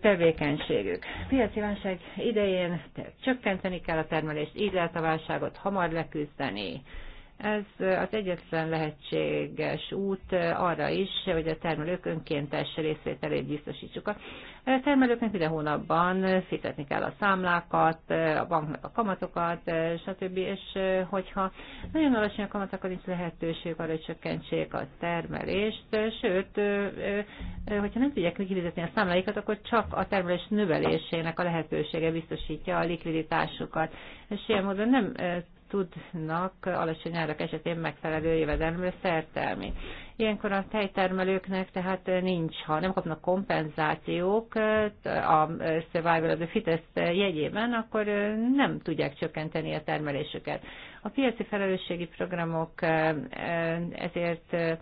tevékenységük. Piaci válság idején csökkenteni kell a termelést, így lehet a válságot hamar leküzdeni. Ez az egyetlen lehetséges út arra is, hogy a termelők önkéntes részvételét biztosítsuk. A termelőknek minden hónapban fizetni kell a számlákat, a banknak a kamatokat, stb. És eh, hogyha nagyon alacsony a kamat, akkor nincs lehetőség arra, hogy csökkentsék a termelést. Sőt, eh, eh, hogyha nem tudják kifizetni a számláikat, akkor csak a termelés növelésének a lehetősége biztosítja a likviditásukat. És ilyen módon nem tudnak alacsony árak esetén megfelelő jövedelmű szertelni. Ilyenkor a tejtermelőknek tehát nincs, ha nem kapnak kompenzációk eh, a Survival of the Fittest jegyében, akkor eh, nem tudják csökkenteni a termelésüket. A piaci felelősségi programok eh, ezért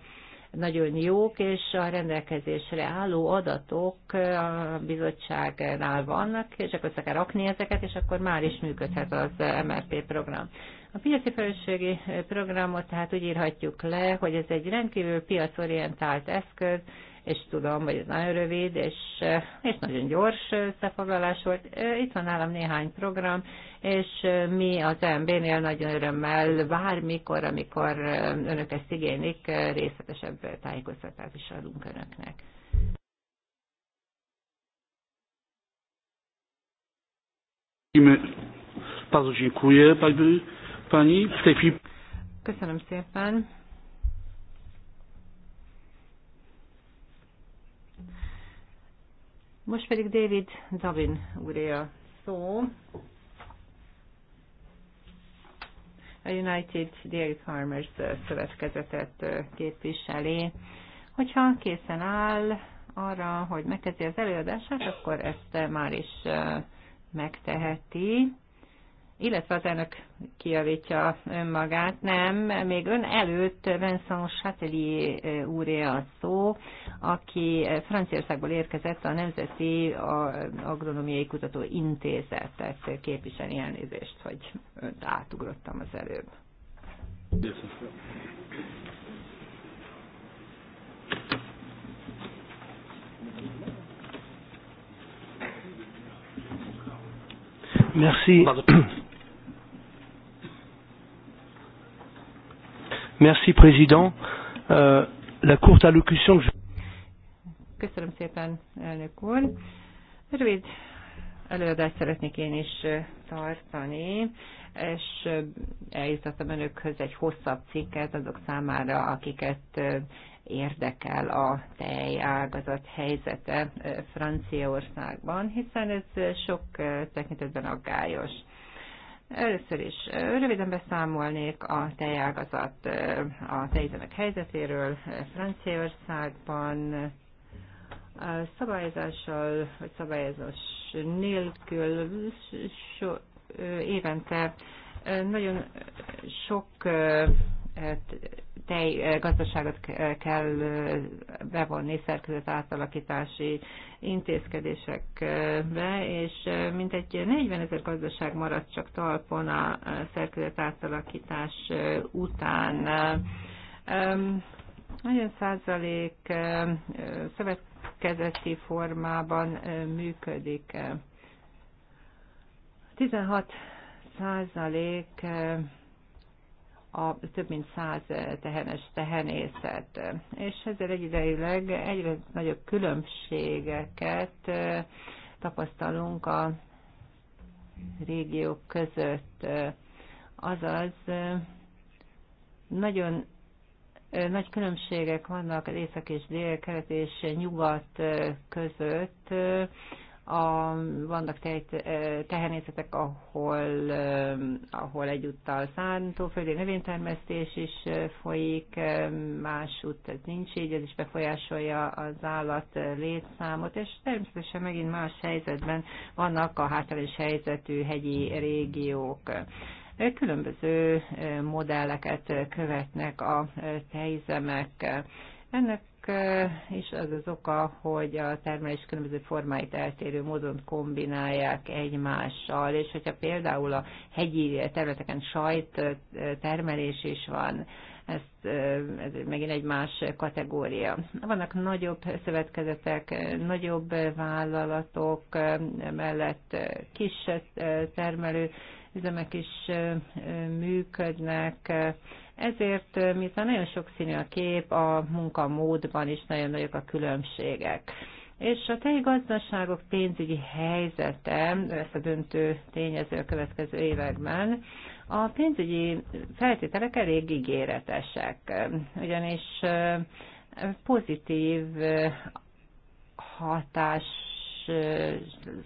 nagyon jók, és a rendelkezésre álló adatok a bizottságnál vannak, és akkor össze kell rakni ezeket, és akkor már is működhet az MRP program. A piaci felelősségi programot tehát úgy írhatjuk le, hogy ez egy rendkívül piacorientált eszköz, és tudom, hogy ez nagyon rövid, és, eh, és nagyon gyors eh, összefoglalás volt. Eh, itt van nálam néhány program, és mi az MB-nél nagyon örömmel bármikor, amikor önök ezt igénylik, részletesebb tájékoztatást is adunk önöknek. Köszönöm szépen. Most pedig David Zabin úré a szó. A United Dairy Farmers szövetkezetet képviseli. Hogyha készen áll arra, hogy megkezdi az előadását, akkor ezt már is megteheti illetve az elnök kiavítja önmagát, nem, még ön előtt Vincent Chatelier eh, úré a szó, aki eh, Franciaországból érkezett a Nemzeti Agronomiai Kutató Intézetet képviseli elnézést, hogy önt átugrottam az előbb. Merci. Merci, Président. Euh, la courte allocution que je... Köszönöm szépen, elnök úr. Rövid előadást szeretnék én is tartani, és eljutottam önökhöz egy hosszabb cikket azok számára, akiket érdekel a tejágazat helyzete Franciaországban, hiszen ez sok tekintetben aggályos. Először is röviden beszámolnék a tejágazat, a tejüzemek helyzetéről Franciaországban. A szabályozással, vagy szabályozás nélkül so, évente nagyon sok hát, gazdaságot kell bevonni szerkezet átalakítási intézkedésekbe, és mintegy 40 ezer gazdaság maradt csak talpon a szerkezet átalakítás után. Nagyon százalék szövetkezeti formában működik. 16 százalék a több mint száz tehenes tehenészet. És ezzel egyidejűleg egyre nagyobb különbségeket tapasztalunk a régiók között. Azaz nagyon nagy különbségek vannak az észak és dél, kelet és nyugat között a, vannak tejt, tehenészetek, ahol, ahol egyúttal szántóföldi növénytermesztés is folyik, másút ez nincs így, ez is befolyásolja az állat létszámot, és természetesen megint más helyzetben vannak a hátrányos helyzetű hegyi régiók. Különböző modelleket követnek a tejzemek. Ennek és az az oka, hogy a termelés különböző formáit eltérő módon kombinálják egymással, és hogyha például a hegyi területeken sajt termelés is van, ez, ez megint egy más kategória. Vannak nagyobb szövetkezetek, nagyobb vállalatok mellett kis termelő üzemek is működnek. Ezért, miután nagyon sokszínű a kép, a munkamódban is nagyon nagyok a különbségek. És a helyi gazdaságok pénzügyi helyzete, ezt a döntő tényező a következő években, a pénzügyi feltételek elég ígéretesek, ugyanis pozitív hatás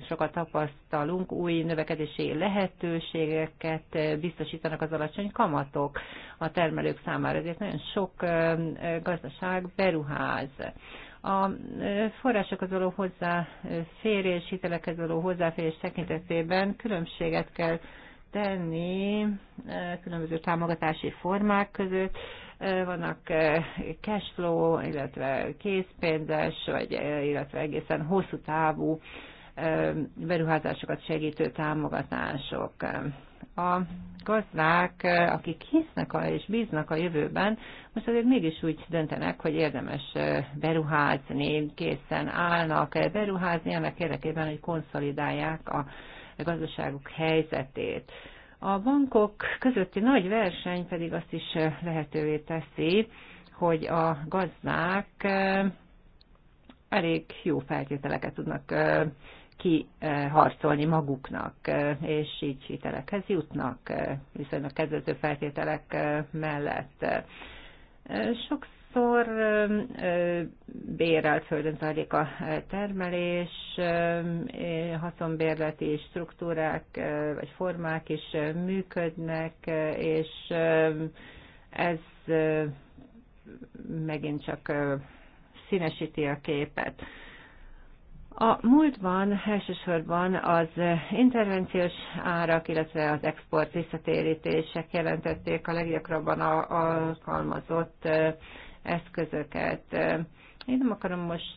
sokat tapasztalunk, új növekedési lehetőségeket biztosítanak az alacsony kamatok a termelők számára, ezért nagyon sok gazdaság beruház a forrásokhoz való hozzáférés, hitelekhez való hozzáférés tekintetében különbséget kell tenni különböző támogatási formák között vannak cashflow, illetve készpénzes, vagy illetve egészen hosszú távú beruházásokat segítő támogatások. A gazdák, akik hisznek a, és bíznak a jövőben, most azért mégis úgy döntenek, hogy érdemes beruházni, készen állnak beruházni annak érdekében, hogy konszolidálják a gazdaságuk helyzetét. A bankok közötti nagy verseny pedig azt is eh, lehetővé teszi, hogy a gazdák eh, elég jó feltételeket tudnak eh, kiharcolni maguknak, és így hitelekhez jutnak viszonylag kedvező feltételek mellett. Sokszor sokszor bérelt földön zajlik a termelés, haszonbérleti struktúrák vagy formák is működnek, és ez megint csak színesíti a képet. A múltban elsősorban az intervenciós árak, illetve az export visszatérítések jelentették a leggyakrabban alkalmazott eszközöket. Én nem akarom most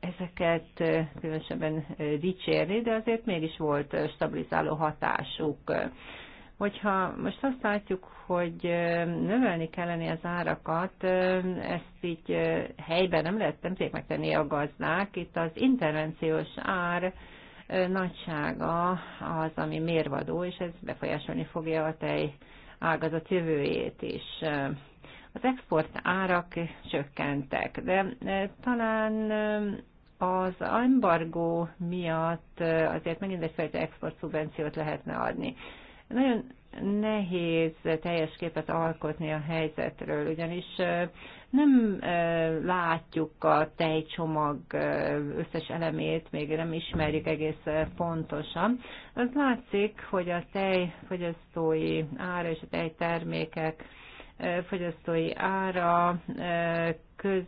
ezeket különösebben dicsérni, de azért mégis volt stabilizáló hatásuk. Hogyha most azt látjuk, hogy növelni kellene az árakat, ezt így helyben nem lehet, nem tudják megtenni a gazdák. Itt az intervenciós ár nagysága az, ami mérvadó, és ez befolyásolni fogja a tej ágazat jövőjét is. Az export árak csökkentek, de e, talán e, az embargó miatt azért megint egyfajta export szubvenciót lehetne adni. Nagyon nehéz teljes képet alkotni a helyzetről, ugyanis e, nem látjuk a tejcsomag összes elemét, még nem ismerjük egész pontosan. Az látszik, hogy a tejfogyasztói ára és a tejtermékek fogyasztói ára köz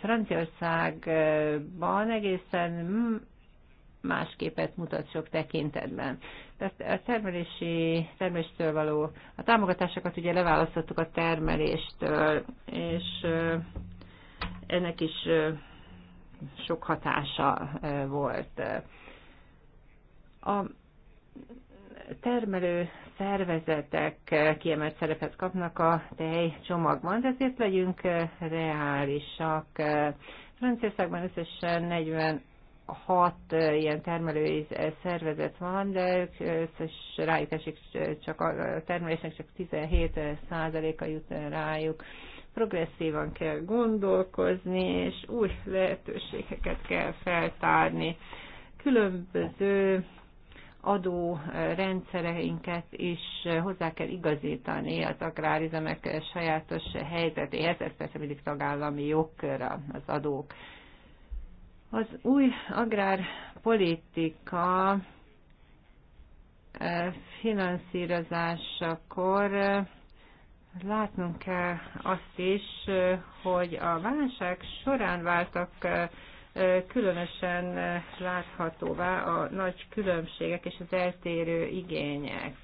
Franciaországban egészen más képet mutat sok tekintetben a termelési, termeléstől való, a támogatásokat ugye leválasztottuk a termeléstől, és ennek is sok hatása volt. A termelő szervezetek kiemelt szerepet kapnak a tej csomagban, ezért legyünk reálisak. Franciaországban összesen 40 hat ilyen termelői szervezet van, de ők összes rájuk esik, csak a termelésnek csak 17 százaléka jut rájuk. Progresszívan kell gondolkozni, és új lehetőségeket kell feltárni. Különböző adó rendszereinket is hozzá kell igazítani az agrárüzemek sajátos helyzetéhez, ez persze mindig tagállami jogkör az adók az új agrárpolitika eh, finanszírozásakor eh, látnunk kell azt is, eh, hogy a válság során váltak különösen láthatóvá a nagy különbségek és az eltérő igények.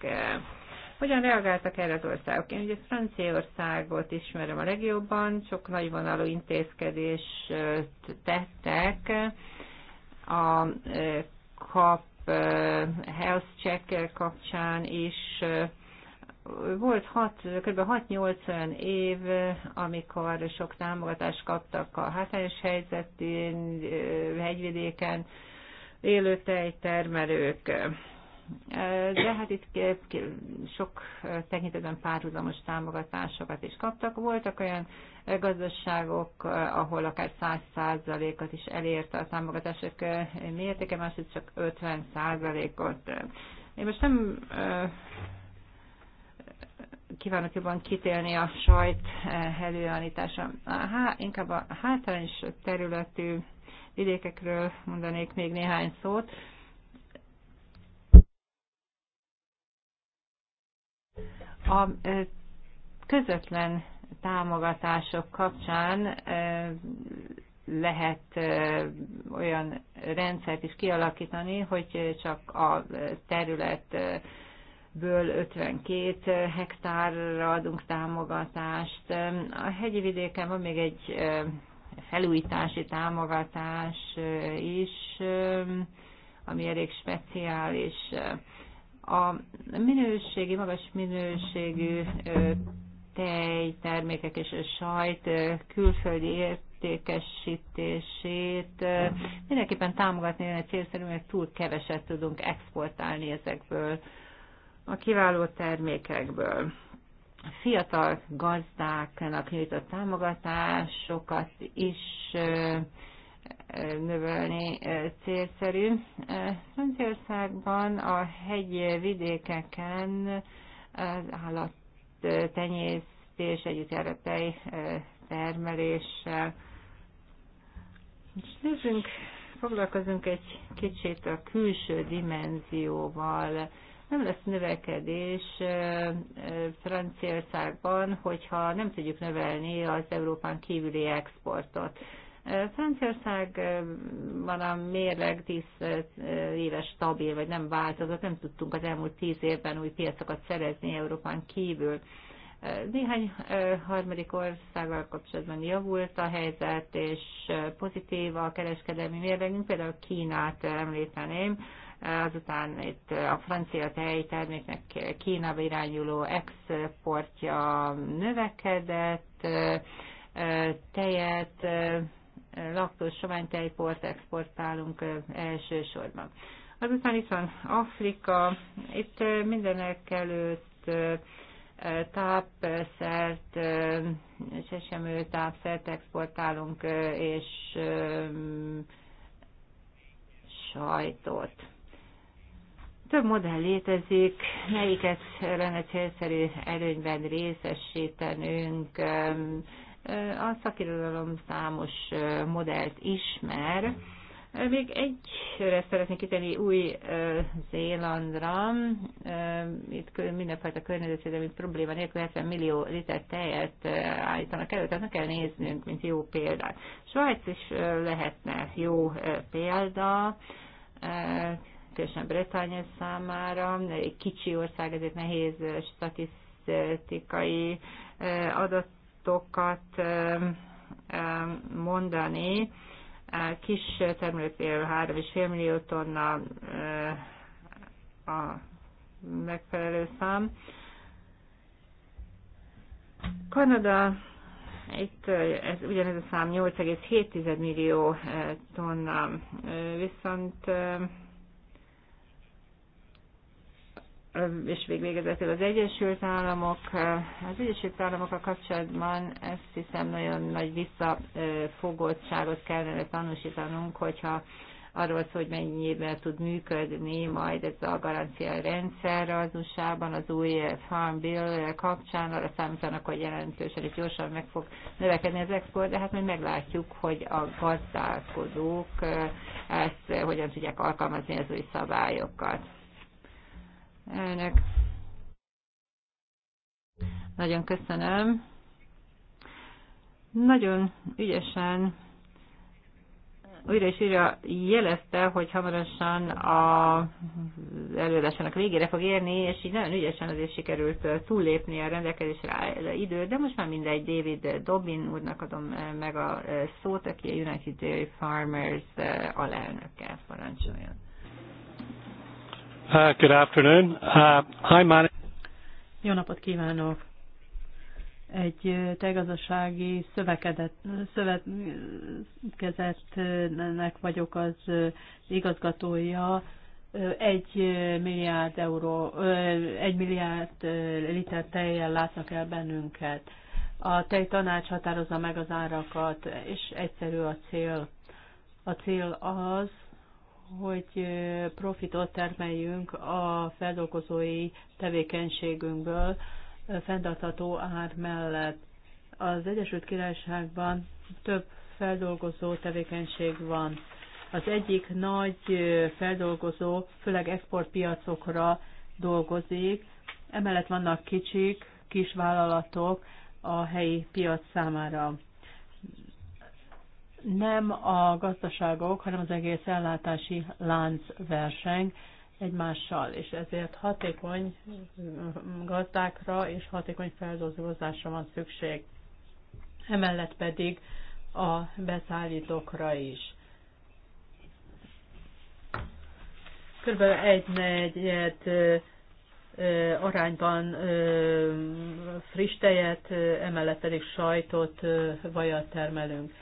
Hogyan reagáltak erre az országok? Én ugye Franciaországot ismerem a legjobban, sok nagyvonalú intézkedést tettek. A kap health check kapcsán is volt hat, kb. 6-8 év, amikor sok támogatást kaptak a hátrányos helyzetén, hegyvidéken élő tejtermelők de hát itt sok tekintetben párhuzamos támogatásokat is kaptak. Voltak olyan gazdaságok, ahol akár 100%-ot is elérte a támogatások mértéke, másrészt csak 50%-ot. Én most nem kívánok jobban kitélni a sajt előállítása. Há, inkább a hátrányos területű vidékekről mondanék még néhány szót. A közvetlen támogatások kapcsán lehet olyan rendszert is kialakítani, hogy csak a terület ből 52 hektárra adunk támogatást. A hegyi vidéken van még egy felújítási támogatás is, ami elég speciális. A minőségi, magas minőségű tej, termékek és sajt külföldi értékesítését mindenképpen támogatni lenne célszerű, mert túl keveset tudunk exportálni ezekből a kiváló termékekből fiatal gazdáknak nyújtott támogatásokat is növelni célszerű. Franciaországban a vidékeken az állattenyésztés együtt jár termeléssel. És nézzünk, foglalkozunk egy kicsit a külső dimenzióval. Nem lesz növekedés Franciaországban, hogyha nem tudjuk növelni az Európán kívüli exportot. Franciaországban a mérleg 10 éves stabil, vagy nem változott, nem tudtunk az elmúlt 10 évben új piacokat szerezni Európán kívül. Néhány harmadik országgal kapcsolatban javult a helyzet, és pozitív a kereskedelmi mérlegünk, például Kínát említeném, azután itt a francia tejterméknek Kínába irányuló exportja növekedett, tejet sovány tejport exportálunk elsősorban. Azután itt van Afrika, itt mindenek előtt tápszert, sesemő tápszert exportálunk, és sajtot. Több modell létezik, melyiket lenne célszerű előnyben részesítenünk, a szakirodalom számos modellt ismer. Még egyre szeretnék kitenni Új-Zélandra. Itt mindenfajta környezetvédelmi probléma nélkül 70 millió liter tejet állítanak elő, tehát meg kell néznünk, mint jó példát. Svájc is lehetne jó példa különösen Bretagne számára. Egy kicsi ország, ezért nehéz statisztikai adat adatokat mondani. Kis termelőknél 3,5 millió tonna a megfelelő szám. Kanada, itt ez, ugyanez a szám 8,7 millió tonna, viszont és végvégezetül az Egyesült Államok. Az Egyesült Államokkal kapcsolatban ezt hiszem nagyon nagy visszafogottságot kellene tanúsítanunk, hogyha arról szó, hogy mennyivel tud működni majd ez a garancia rendszer az USA-ban, az új Farm Bill kapcsán, arra számítanak, hogy jelentősen és gyorsan meg fog növekedni az export, de hát majd meglátjuk, hogy a gazdálkodók ezt hogyan tudják alkalmazni az új szabályokat elnök. Nagyon köszönöm. Nagyon ügyesen újra és újra jelezte, hogy hamarosan a előadásának végére fog érni, és így nagyon ügyesen azért sikerült túllépni a rendelkezésre időt, de most már mindegy, David Dobbin úrnak adom meg a szót, aki a United Dairy Farmers alelnöke parancsoljon. Uh, good afternoon. Uh, hi, man. Jó napot kívánok! Egy uh, tegazdasági szövetkezetnek vagyok az uh, igazgatója. Uh, egy milliárd euró, egy milliárd liter tejjel látnak el bennünket. A tej tanács határozza meg az árakat, és egyszerű a cél. A cél az, hogy profitot termeljünk a feldolgozói tevékenységünkből fenntartható ár mellett. Az Egyesült Királyságban több feldolgozó tevékenység van. Az egyik nagy feldolgozó főleg exportpiacokra dolgozik, emellett vannak kicsik, kis vállalatok a helyi piac számára nem a gazdaságok, hanem az egész ellátási lánc verseng egymással, és ezért hatékony gazdákra és hatékony feldolgozásra van szükség. Emellett pedig a beszállítókra is. Körülbelül egy negyed arányban friss tejet, emellett pedig sajtot, vajat termelünk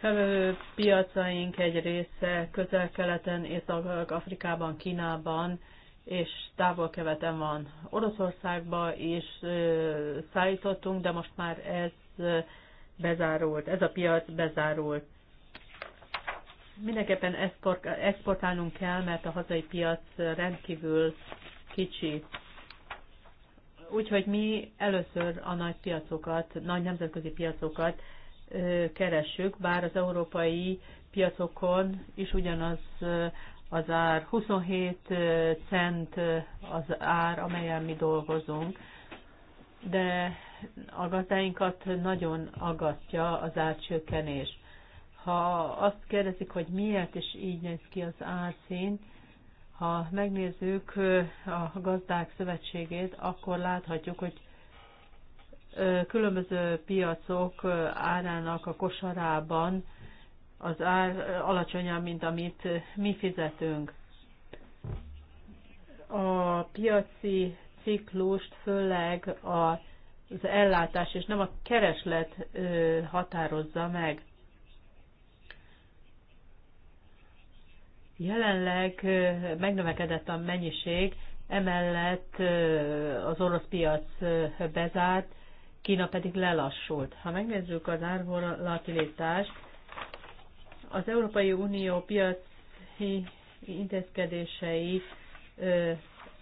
felelő piacaink egy része közel-keleten, Észak-Afrikában, Kínában és távol-keleten van. Oroszországba is szállítottunk, de most már ez bezárult, ez a piac bezárult. Mindenképpen exportálnunk kell, mert a hazai piac rendkívül kicsi. Úgyhogy mi először a nagy piacokat, nagy nemzetközi piacokat keresők, bár az európai piacokon is ugyanaz az ár, 27 cent az ár, amelyen mi dolgozunk, de a gazdáinkat nagyon agasztja az árcsökkenés. Ha azt kérdezik, hogy miért is így néz ki az árszín, ha megnézzük a gazdák szövetségét, akkor láthatjuk, hogy különböző piacok árának a kosarában az ár alacsonyabb, mint amit mi fizetünk. A piaci ciklust főleg az ellátás és nem a kereslet határozza meg. Jelenleg megnövekedett a mennyiség, emellett az orosz piac bezárt, Kína pedig lelassult. Ha megnézzük az árvolatilitást, az Európai Unió piaci intézkedései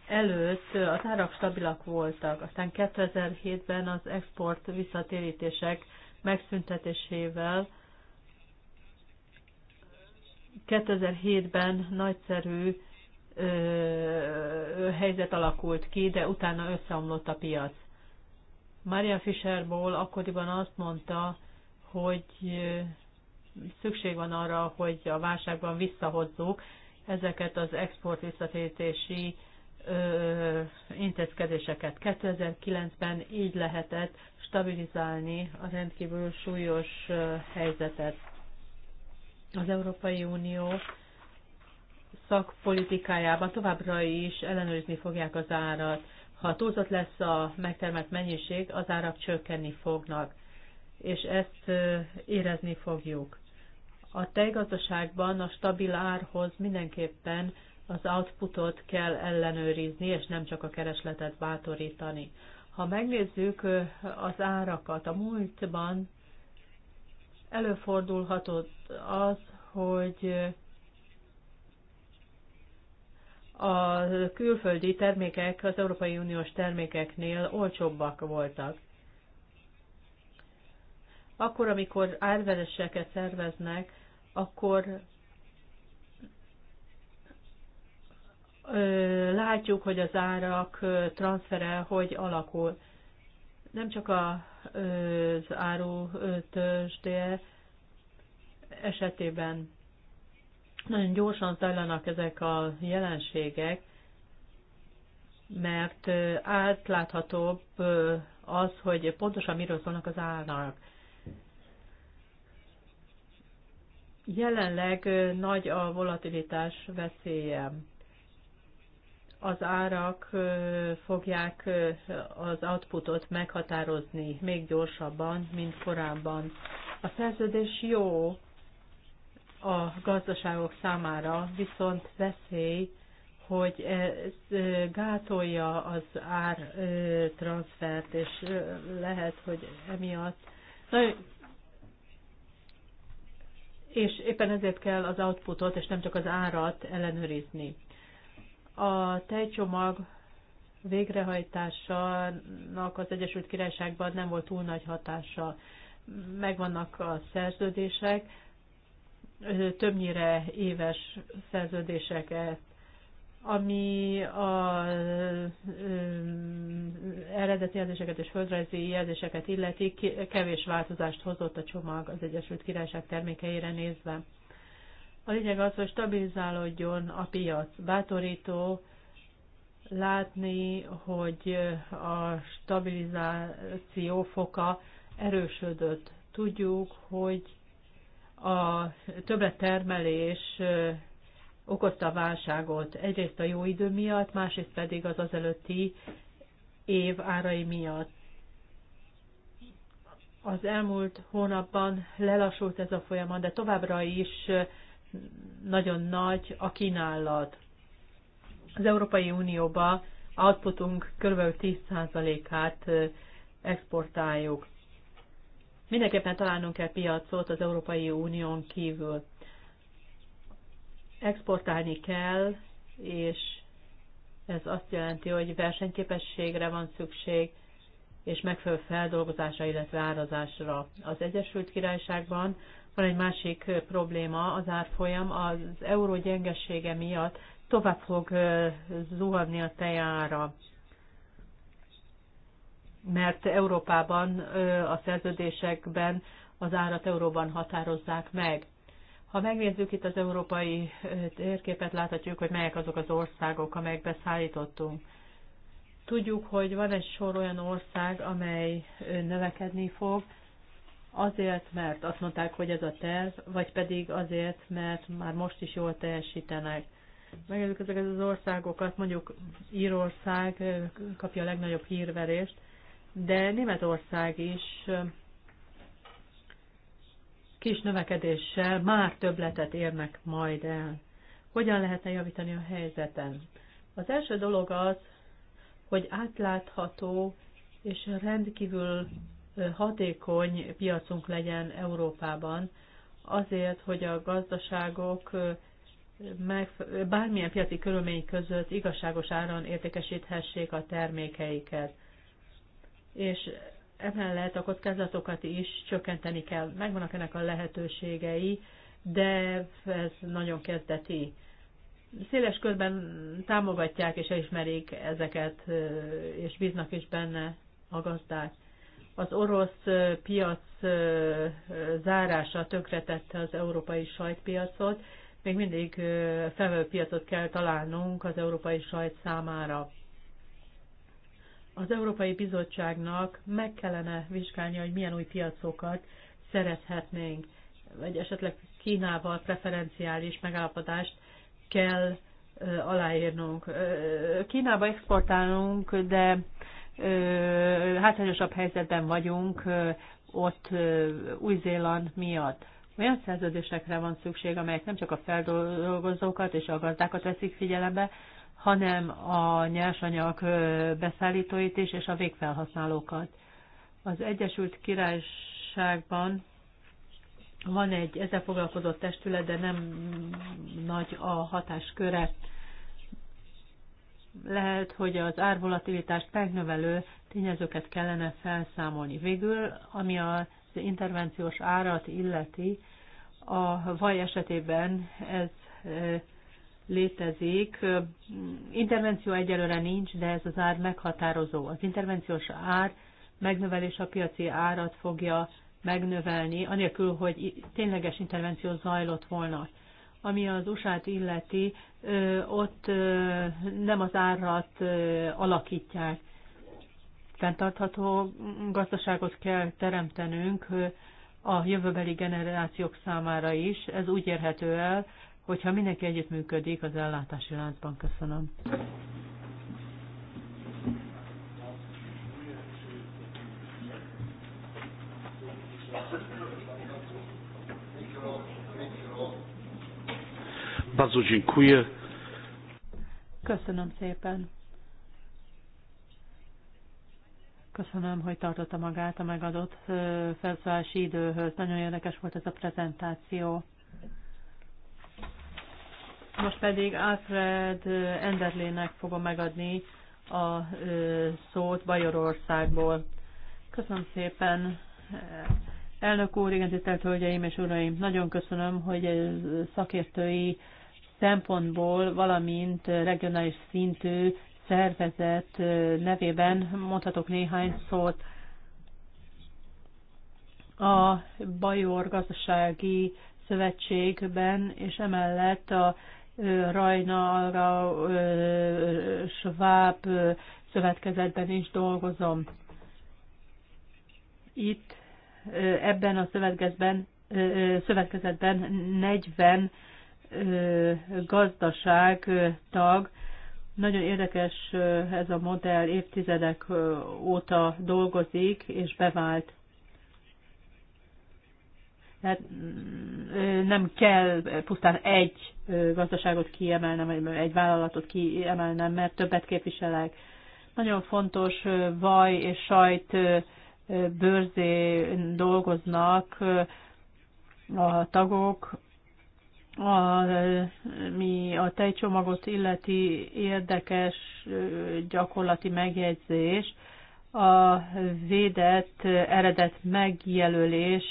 előtt az árak stabilak voltak, aztán 2007-ben az export visszatérítések megszüntetésével 2007-ben nagyszerű ö, helyzet alakult ki, de utána összeomlott a piac. Maria Fisherból akkoriban azt mondta, hogy szükség van arra, hogy a válságban visszahozzuk ezeket az export visszatérítési intézkedéseket. 2009-ben így lehetett stabilizálni a rendkívül súlyos helyzetet. Az Európai Unió szakpolitikájában továbbra is ellenőrizni fogják az árat. Ha túlzott lesz a megtermelt mennyiség, az árak csökkenni fognak, és ezt érezni fogjuk. A tejgazdaságban a stabil árhoz mindenképpen az outputot kell ellenőrizni, és nem csak a keresletet bátorítani. Ha megnézzük az árakat, a múltban előfordulhatott az, hogy a külföldi termékek az Európai Uniós termékeknél olcsóbbak voltak. Akkor, amikor árvereseket szerveznek, akkor látjuk, hogy az árak transfere hogy alakul. Nem csak az áru tőzsde esetében nagyon gyorsan zajlanak ezek a jelenségek, mert átláthatóbb az, hogy pontosan miről szólnak az állnak. Jelenleg nagy a volatilitás veszélye. Az árak fogják az outputot meghatározni még gyorsabban, mint korábban. A szerződés jó, a gazdaságok számára, viszont veszély, hogy ez gátolja az ártranszfert, és lehet, hogy emiatt Na, és éppen ezért kell az outputot, és nem csak az árat ellenőrizni. A tejcsomag végrehajtásának az Egyesült Királyságban nem volt túl nagy hatása. Megvannak a szerződések, többnyire éves szerződéseket, ami a eredeti jelzéseket és földrajzi jelzéseket illeti, kevés változást hozott a csomag az Egyesült Királyság termékeire nézve. A lényeg az, hogy stabilizálódjon a piac. Bátorító látni, hogy a stabilizáció foka erősödött. Tudjuk, hogy a többlettermelés okozta a válságot. Egyrészt a jó idő miatt, másrészt pedig az azelőtti év árai miatt. Az elmúlt hónapban lelassult ez a folyamat, de továbbra is nagyon nagy a kínálat. Az Európai Unióba outputunk kb. 10%-át exportáljuk. Mindenképpen találnunk kell piacot az Európai Unión kívül. Exportálni kell, és ez azt jelenti, hogy versenyképességre van szükség, és megfelelő feldolgozásra, illetve árazásra. Az Egyesült Királyságban van egy másik probléma, az árfolyam az euró gyengesége miatt tovább fog zuhanni a tejára mert Európában a szerződésekben az árat euróban határozzák meg. Ha megnézzük itt az európai térképet, láthatjuk, hogy melyek azok az országok, amelyekbe szállítottunk. Tudjuk, hogy van egy sor olyan ország, amely növekedni fog, azért, mert azt mondták, hogy ez a terv, vagy pedig azért, mert már most is jól teljesítenek. Megnézzük ezeket az országokat, mondjuk Írország kapja a legnagyobb hírverést, de Németország is kis növekedéssel már többletet érnek majd el. Hogyan lehetne javítani a helyzeten? Az első dolog az, hogy átlátható és rendkívül hatékony piacunk legyen Európában, azért, hogy a gazdaságok meg, bármilyen piaci körülmény között igazságos áron értékesíthessék a termékeiket és emellett a kockázatokat is csökkenteni kell. Megvannak ennek a lehetőségei, de ez nagyon kezdeti. Széles körben támogatják és elismerik ezeket, és bíznak is benne a gazdák. Az orosz piac zárása tönkretette az európai sajtpiacot, még mindig felvevő piacot kell találnunk az európai sajt számára. Az Európai Bizottságnak meg kellene vizsgálni, hogy milyen új piacokat szerezhetnénk, vagy esetleg Kínával preferenciális megállapodást kell aláírnunk. Kínába exportálunk, de hátrányosabb helyzetben vagyunk ott Új-Zéland miatt. Olyan szerződésekre van szükség, amelyek nem csak a feldolgozókat és a gazdákat veszik figyelembe, hanem a nyersanyag beszállítóit is, és a végfelhasználókat. Az Egyesült Királyságban van egy ezzel foglalkozó testület, de nem nagy a hatásköre. Lehet, hogy az árvolatilitást megnövelő tényezőket kellene felszámolni. Végül, ami az intervenciós árat illeti, a vaj esetében ez létezik. Intervenció egyelőre nincs, de ez az ár meghatározó. Az intervenciós ár megnövelés a piaci árat fogja megnövelni, anélkül, hogy tényleges intervenció zajlott volna. Ami az usa illeti, ott nem az árat alakítják. Fentartható gazdaságot kell teremtenünk a jövőbeli generációk számára is. Ez úgy érhető el, hogyha mindenki együttműködik az ellátási láncban. Köszönöm. Bardzo dziękuję. Köszönöm szépen. Köszönöm, hogy tartotta magát a megadott felszólási időhöz. Nagyon érdekes volt ez a prezentáció. Most pedig Alfred Enderlének fogom megadni a szót Bajorországból. Köszönöm szépen. Elnök úr, igen, tisztelt hölgyeim és uraim, nagyon köszönöm, hogy szakértői szempontból, valamint regionális szintű szervezet nevében mondhatok néhány szót. A Bajor Gazdasági Szövetségben és emellett a Rajna-alga, Schwab szövetkezetben is dolgozom. Itt ebben a szövetkezetben, szövetkezetben 40 gazdaság tag. Nagyon érdekes ez a modell, évtizedek óta dolgozik és bevált tehát mm, nem kell pusztán egy gazdaságot kiemelnem, vagy egy vállalatot kiemelnem, mert többet képviselek. Nagyon fontos vaj és sajt bőrzén dolgoznak a tagok, a, mi a tejcsomagot illeti érdekes gyakorlati megjegyzés, a védett eredet megjelölés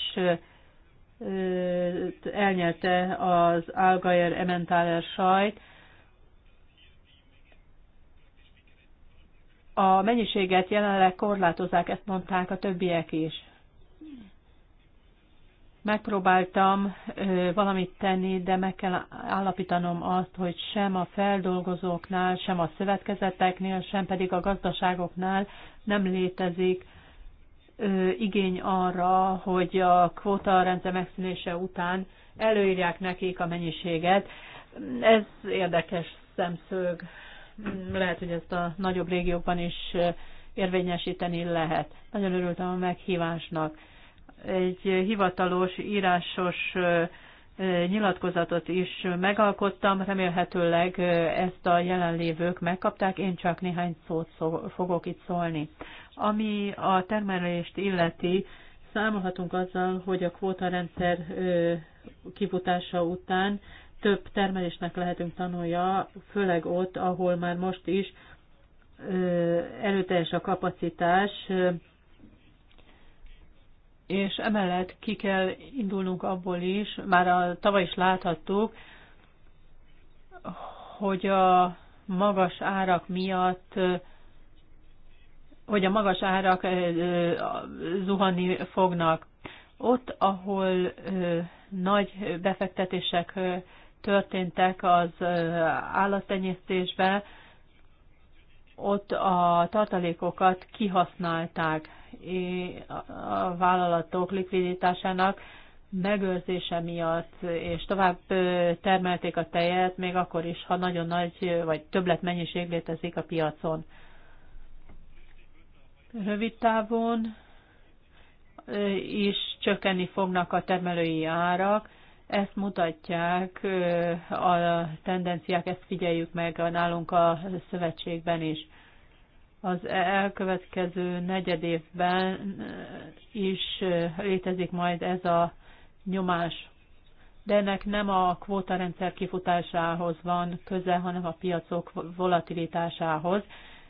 Elnyerte az Algaier Emmentáler sajt. A mennyiséget jelenleg korlátozzák, ezt mondták a többiek is. Megpróbáltam valamit tenni, de meg kell állapítanom azt, hogy sem a feldolgozóknál, sem a szövetkezeteknél, sem pedig a gazdaságoknál nem létezik igény arra, hogy a kvóta rendszer megszűnése után előírják nekik a mennyiséget. Ez érdekes szemszög. Lehet, hogy ezt a nagyobb régiókban is érvényesíteni lehet. Nagyon örültem a meghívásnak. Egy hivatalos, írásos nyilatkozatot is megalkottam, remélhetőleg ezt a jelenlévők megkapták, én csak néhány szót szó, fogok itt szólni. Ami a termelést illeti, számolhatunk azzal, hogy a kvótarendszer kifutása után több termelésnek lehetünk tanulja, főleg ott, ahol már most is előteljes a kapacitás, és emellett ki kell indulnunk abból is, már a, tavaly is láthattuk, hogy a magas árak miatt hogy a magas árak zuhanni fognak. Ott, ahol nagy befektetések történtek az állattenyésztésbe, ott a tartalékokat kihasználták a vállalatok likviditásának megőrzése miatt, és tovább termelték a tejet, még akkor is, ha nagyon nagy vagy többlet mennyiség létezik a piacon. Rövid távon is csökkenni fognak a termelői árak, ezt mutatják a tendenciák, ezt figyeljük meg a nálunk a szövetségben is az elkövetkező negyed évben eh, is eh, létezik majd ez a nyomás. De ennek nem a kvótarendszer kifutásához van köze, hanem a piacok volatilitásához,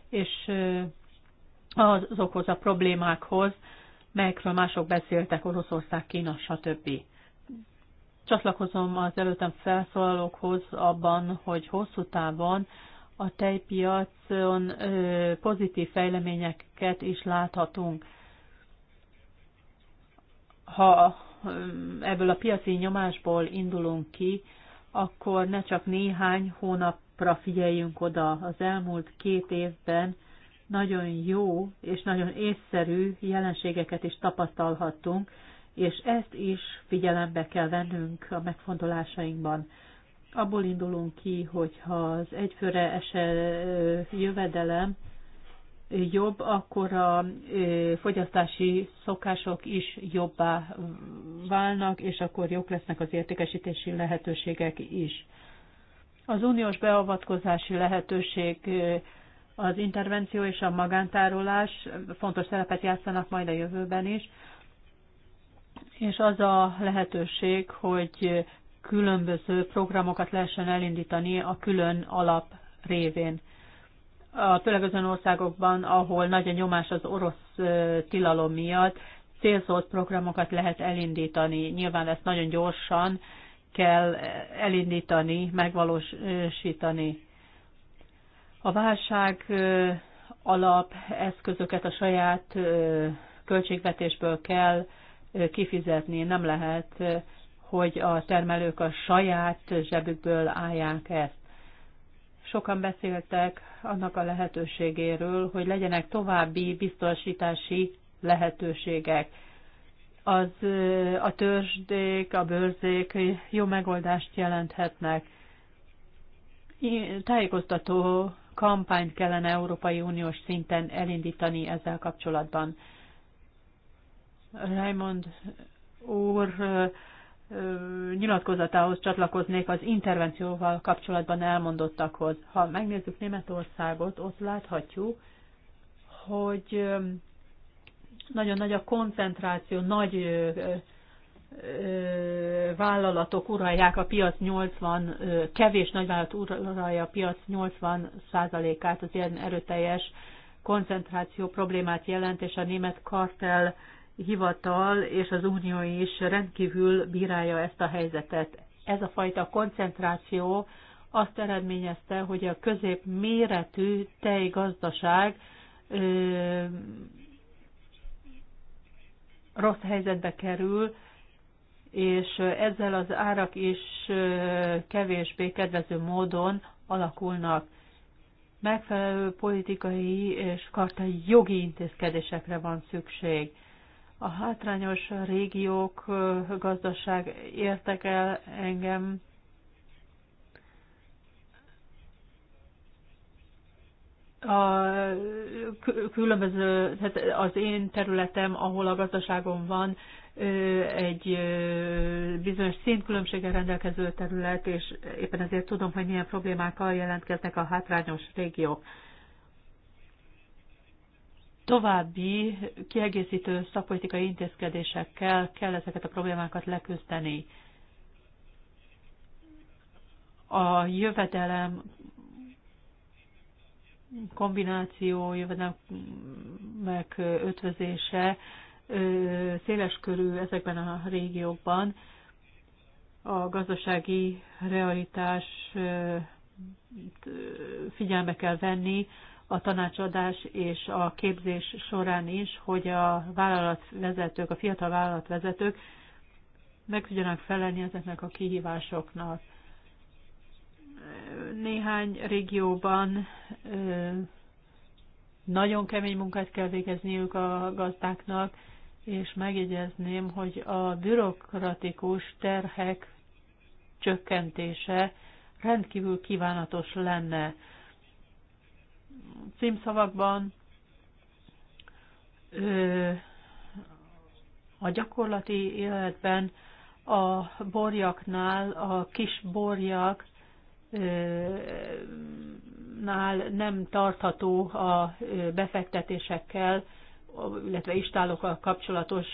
és eh, azokhoz a problémákhoz, melyekről mások beszéltek, Oroszország, Kína, stb. Csatlakozom az előttem felszólalókhoz abban, hogy hosszú távon a tejpiacon pozitív fejleményeket is láthatunk. Ha ebből a piaci nyomásból indulunk ki, akkor ne csak néhány hónapra figyeljünk oda. Az elmúlt két évben nagyon jó és nagyon észszerű jelenségeket is tapasztalhattunk, és ezt is figyelembe kell vennünk a megfontolásainkban abból indulunk ki, hogyha az egyfőre ese jövedelem jobb, akkor a fogyasztási szokások is jobbá válnak, és akkor jók lesznek az értékesítési lehetőségek is. Az uniós beavatkozási lehetőség, az intervenció és a magántárolás fontos szerepet játszanak majd a jövőben is, és az a lehetőség, hogy különböző programokat lehessen elindítani a külön alap révén. A, főleg azon országokban, ahol nagy a nyomás az orosz tilalom miatt, célzott programokat lehet elindítani. Nyilván ezt nagyon gyorsan kell elindítani, megvalósítani. A válság alap eszközöket a saját költségvetésből kell kifizetni, nem lehet hogy a termelők a saját zsebükből állják ezt. Sokan beszéltek annak a lehetőségéről, hogy legyenek további biztosítási lehetőségek. Az a törzsdék, a bőrzék jó megoldást jelenthetnek. Tájékoztató kampányt kellene Európai Uniós szinten elindítani ezzel kapcsolatban. Raymond úr nyilatkozatához csatlakoznék az intervencióval kapcsolatban elmondottakhoz. Ha megnézzük Németországot, ott láthatjuk, hogy nagyon nagy a koncentráció, nagy vállalatok uralják a piac 80, kevés nagyvállalat uralja a piac 80 százalékát, az ilyen erőteljes koncentráció problémát jelent, és a német kartel hivatal és az unió is rendkívül bírálja ezt a helyzetet. Ez a fajta koncentráció azt eredményezte, hogy a közép méretű tejgazdaság ö, rossz helyzetbe kerül, és ezzel az árak is kevésbé kedvező módon alakulnak. Megfelelő politikai és kartai jogi intézkedésekre van szükség. A hátrányos régiók gazdaság értek el engem. A különböző, tehát az én területem, ahol a gazdaságom van, egy bizonyos szintkülönbséggel rendelkező terület, és éppen ezért tudom, hogy milyen problémákkal jelentkeznek a hátrányos régiók további kiegészítő szakpolitikai intézkedésekkel kell ezeket a problémákat leküzdeni. A jövedelem kombináció, jövedelmek ötvözése széles körű ezekben a régiókban a gazdasági realitás figyelme kell venni, a tanácsadás és a képzés során is, hogy a vállalatvezetők, a fiatal vállalatvezetők meg tudjanak felelni ezeknek a kihívásoknak. Néhány régióban nagyon kemény munkát kell végezniük a gazdáknak, és megjegyezném, hogy a bürokratikus terhek csökkentése rendkívül kívánatos lenne címszavakban a gyakorlati életben a borjaknál, a kis borjak nál nem tartható a befektetésekkel, illetve istálokkal kapcsolatos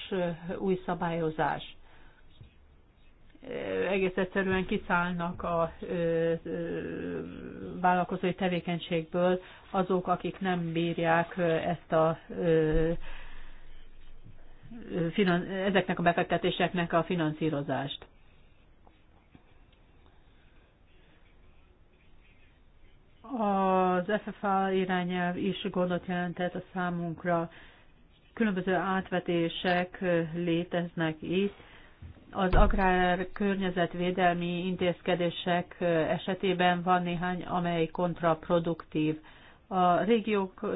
új szabályozás egész egyszerűen kiszállnak a vállalkozói tevékenységből azok, akik nem bírják ezt a ezeknek a befektetéseknek a finanszírozást. Az FFA irányelv is gondot jelentett a számunkra. Különböző átvetések léteznek itt, az agrár környezetvédelmi intézkedések esetében van néhány, amely kontraproduktív. A régiók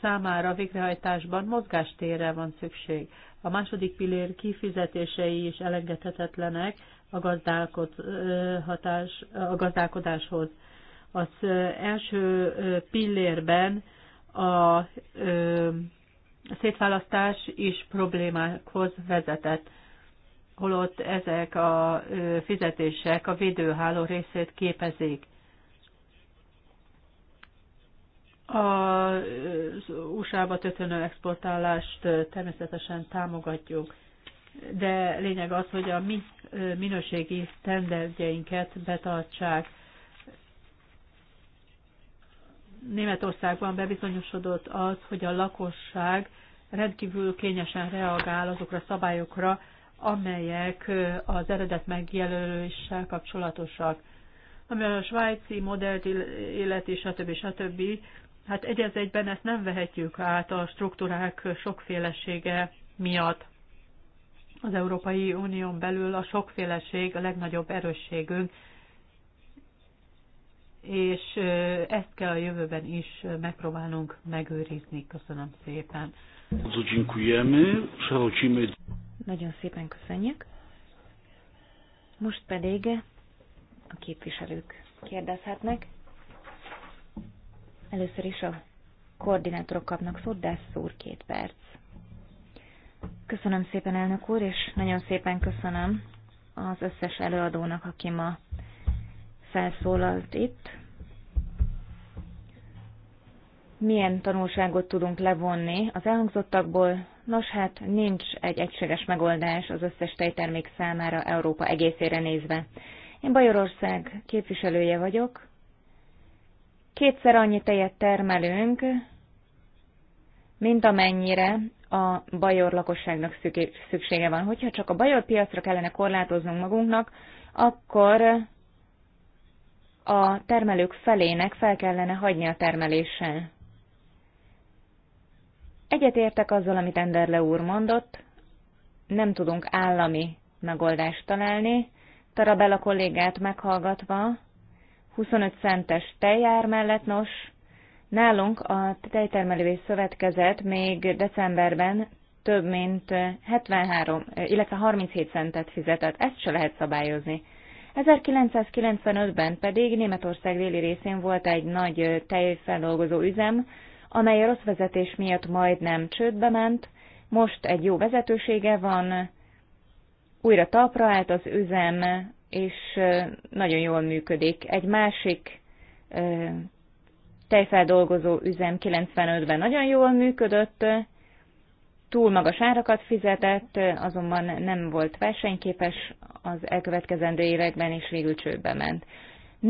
számára végrehajtásban mozgástérre van szükség. A második pillér kifizetései is elengedhetetlenek a, a gazdálkodáshoz. Az első pillérben a szétválasztás is problémákhoz vezetett holott ezek a fizetések a védőháló részét képezik. Az USA-ba tötönő exportálást természetesen támogatjuk, de lényeg az, hogy a mi minőségi tendergyeinket betartsák. Németországban bebizonyosodott az, hogy a lakosság rendkívül kényesen reagál azokra a szabályokra, amelyek az eredet megjelöléssel kapcsolatosak. Ami a svájci modellt illeti, stb. stb. Hát egy egyben ezt nem vehetjük át a struktúrák sokfélesége miatt. Az Európai Unión belül a sokféleség a legnagyobb erősségünk, és ezt kell a jövőben is megpróbálnunk megőrizni. Köszönöm szépen. Nagyon szépen köszönjük. Most pedig a képviselők kérdezhetnek. Először is a koordinátorok kapnak szót, de szúr két perc. Köszönöm szépen, elnök úr, és nagyon szépen köszönöm az összes előadónak, aki ma felszólalt itt. Milyen tanulságot tudunk levonni az elhangzottakból, Nos hát, nincs egy egységes megoldás az összes tejtermék számára Európa egészére nézve. Én Bajorország képviselője vagyok. Kétszer annyi tejet termelünk, mint amennyire a bajor lakosságnak szüksége van. Hogyha csak a bajor piacra kellene korlátoznunk magunknak, akkor a termelők felének fel kellene hagyni a termeléssel. Egyetértek azzal, amit Enderle úr mondott, nem tudunk állami megoldást találni. Tarabella kollégát meghallgatva, 25 centes tejár mellett nos, nálunk a Tejtermelői Szövetkezet még decemberben több mint 73, illetve 37 centet fizetett, ezt se lehet szabályozni. 1995-ben pedig Németország déli részén volt egy nagy tejfeldolgozó üzem, amely a rossz vezetés miatt majdnem csődbe ment, most egy jó vezetősége van, újra talpra állt az üzem, és nagyon jól működik. Egy másik tejfeldolgozó üzem 95-ben nagyon jól működött, túl magas árakat fizetett, azonban nem volt versenyképes az elkövetkezendő években, és végül csődbe ment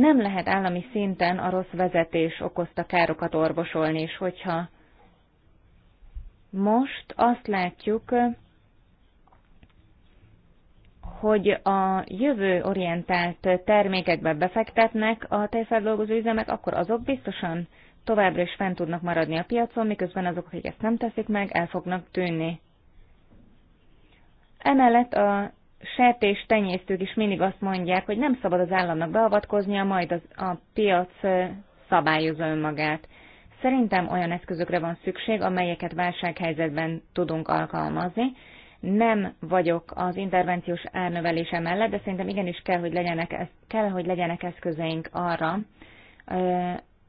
nem lehet állami szinten a rossz vezetés okozta károkat orvosolni, és hogyha most azt látjuk, hogy a jövő orientált termékekbe befektetnek a tejfeldolgozó üzemek, akkor azok biztosan továbbra is fent tudnak maradni a piacon, miközben azok, akik ezt nem teszik meg, el fognak tűnni. Emellett a sertés tenyésztők is mindig azt mondják, hogy nem szabad az államnak beavatkoznia, majd az, a piac szabályozza önmagát. Szerintem olyan eszközökre van szükség, amelyeket válsághelyzetben tudunk alkalmazni. Nem vagyok az intervenciós árnövelése mellett, de szerintem igenis kell, hogy legyenek, kell, hogy legyenek eszközeink arra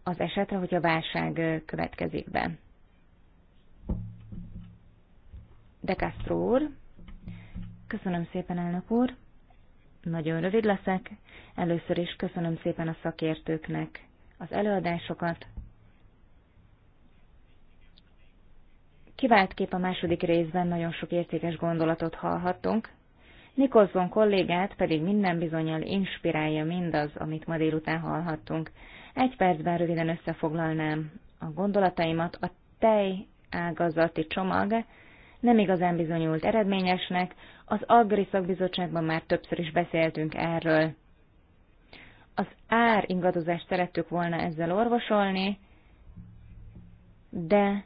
az esetre, hogy a válság következik be. De Castro úr. Köszönöm szépen, elnök úr. Nagyon rövid leszek. Először is köszönöm szépen a szakértőknek az előadásokat. Kivált kép a második részben nagyon sok értékes gondolatot hallhattunk. Nikolson kollégát pedig minden bizonyal inspirálja mindaz, amit ma délután hallhattunk. Egy percben röviden összefoglalnám a gondolataimat. A tej ágazati csomag nem igazán bizonyult eredményesnek, az Agri szakbizottságban már többször is beszéltünk erről. Az ár ingadozást szerettük volna ezzel orvosolni, de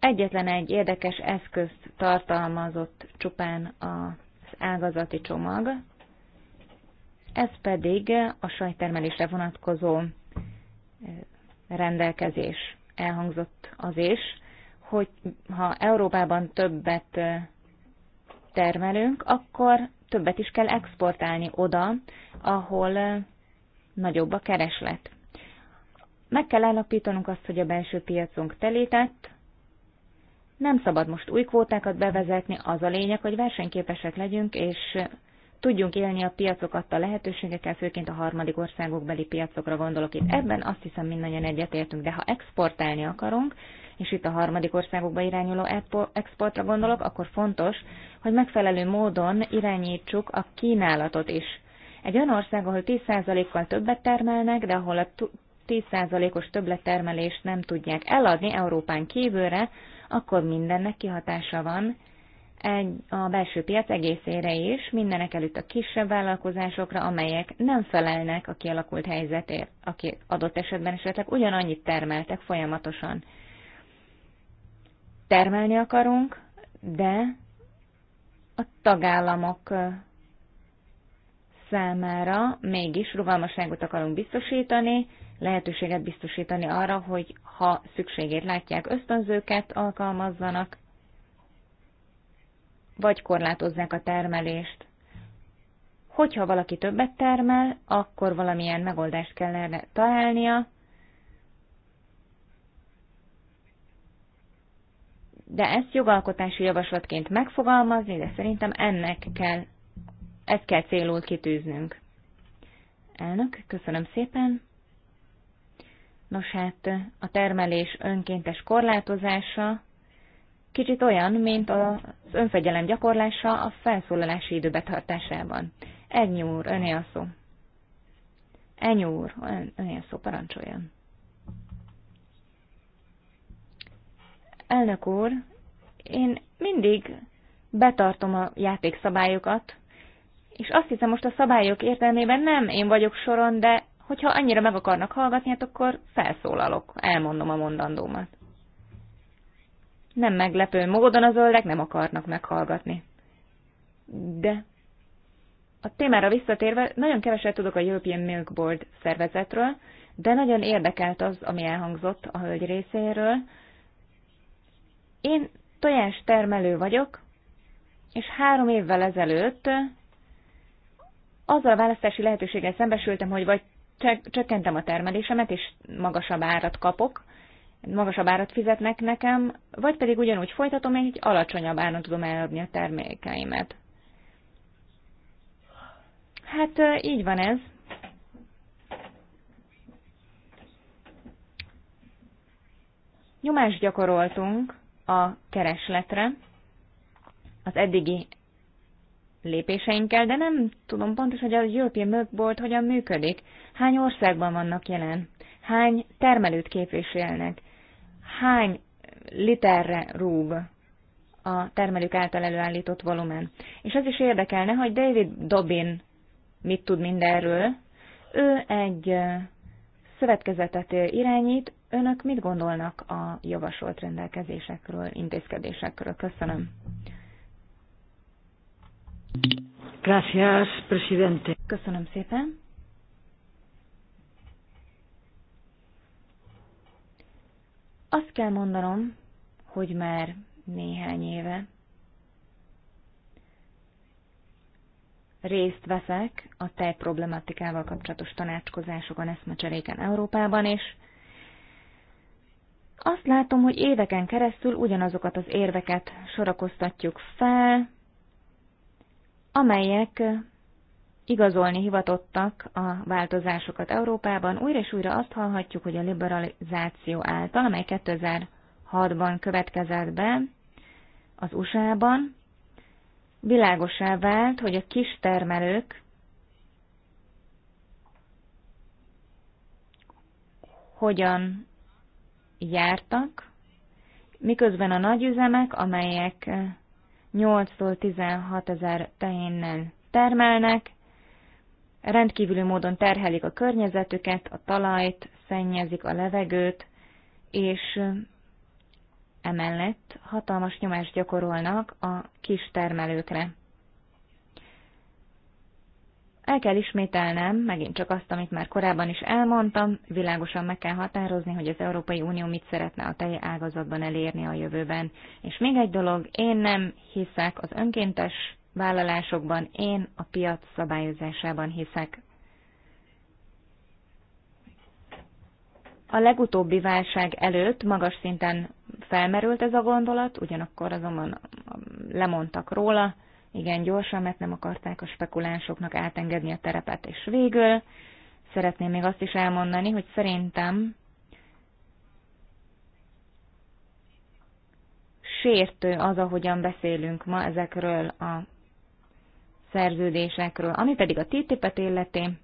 egyetlen egy érdekes eszközt tartalmazott csupán az ágazati csomag, ez pedig a sajtermelésre vonatkozó eh, rendelkezés elhangzott az is, hogy ha Európában többet termelünk, akkor többet is kell exportálni oda, ahol nagyobb a kereslet. Meg kell állapítanunk azt, hogy a belső piacunk telített, nem szabad most új kvótákat bevezetni, az a lényeg, hogy versenyképesek legyünk, és tudjunk élni a piacokat. A lehetőségekkel, főként a harmadik országok beli piacokra gondolok itt. Ebben azt hiszem mindannyian egyetértünk, de ha exportálni akarunk, és itt a harmadik országokba irányuló exportra gondolok, akkor fontos, hogy megfelelő módon irányítsuk a kínálatot is. Egy olyan ország, ahol 10%-kal többet termelnek, de ahol a 10%-os többlettermelést nem tudják eladni Európán kívülre, akkor mindennek kihatása van egy, a belső piac egészére is, mindenek előtt a kisebb vállalkozásokra, amelyek nem felelnek a kialakult helyzetért, aki adott esetben esetleg ugyanannyit termeltek folyamatosan termelni akarunk, de a tagállamok számára mégis rugalmasságot akarunk biztosítani, lehetőséget biztosítani arra, hogy ha szükségét látják, ösztönzőket alkalmazzanak, vagy korlátozzák a termelést. Hogyha valaki többet termel, akkor valamilyen megoldást kell erre találnia, de ezt jogalkotási javaslatként megfogalmazni, de szerintem ennek kell, ezt kell célul kitűznünk. Elnök, köszönöm szépen. Nos hát, a termelés önkéntes korlátozása kicsit olyan, mint az önfegyelem gyakorlása a felszólalási idő betartásában. Egy úr, öné a szó. Ennyi úr, öné a szó, parancsoljon. Elnök úr, én mindig betartom a játékszabályokat, és azt hiszem most a szabályok értelmében nem én vagyok soron, de hogyha annyira meg akarnak hallgatni, hát akkor felszólalok, elmondom a mondandómat. Nem meglepő módon az öldek nem akarnak meghallgatni. De a témára visszatérve, nagyon keveset tudok a European Milk Board szervezetről, de nagyon érdekelt az, ami elhangzott a hölgy részéről, én tojás termelő vagyok, és három évvel ezelőtt azzal a választási lehetőséggel szembesültem, hogy vagy csökkentem a termelésemet, és magasabb árat kapok, magasabb árat fizetnek nekem, vagy pedig ugyanúgy folytatom, hogy egy alacsonyabb áron tudom eladni a termékeimet. Hát így van ez. Nyomást gyakoroltunk a keresletre az eddigi lépéseinkkel, de nem tudom pontosan, hogy a European Milk Board hogyan működik, hány országban vannak jelen, hány termelőt képviselnek, hány literre rúg a termelők által előállított volumen. És az is érdekelne, hogy David Dobin mit tud mindenről. Ő egy szövetkezetet irányít, Önök mit gondolnak a javasolt rendelkezésekről, intézkedésekről? Köszönöm. Gracias, presidente. Köszönöm szépen. Azt kell mondanom, hogy már néhány éve részt veszek a tej problematikával kapcsolatos tanácskozásokon, eszmecseréken Európában, és azt látom, hogy éveken keresztül ugyanazokat az érveket sorakoztatjuk fel, amelyek igazolni hivatottak a változásokat Európában. Újra és újra azt hallhatjuk, hogy a liberalizáció által, amely 2006-ban következett be az USA-ban, világosá vált, hogy a kis termelők hogyan jártak, miközben a nagyüzemek, amelyek 8-tól 16 ezer tehénnel termelnek, rendkívüli módon terhelik a környezetüket, a talajt, szennyezik a levegőt, és emellett hatalmas nyomást gyakorolnak a kis termelőkre. El kell ismételnem, megint csak azt, amit már korábban is elmondtam, világosan meg kell határozni, hogy az Európai Unió mit szeretne a tej ágazatban elérni a jövőben. És még egy dolog, én nem hiszek az önkéntes vállalásokban, én a piac szabályozásában hiszek. A legutóbbi válság előtt magas szinten felmerült ez a gondolat, ugyanakkor azonban lemondtak róla, igen gyorsan, mert nem akarták a spekulánsoknak átengedni a terepet. És végül szeretném még azt is elmondani, hogy szerintem sértő az, ahogyan beszélünk ma ezekről a szerződésekről. Ami pedig a TTIP-et illeti,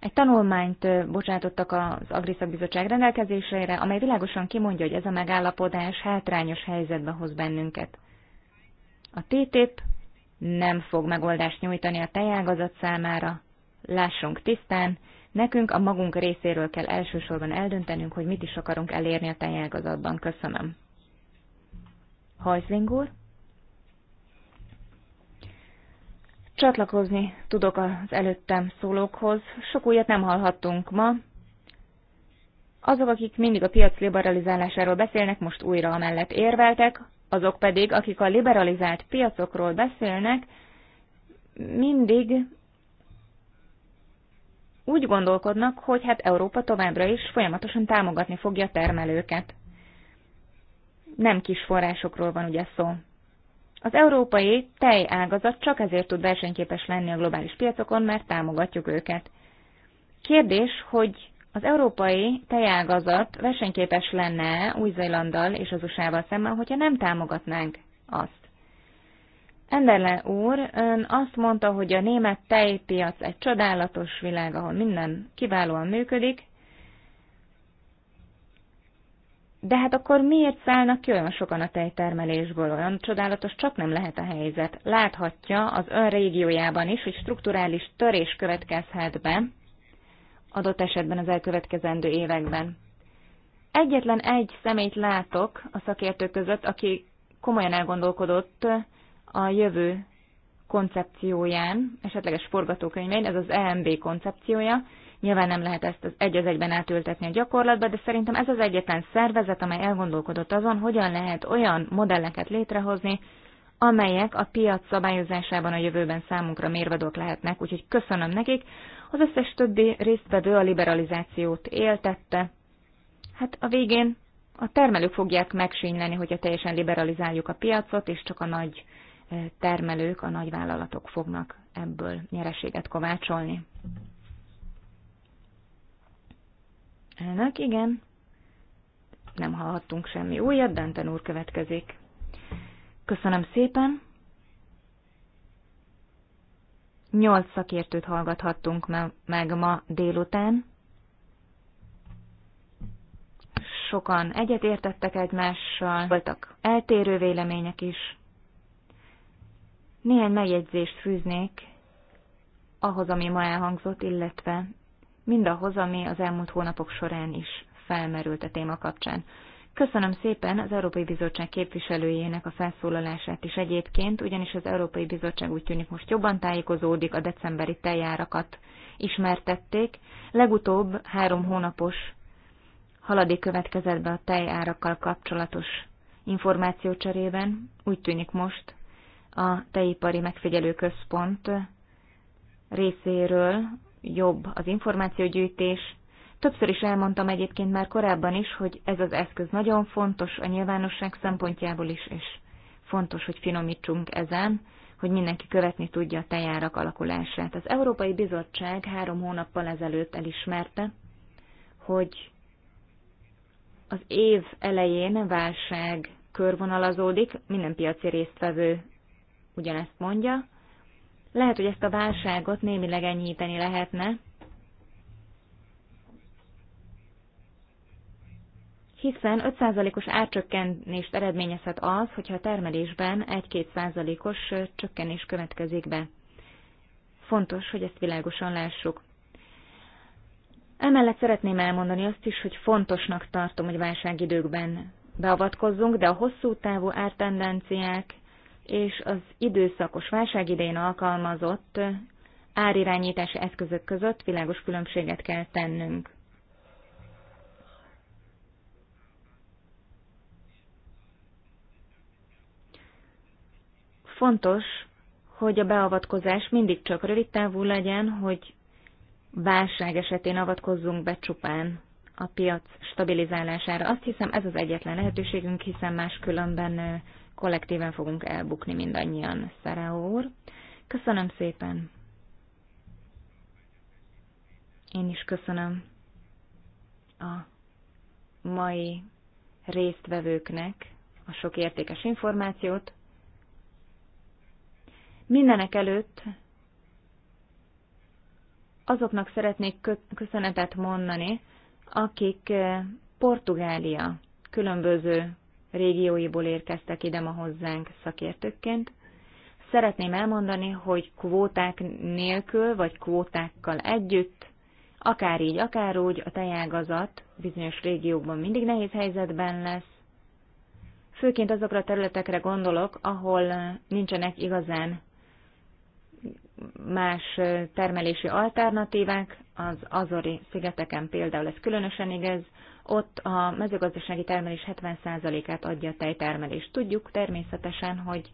egy tanulmányt bocsátottak az Agriszak Bizottság rendelkezésére, amely világosan kimondja, hogy ez a megállapodás hátrányos helyzetbe hoz bennünket. A TTIP nem fog megoldást nyújtani a tejágazat számára. Lássunk tisztán, nekünk a magunk részéről kell elsősorban eldöntenünk, hogy mit is akarunk elérni a tejágazatban. Köszönöm. Hajzling úr? Csatlakozni tudok az előttem szólókhoz. Sok újat nem hallhattunk ma. Azok, akik mindig a piac liberalizálásáról beszélnek, most újra amellett érveltek azok pedig, akik a liberalizált piacokról beszélnek, mindig úgy gondolkodnak, hogy hát Európa továbbra is folyamatosan támogatni fogja a termelőket. Nem kis forrásokról van ugye szó. Az európai tejágazat csak ezért tud versenyképes lenni a globális piacokon, mert támogatjuk őket. Kérdés, hogy az európai tejágazat versenyképes lenne Új-Zélanddal és az USA-val szemben, hogyha nem támogatnánk azt. Enderle úr, ön azt mondta, hogy a német tejpiac egy csodálatos világ, ahol minden kiválóan működik, de hát akkor miért szállnak ki olyan sokan a tejtermelésből? Olyan csodálatos csak nem lehet a helyzet. Láthatja az ön régiójában is, hogy strukturális törés következhet be, adott esetben az elkövetkezendő években. Egyetlen egy szemét látok a szakértők között, aki komolyan elgondolkodott a jövő koncepcióján, esetleges forgatókönyvein, ez az EMB koncepciója. Nyilván nem lehet ezt az egy az egyben átültetni a gyakorlatba, de szerintem ez az egyetlen szervezet, amely elgondolkodott azon, hogyan lehet olyan modelleket létrehozni, amelyek a piac szabályozásában a jövőben számunkra mérvadók lehetnek. Úgyhogy köszönöm nekik, az összes többi résztvevő a liberalizációt éltette. Hát a végén a termelők fogják megsínyleni, hogyha teljesen liberalizáljuk a piacot, és csak a nagy eh, termelők, a nagy vállalatok fognak ebből nyereséget kovácsolni. Elnök, igen. Nem hallhattunk semmi újat, Denten úr következik. Köszönöm szépen. Nyolc szakértőt hallgathattunk meg ma délután. Sokan egyetértettek egymással, voltak eltérő vélemények is. Néhány megjegyzést fűznék ahhoz, ami ma elhangzott, illetve mindahhoz, ami az elmúlt hónapok során is felmerült a téma kapcsán. Köszönöm szépen az Európai Bizottság képviselőjének a felszólalását is egyébként, ugyanis az Európai Bizottság úgy tűnik most jobban tájékozódik, a decemberi teljárakat ismertették. Legutóbb három hónapos haladék következett be a tejárakkal kapcsolatos információcserében. Úgy tűnik most a Tejipari Megfigyelő Központ részéről jobb az információgyűjtés, Többször is elmondtam egyébként már korábban is, hogy ez az eszköz nagyon fontos a nyilvánosság szempontjából is, és fontos, hogy finomítsunk ezen, hogy mindenki követni tudja a tejárak alakulását. Az Európai Bizottság három hónappal ezelőtt elismerte, hogy az év elején válság körvonalazódik, minden piaci résztvevő ugyanezt mondja. Lehet, hogy ezt a válságot némileg enyhíteni lehetne, hiszen 5%-os árcsökkenést eredményezhet az, hogyha a termelésben 1-2%-os csökkenés következik be. Fontos, hogy ezt világosan lássuk. Emellett szeretném elmondani azt is, hogy fontosnak tartom, hogy válságidőkben beavatkozzunk, de a hosszú távú ártendenciák és az időszakos válság idején alkalmazott árirányítási eszközök között világos különbséget kell tennünk. Fontos, hogy a beavatkozás mindig csak rövid távú legyen, hogy válság esetén avatkozzunk be csupán a piac stabilizálására. Azt hiszem, ez az egyetlen lehetőségünk, hiszen máskülönben kollektíven fogunk elbukni mindannyian, Szere úr. Köszönöm szépen! Én is köszönöm a mai résztvevőknek a sok értékes információt. Mindenek előtt azoknak szeretnék köszönetet mondani, akik eh, Portugália különböző régióiból érkeztek ide ma hozzánk szakértőként. Szeretném elmondani, hogy kvóták nélkül, vagy kvótákkal együtt, akár így, akár úgy a tejágazat bizonyos régiókban mindig nehéz helyzetben lesz. Főként azokra a területekre gondolok, ahol eh, nincsenek igazán más termelési alternatívák, az Azori szigeteken például ez különösen igaz, ott a mezőgazdasági termelés 70%-át adja a tejtermelés. Tudjuk természetesen, hogy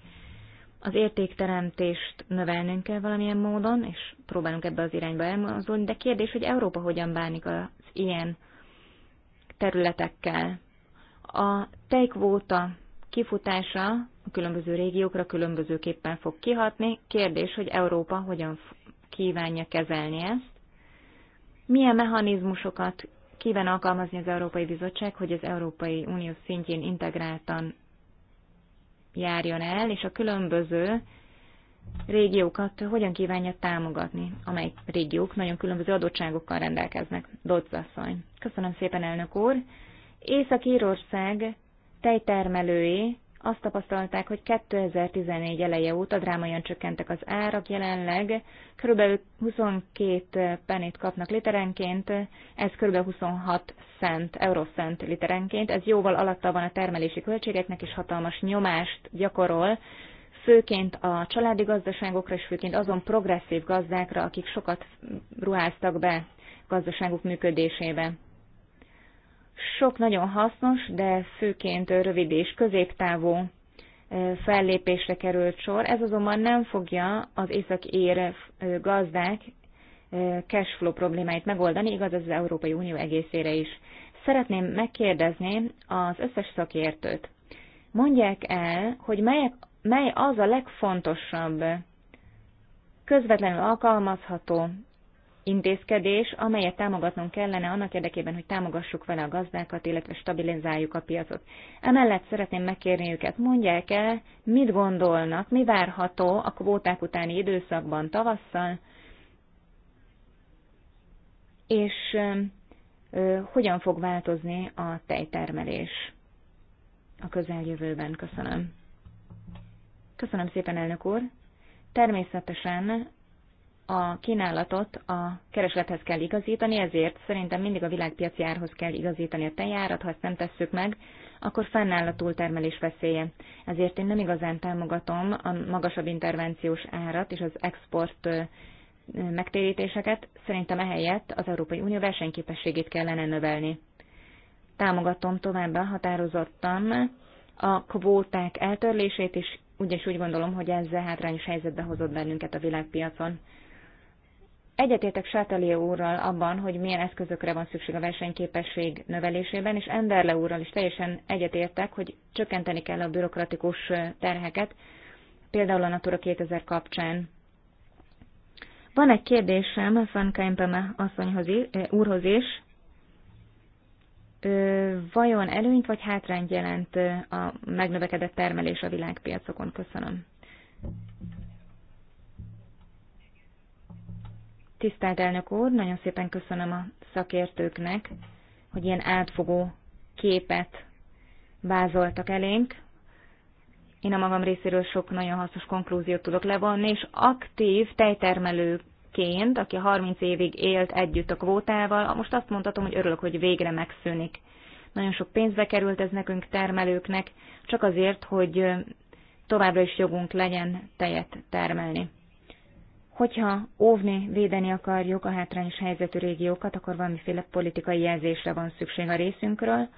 az értékteremtést növelnünk kell valamilyen módon, és próbálunk ebbe az irányba elmozdulni, de kérdés, hogy Európa hogyan bánik az ilyen területekkel. A tejkvóta kifutása a különböző régiókra különbözőképpen fog kihatni. Kérdés, hogy Európa hogyan kívánja kezelni ezt. Milyen mechanizmusokat kíván alkalmazni az Európai Bizottság, hogy az Európai Unió szintjén integráltan járjon el, és a különböző régiókat hogyan kívánja támogatni, amely régiók nagyon különböző adottságokkal rendelkeznek. Dodzasszony. Köszönöm szépen, elnök úr. Észak-Írország tejtermelői azt tapasztalták, hogy 2014 eleje óta drámaian csökkentek az árak, jelenleg kb. 22 penét kapnak literenként, ez kb. 26 cent, eurocent literenként, ez jóval alatta van a termelési költségeknek, és hatalmas nyomást gyakorol, főként a családi gazdaságokra, és főként azon progresszív gazdákra, akik sokat ruháztak be gazdaságuk működésébe. Sok nagyon hasznos, de főként rövid és középtávú fellépésre került sor. Ez azonban nem fogja az észak-ér gazdák cashflow problémáit megoldani, igaz az Európai Unió egészére is. Szeretném megkérdezni az összes szakértőt. Mondják el, hogy mely, mely az a legfontosabb közvetlenül alkalmazható intézkedés, amelyet támogatnunk kellene annak érdekében, hogy támogassuk vele a gazdákat, illetve stabilizáljuk a piacot. Emellett szeretném megkérni őket, mondják el, mit gondolnak, mi várható a kvóták utáni időszakban tavasszal, és ö, hogyan fog változni a tejtermelés a közeljövőben. Köszönöm. Köszönöm szépen, elnök úr. Természetesen a kínálatot a kereslethez kell igazítani, ezért szerintem mindig a világpiaci árhoz kell igazítani a tejárat, ha ezt nem tesszük meg, akkor fennáll a túltermelés veszélye. Ezért én nem igazán támogatom a magasabb intervenciós árat és az export megtérítéseket, szerintem ehelyett az Európai Unió versenyképességét kellene növelni. Támogatom továbbá határozottan a kvóták eltörlését is, ugyanis úgy gondolom, hogy ezzel hátrányos helyzetbe hozott bennünket a világpiacon. Egyetértek Sátelé úrral abban, hogy milyen eszközökre van szükség a versenyképesség növelésében, és Enderle úrral is teljesen egyetértek, hogy csökkenteni kell a bürokratikus terheket, például a Natura 2000 kapcsán. Van egy kérdésem Van Kempeme asszonyhoz, úrhoz is. Vajon előnyt vagy hátrányt jelent a megnövekedett termelés a világpiacokon? Köszönöm. Tisztelt elnök úr, nagyon szépen köszönöm a szakértőknek, hogy ilyen átfogó képet vázoltak elénk. Én a magam részéről sok nagyon hasznos konklúziót tudok levonni, és aktív tejtermelőként, aki 30 évig élt együtt a kvótával, most azt mondhatom, hogy örülök, hogy végre megszűnik. Nagyon sok pénzbe került ez nekünk termelőknek, csak azért, hogy továbbra is jogunk legyen tejet termelni hogyha óvni, védeni akarjuk a hátrányos helyzetű régiókat, akkor valamiféle politikai jelzésre van szükség a részünkről,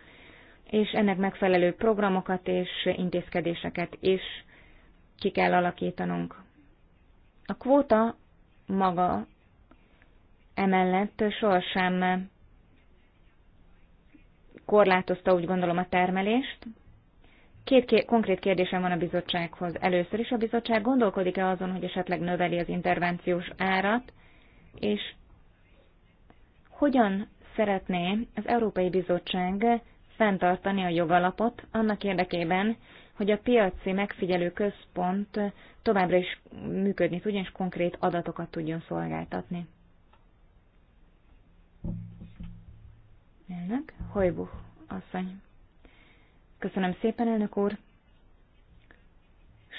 és ennek megfelelő programokat és intézkedéseket is ki kell alakítanunk. A kvóta maga emellett sohasem korlátozta úgy gondolom a termelést, Két ké- konkrét kérdésem van a bizottsághoz. Először is a bizottság gondolkodik-e azon, hogy esetleg növeli az intervenciós árat, és hogyan szeretné az Európai Bizottság fenntartani a jogalapot annak érdekében, hogy a piaci megfigyelő központ továbbra is működni tudjon, és konkrét adatokat tudjon szolgáltatni. Elnök, Hojbuch asszony. Köszönöm szépen, elnök úr.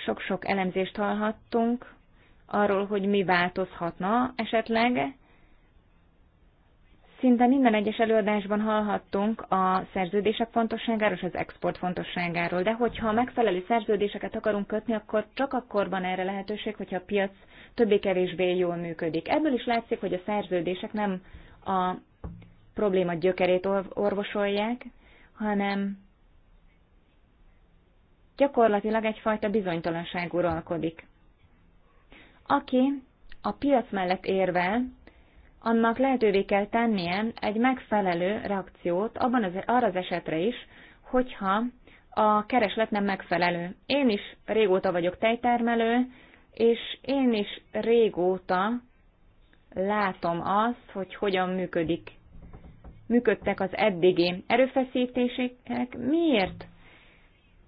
Sok-sok elemzést hallhattunk arról, hogy mi változhatna esetleg. Szinte minden egyes előadásban hallhattunk a szerződések fontosságáról és az export fontosságáról, de hogyha megfelelő szerződéseket akarunk kötni, akkor csak akkor van erre lehetőség, hogyha a piac többé-kevésbé jól működik. Ebből is látszik, hogy a szerződések nem a probléma gyökerét orvosolják, hanem gyakorlatilag egyfajta bizonytalanság uralkodik. Aki a piac mellett érvel, annak lehetővé kell tennie egy megfelelő reakciót abban az, arra az esetre is, hogyha a kereslet nem megfelelő. Én is régóta vagyok tejtermelő, és én is régóta látom azt, hogy hogyan működik. Működtek az eddigi erőfeszítések. Miért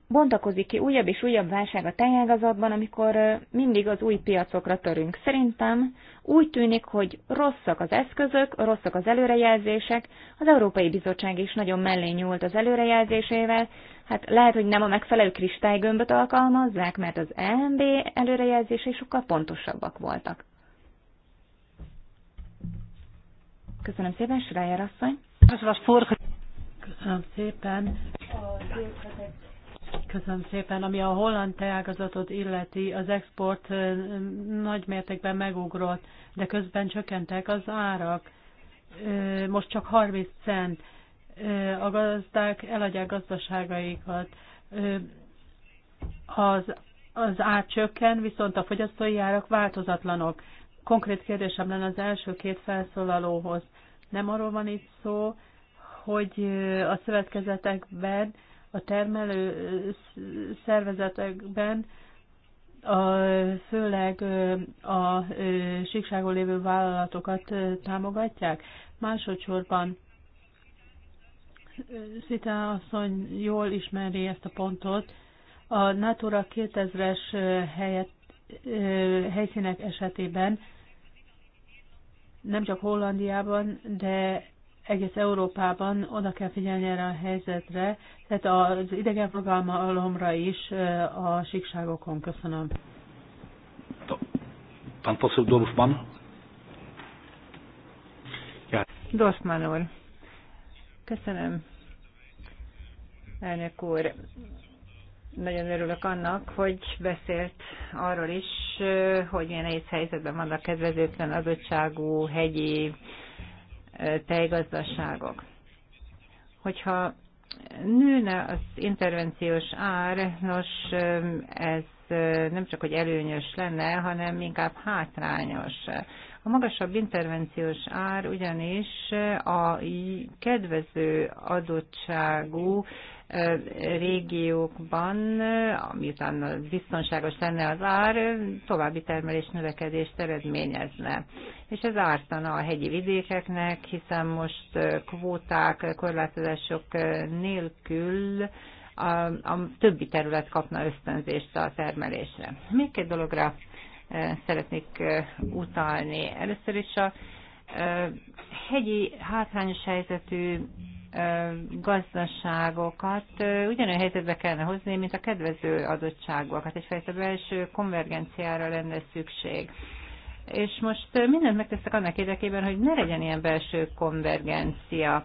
bontakozik ki újabb és újabb válság a tejágazatban, amikor mindig az új piacokra törünk. Szerintem úgy tűnik, hogy rosszak az eszközök, rosszak az előrejelzések, az Európai Bizottság is nagyon mellé nyúlt az előrejelzésével, hát lehet, hogy nem a megfelelő kristálygömböt alkalmazzák, mert az EMB előrejelzései sokkal pontosabbak voltak. Köszönöm szépen, Schreier asszony. Köszönöm szépen. A Köszönöm szépen. Ami a holland teágazatot illeti, az export nagy mértékben megugrott, de közben csökkentek az árak. Most csak 30 cent. A gazdák eladják gazdaságaikat. Az, az ár csökken, viszont a fogyasztói árak változatlanok. Konkrét kérdésem lenne az első két felszólalóhoz. Nem arról van itt szó, hogy a szövetkezetekben a termelő szervezetekben, a, főleg a síkságon lévő vállalatokat támogatják. Másodszorban Szita asszony jól ismeri ezt a pontot. A Natura 2000-es helyet, helyszínek esetében nem csak Hollandiában, de egész Európában oda kell figyelni erre a helyzetre, tehát az idegenfogalmalomra is a síkságokon. Köszönöm. Pán Poszok Dorfman. Ja. Dorfman úr. Köszönöm. Elnök úr, nagyon örülök annak, hogy beszélt arról is, hogy milyen nehéz helyzetben vannak kedvezőtlen adottságú hegyi tejgazdaságok. Hogyha nőne az intervenciós ár, nos, ez nem csak hogy előnyös lenne, hanem inkább hátrányos. A magasabb intervenciós ár ugyanis a kedvező adottságú régiókban, miután biztonságos lenne az ár, további termelés növekedést eredményezne. És ez ártana a hegyi vidékeknek, hiszen most kvóták, korlátozások nélkül a, a többi terület kapna ösztönzést a termelésre. Még két dologra szeretnék utalni. Először is a hegyi hátrányos helyzetű gazdaságokat ugyanolyan helyzetbe kellene hozni, mint a kedvező adottságokat. Egyfajta belső konvergenciára lenne szükség. És most mindent megteszek annak érdekében, hogy ne legyen ilyen belső konvergencia.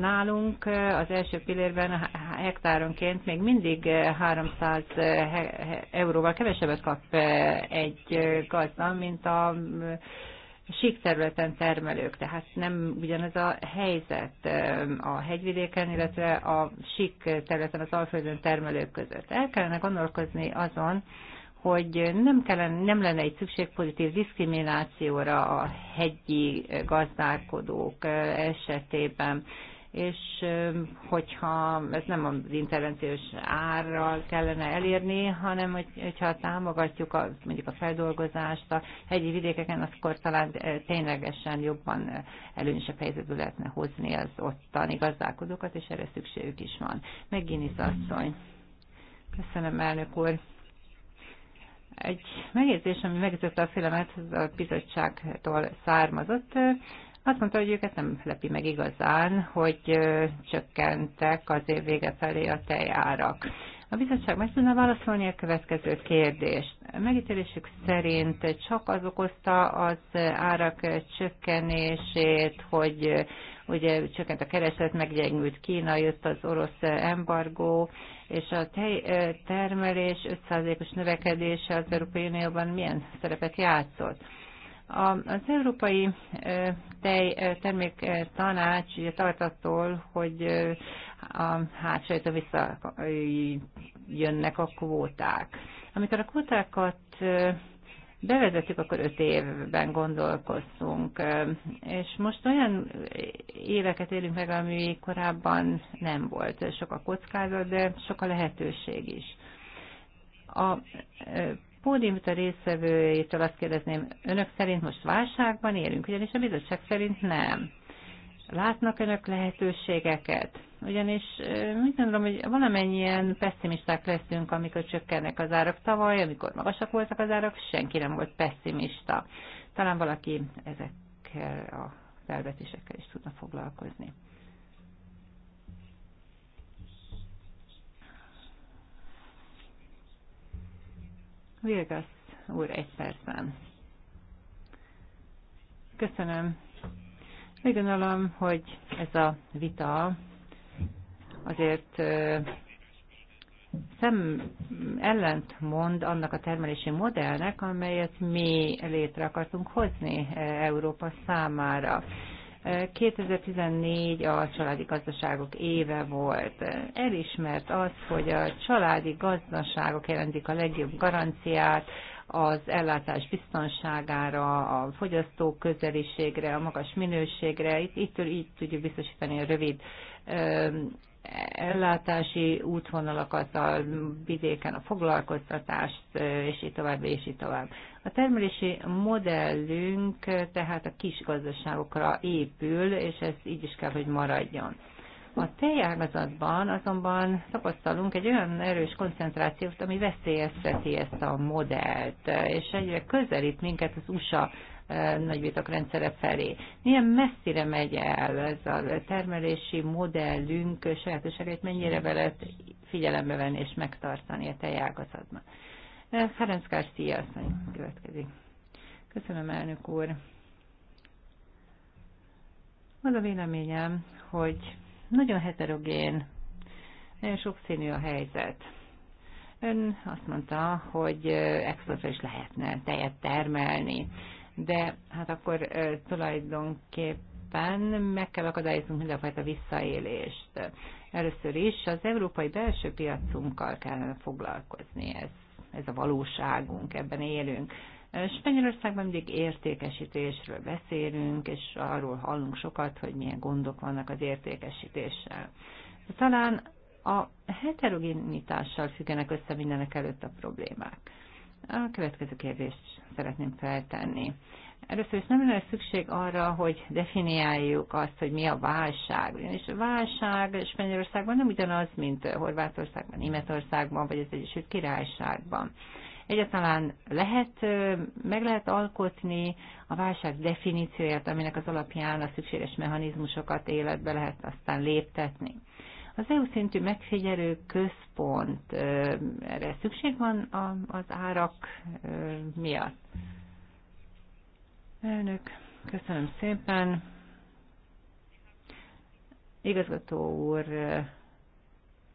Nálunk az első pillérben hektáronként még mindig 300 euróval kevesebbet kap egy gazda, mint a síkterületen termelők, tehát nem ugyanez a helyzet a hegyvidéken, illetve a sík területen, az alföldön termelők között. El kellene gondolkozni azon, hogy nem, kellene, nem lenne egy szükség pozitív diszkriminációra a hegyi gazdálkodók esetében és hogyha ez nem az intervenciós árral kellene elérni, hanem hogy, hogyha támogatjuk a, mondjuk a feldolgozást a hegyi vidékeken, akkor talán ténylegesen jobban előnyösebb helyzetbe lehetne hozni az ottani gazdálkodókat, és erre szükségük is van. Megint asszony. Köszönöm, elnök úr egy megjegyzés, ami megütötte a filmet, a bizottságtól származott. Azt mondta, hogy őket nem lepi meg igazán, hogy csökkentek az év vége felé a tejárak. A bizottság meg tudna válaszolni a következő kérdést. A megítélésük szerint csak az okozta az árak csökkenését, hogy ugye csökkent a kereslet, meggyengült Kína, jött az orosz embargó, és a tej termelés 5%-os növekedése az Európai Unióban milyen szerepet játszott? Az Európai tej, Termék Tanács tart attól, hogy a hátsajta visszajönnek a kvóták. Amikor a kvótákat bevezetjük, akkor öt évben gondolkoztunk, És most olyan éveket élünk meg, ami korábban nem volt. Sok a kockázat, de sok a lehetőség is. A pódiumta részvevőjétől azt kérdezném, önök szerint most válságban élünk, ugyanis a bizottság szerint nem. Látnak önök lehetőségeket? Ugyanis mit gondolom, hogy valamennyien pessimisták leszünk, amikor csökkennek az árak tavaly, amikor magasak voltak az árak, senki nem volt pessimista. Talán valaki ezekkel a felvetésekkel is tudna foglalkozni. Vilgasz úr egy percben. Köszönöm. Még gondolom, hogy ez a vita azért szem ellentmond annak a termelési modellnek, amelyet mi létre akartunk hozni Európa számára. 2014 a családi gazdaságok éve volt. Elismert az, hogy a családi gazdaságok jelentik a legjobb garanciát az ellátás biztonságára, a fogyasztó közeliségre, a magas minőségre. Itt, ittől így tudjuk biztosítani a rövid ellátási útvonalakat, a vidéken a foglalkoztatást, és így tovább, és így tovább. A termelési modellünk tehát a kis gazdaságokra épül, és ez így is kell, hogy maradjon. A tejágazatban azonban tapasztalunk egy olyan erős koncentrációt, ami veszélyezteti ezt a modellt, és egyre közelít minket az USA nagy rendszere felé. Milyen messzire megy el ez a termelési modellünk sajátosságait, mennyire lehet figyelembe venni és megtartani a tejágazatban. Ferenc Garcia asszony következik. Köszönöm, elnök úr. Az a véleményem, hogy nagyon heterogén, nagyon sokszínű a helyzet. Ön azt mondta, hogy exportra is lehetne tejet termelni de hát akkor tulajdonképpen meg kell akadályoznunk mindenfajta visszaélést. Először is az európai belső piacunkkal kellene foglalkozni, ez, ez a valóságunk, ebben élünk. Spanyolországban mindig értékesítésről beszélünk, és arról hallunk sokat, hogy milyen gondok vannak az értékesítéssel. Talán a heterogénitással függenek össze mindenek előtt a problémák. A következő kérdést szeretném feltenni. Először is nem lenne szükség arra, hogy definiáljuk azt, hogy mi a válság. Ugyanis a válság Spanyolországban nem ugyanaz, mint Horvátországban, Németországban, vagy az Egyesült Királyságban. Egyáltalán lehet, meg lehet alkotni a válság definícióját, aminek az alapján a szükséges mechanizmusokat életbe lehet aztán léptetni. Az EU szintű megfigyelő központ, erre szükség van az árak miatt? Elnök, köszönöm szépen. Igazgató úr,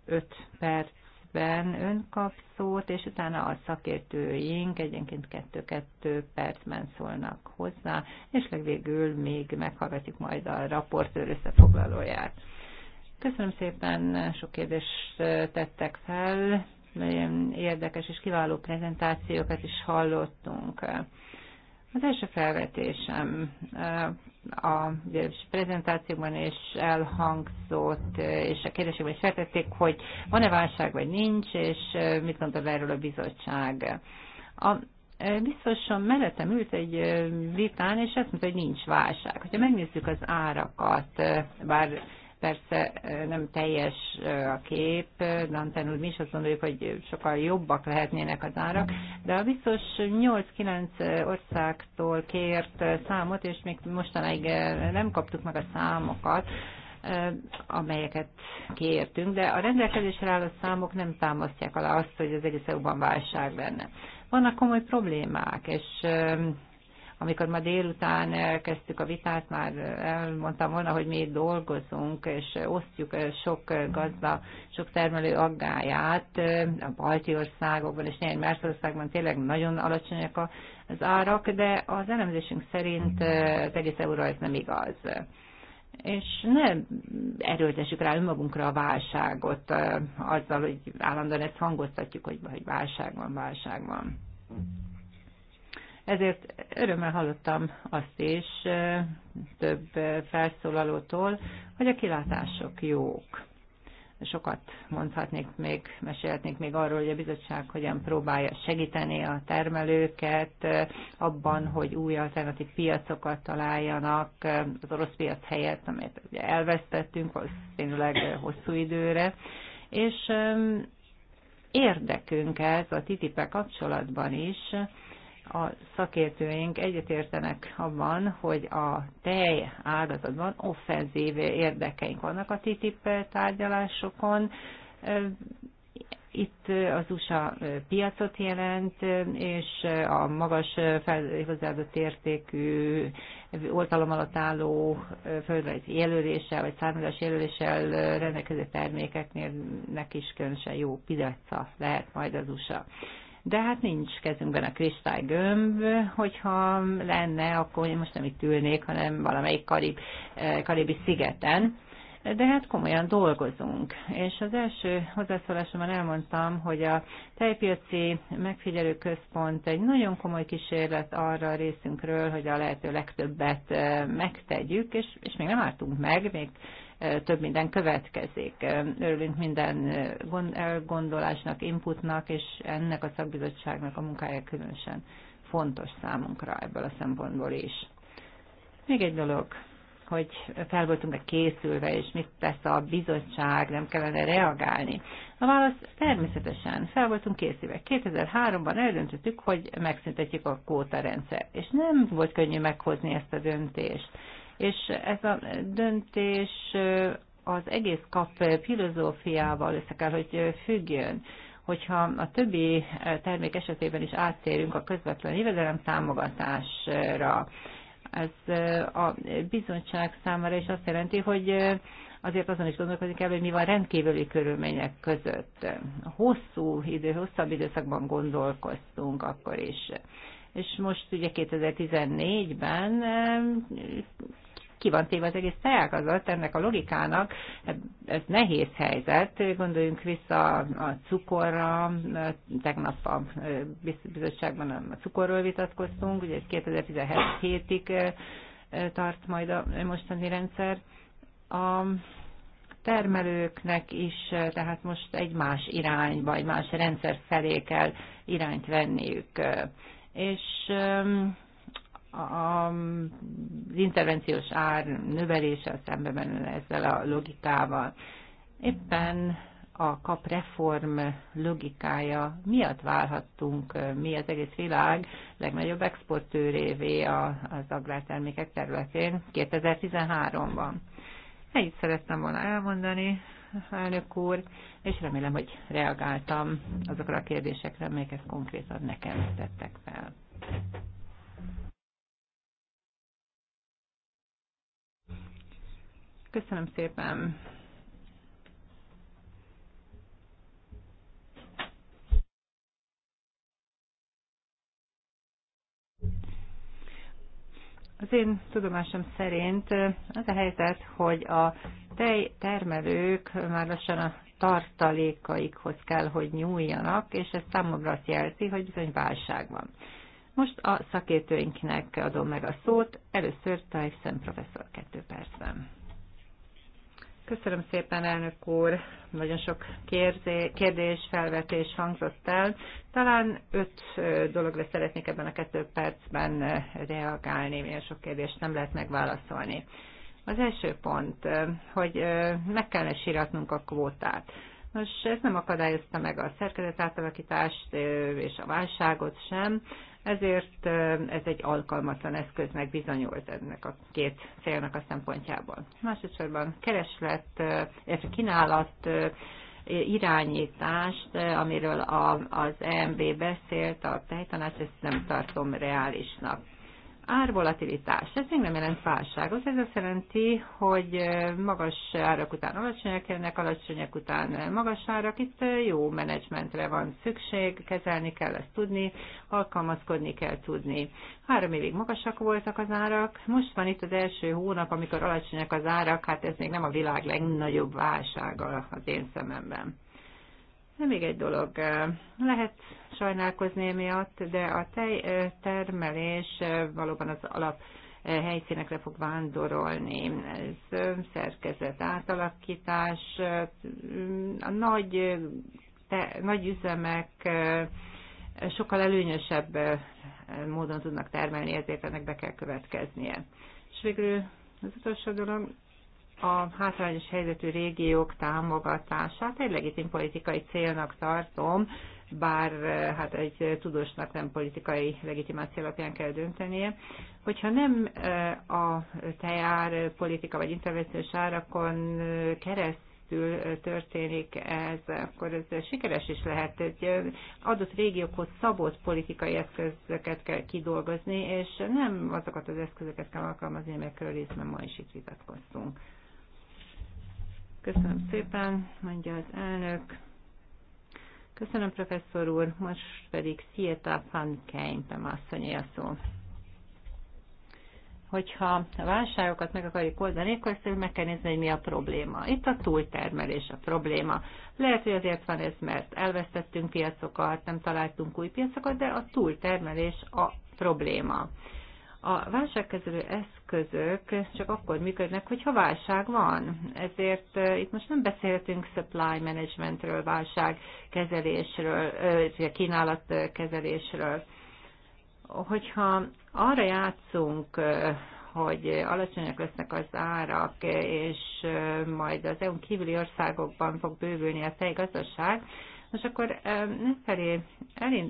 5 percben ön kap szót, és utána a szakértőink egyenként 2-2 percben szólnak hozzá, és legvégül még meghallgatjuk majd a raportőr összefoglalóját. Köszönöm szépen, sok kérdést tettek fel, nagyon érdekes és kiváló prezentációkat is hallottunk. Az első felvetésem a prezentációban is elhangzott, és a kérdésében is feltették, hogy van-e válság, vagy nincs, és mit gondol erről a bizottság. A biztosan mellettem ült egy vitán, és azt mondta, hogy nincs válság. Ha megnézzük az árakat, bár persze nem teljes a kép, Danten úr, mi is azt gondoljuk, hogy sokkal jobbak lehetnének az árak, de a biztos 8-9 országtól kért számot, és még mostanáig nem kaptuk meg a számokat, amelyeket kértünk, de a rendelkezésre álló számok nem támasztják alá azt, hogy az egész EU-ban válság lenne. Vannak komoly problémák, és amikor ma délután eh, kezdtük a vitát, már eh, elmondtam volna, hogy mi dolgozunk, és eh, osztjuk sok gazda, sok termelő aggáját a balti országokban és néhány más országban tényleg nagyon alacsonyak az árak, de az elemzésünk szerint az egész euró ez nem igaz és ne erőltessük rá önmagunkra a válságot azzal, hogy állandóan ezt hangoztatjuk, hogy, hogy válság van, válság van. Ezért örömmel hallottam azt is több felszólalótól, hogy a kilátások jók sokat mondhatnék még, mesélhetnék még arról, hogy a bizottság hogyan próbálja segíteni a termelőket abban, hogy új alternatív piacokat találjanak az orosz piac helyett, amelyet ugye elvesztettünk valószínűleg hosszú időre, és érdekünk ez a ttip kapcsolatban is, a szakértőink egyetértenek abban, hogy a tej ágazatban offenzív érdekeink vannak a TTIP tárgyalásokon. Itt az USA piacot jelent, és a magas hozzáadott értékű oltalom alatt álló földrajzi jelöléssel, vagy származás jelöléssel rendelkező termékeknél is különösen jó piaca lehet majd az USA de hát nincs kezünkben a kristálygömb, hogyha lenne, akkor most nem itt ülnék, hanem valamelyik karib, eh, karibi szigeten. De hát komolyan dolgozunk. És az első hozzászólásomban elmondtam, hogy a tejpiaci megfigyelő központ egy nagyon komoly kísérlet arra a részünkről, hogy a lehető legtöbbet eh, megtegyük, és, és még nem álltunk meg, még több minden következik. Örülünk minden gondolásnak inputnak, és ennek a szakbizottságnak a munkája különösen fontos számunkra ebből a szempontból is. Még egy dolog, hogy fel voltunk-e készülve, és mit tesz a bizottság, nem kellene reagálni. A válasz természetesen fel voltunk készülve. 2003-ban eldöntöttük, hogy megszüntetjük a rendszer, és nem volt könnyű meghozni ezt a döntést és ez a döntés az egész kap filozófiával össze kell, hogy függjön hogyha a többi termék esetében is áttérünk a közvetlen jövedelem támogatásra. Ez a bizottság számára is azt jelenti, hogy azért azon is gondolkodik kell, hogy mi van rendkívüli körülmények között. Hosszú idő, hosszabb időszakban gondolkoztunk akkor is. És most ugye 2014-ben ki van téve az egész tejágazat ennek a logikának, hát ez nehéz helyzet. Gondoljunk vissza a cukorra, tegnap a bizottságban a cukorról vitatkoztunk, ugye 2017-ig tart majd a mostani rendszer. A termelőknek is, tehát most egy más irányba, egy más rendszer felé kell irányt venniük. És az intervenciós ár növelése szembe menő ezzel a logikával. Éppen a kapreform logikája miatt válhattunk mi az egész világ legnagyobb exportőrévé az agrártermékek területén 2013-ban. Ennyit szerettem volna elmondani, elnök úr, és remélem, hogy reagáltam azokra a kérdésekre, amelyeket konkrétan nekem tettek fel. Köszönöm szépen. Az én tudomásom szerint az a helyzet, hogy a tejtermelők már lassan a tartalékaikhoz kell, hogy nyúljanak, és ez számomra azt jelzi, hogy bizony válság van. Most a szakértőinknek adom meg a szót, először Tyson professzor kettő percben. Köszönöm szépen, elnök úr. Nagyon sok kérdés, felvetés hangzott el. Talán öt dologra szeretnék ebben a kettő percben reagálni, mert sok kérdést nem lehet megválaszolni. Az első pont, hogy meg kellene síratnunk a kvótát. Nos, ez nem akadályozta meg a szerkezet átalakítást és a válságot sem ezért ez egy alkalmatlan eszköznek bizonyult ennek a két célnak a szempontjából. Másodszorban kereslet, illetve kínálat irányítást, amiről az EMB beszélt, a tejtanács, ezt nem tartom reálisnak árvolatilitás. Ez még nem jelent válságot, ez azt jelenti, hogy magas árak után alacsonyak jönnek, alacsonyak után magas árak. Itt jó menedzsmentre van szükség, kezelni kell ezt tudni, alkalmazkodni kell tudni. Három évig magasak voltak az árak, most van itt az első hónap, amikor alacsonyak az árak, hát ez még nem a világ legnagyobb válsága az én szememben. De még egy dolog, lehet sajnálkozni emiatt, de a tejtermelés valóban az alap helyszínekre fog vándorolni. Ez szerkezet átalakítás, a nagy, te, nagy üzemek sokkal előnyösebb módon tudnak termelni, ezért ennek be kell következnie. És végül az utolsó dolog, a hátrányos helyzetű régiók támogatását egy legitim politikai célnak tartom, bár hát egy tudósnak nem politikai legitimáció alapján kell döntenie, hogyha nem e, a tejár politika vagy intervenciós árakon kereszt keresztül e, történik ez, akkor ez sikeres is lehet. Egy e, adott régiókhoz szabott politikai eszközöket kell kidolgozni, és nem azokat az eszközöket kell alkalmazni, amelyekről részben ma is itt vitatkoztunk. Köszönöm szépen, mondja az elnök. Köszönöm, professzor úr. Most pedig Sieta van Keintem a szó. Hogyha a válságokat meg akarjuk oldani, akkor ezt meg kell nézni, hogy mi a probléma. Itt a túltermelés a probléma. Lehet, hogy azért van ez, mert elvesztettünk piacokat, nem találtunk új piacokat, de a túltermelés a probléma. A válságkezelő eszközök csak akkor működnek, hogyha válság van. Ezért itt most nem beszéltünk supply managementről, válságkezelésről, kínálatkezelésről. Hogyha arra játszunk, hogy alacsonyak lesznek az árak, és majd az EU-n kívüli országokban fog bővülni a tejgazdaság, most akkor felé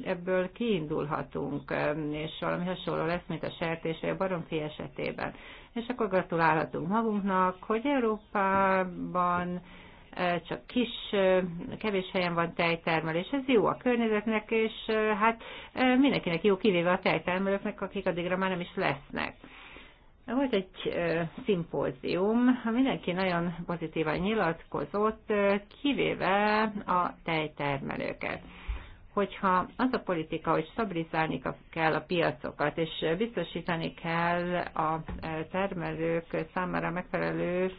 ebből kiindulhatunk, és valami hasonló lesz, mint a sertés vagy a baromfi esetében. És akkor gratulálhatunk magunknak, hogy Európában e, csak kis, e, kevés helyen van tejtermelés. Ez jó a környezetnek, és e, hát mindenkinek jó, kivéve a tejtermelőknek, akik addigra már nem is lesznek. Volt egy szimpózium, mindenki nagyon pozitívan nyilatkozott, kivéve a tejtermelőket hogyha az a politika, hogy stabilizálni kell a piacokat, és biztosítani kell a termelők számára megfelelő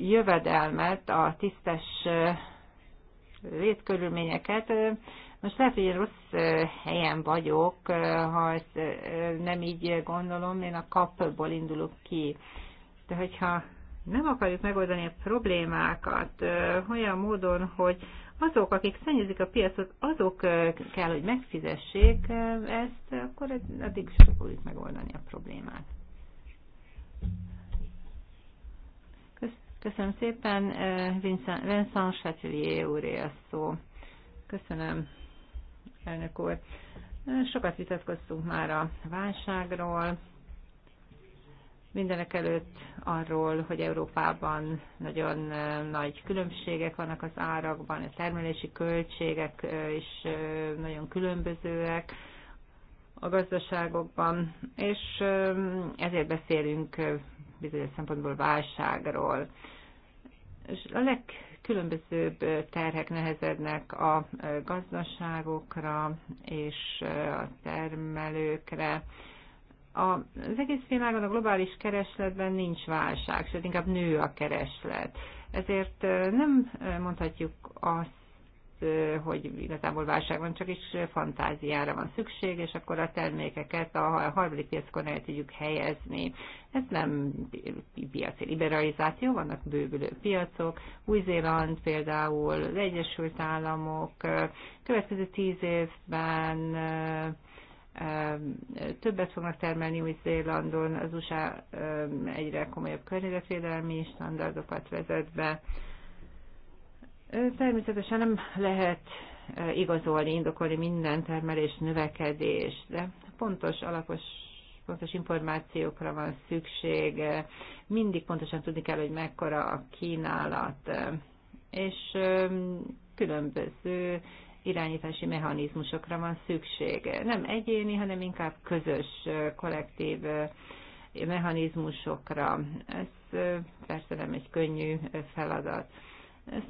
jövedelmet, a tisztes létkörülményeket, most lehet, hogy rossz helyen vagyok, ha ezt nem így gondolom, én a kapból indulok ki. De hogyha nem akarjuk megoldani a problémákat olyan módon, hogy azok, akik szennyezik a piacot, azok kell, hogy megfizessék ezt, akkor addig sem fogjuk megoldani a problémát. Köszönöm szépen, Vincent, Vincent Chatelier úré a szó. Köszönöm elnök úr. Sokat vitatkoztunk már a válságról, mindenek előtt arról, hogy Európában nagyon nagy különbségek vannak az árakban, a termelési költségek is nagyon különbözőek a gazdaságokban, és ezért beszélünk bizonyos szempontból válságról. És a leg különbözőbb terhek nehezednek a gazdaságokra és a termelőkre. Az egész világon a globális keresletben nincs válság, sőt inkább nő a kereslet. Ezért nem mondhatjuk azt, hogy igazából válság van, csak is fantáziára van szükség, és akkor a termékeket a harmadik piacokon el tudjuk helyezni. Ez nem piaci liberalizáció, vannak bővülő piacok, Új-Zéland például, az Egyesült Államok, következő tíz évben többet fognak termelni Új-Zélandon, az USA egyre komolyabb környezetvédelmi standardokat vezet be, Természetesen nem lehet igazolni, indokolni minden termelés növekedés, de pontos, alapos pontos információkra van szükség, mindig pontosan tudni kell, hogy mekkora a kínálat, és különböző irányítási mechanizmusokra van szükség. Nem egyéni, hanem inkább közös, kollektív mechanizmusokra. Ez persze nem egy könnyű feladat.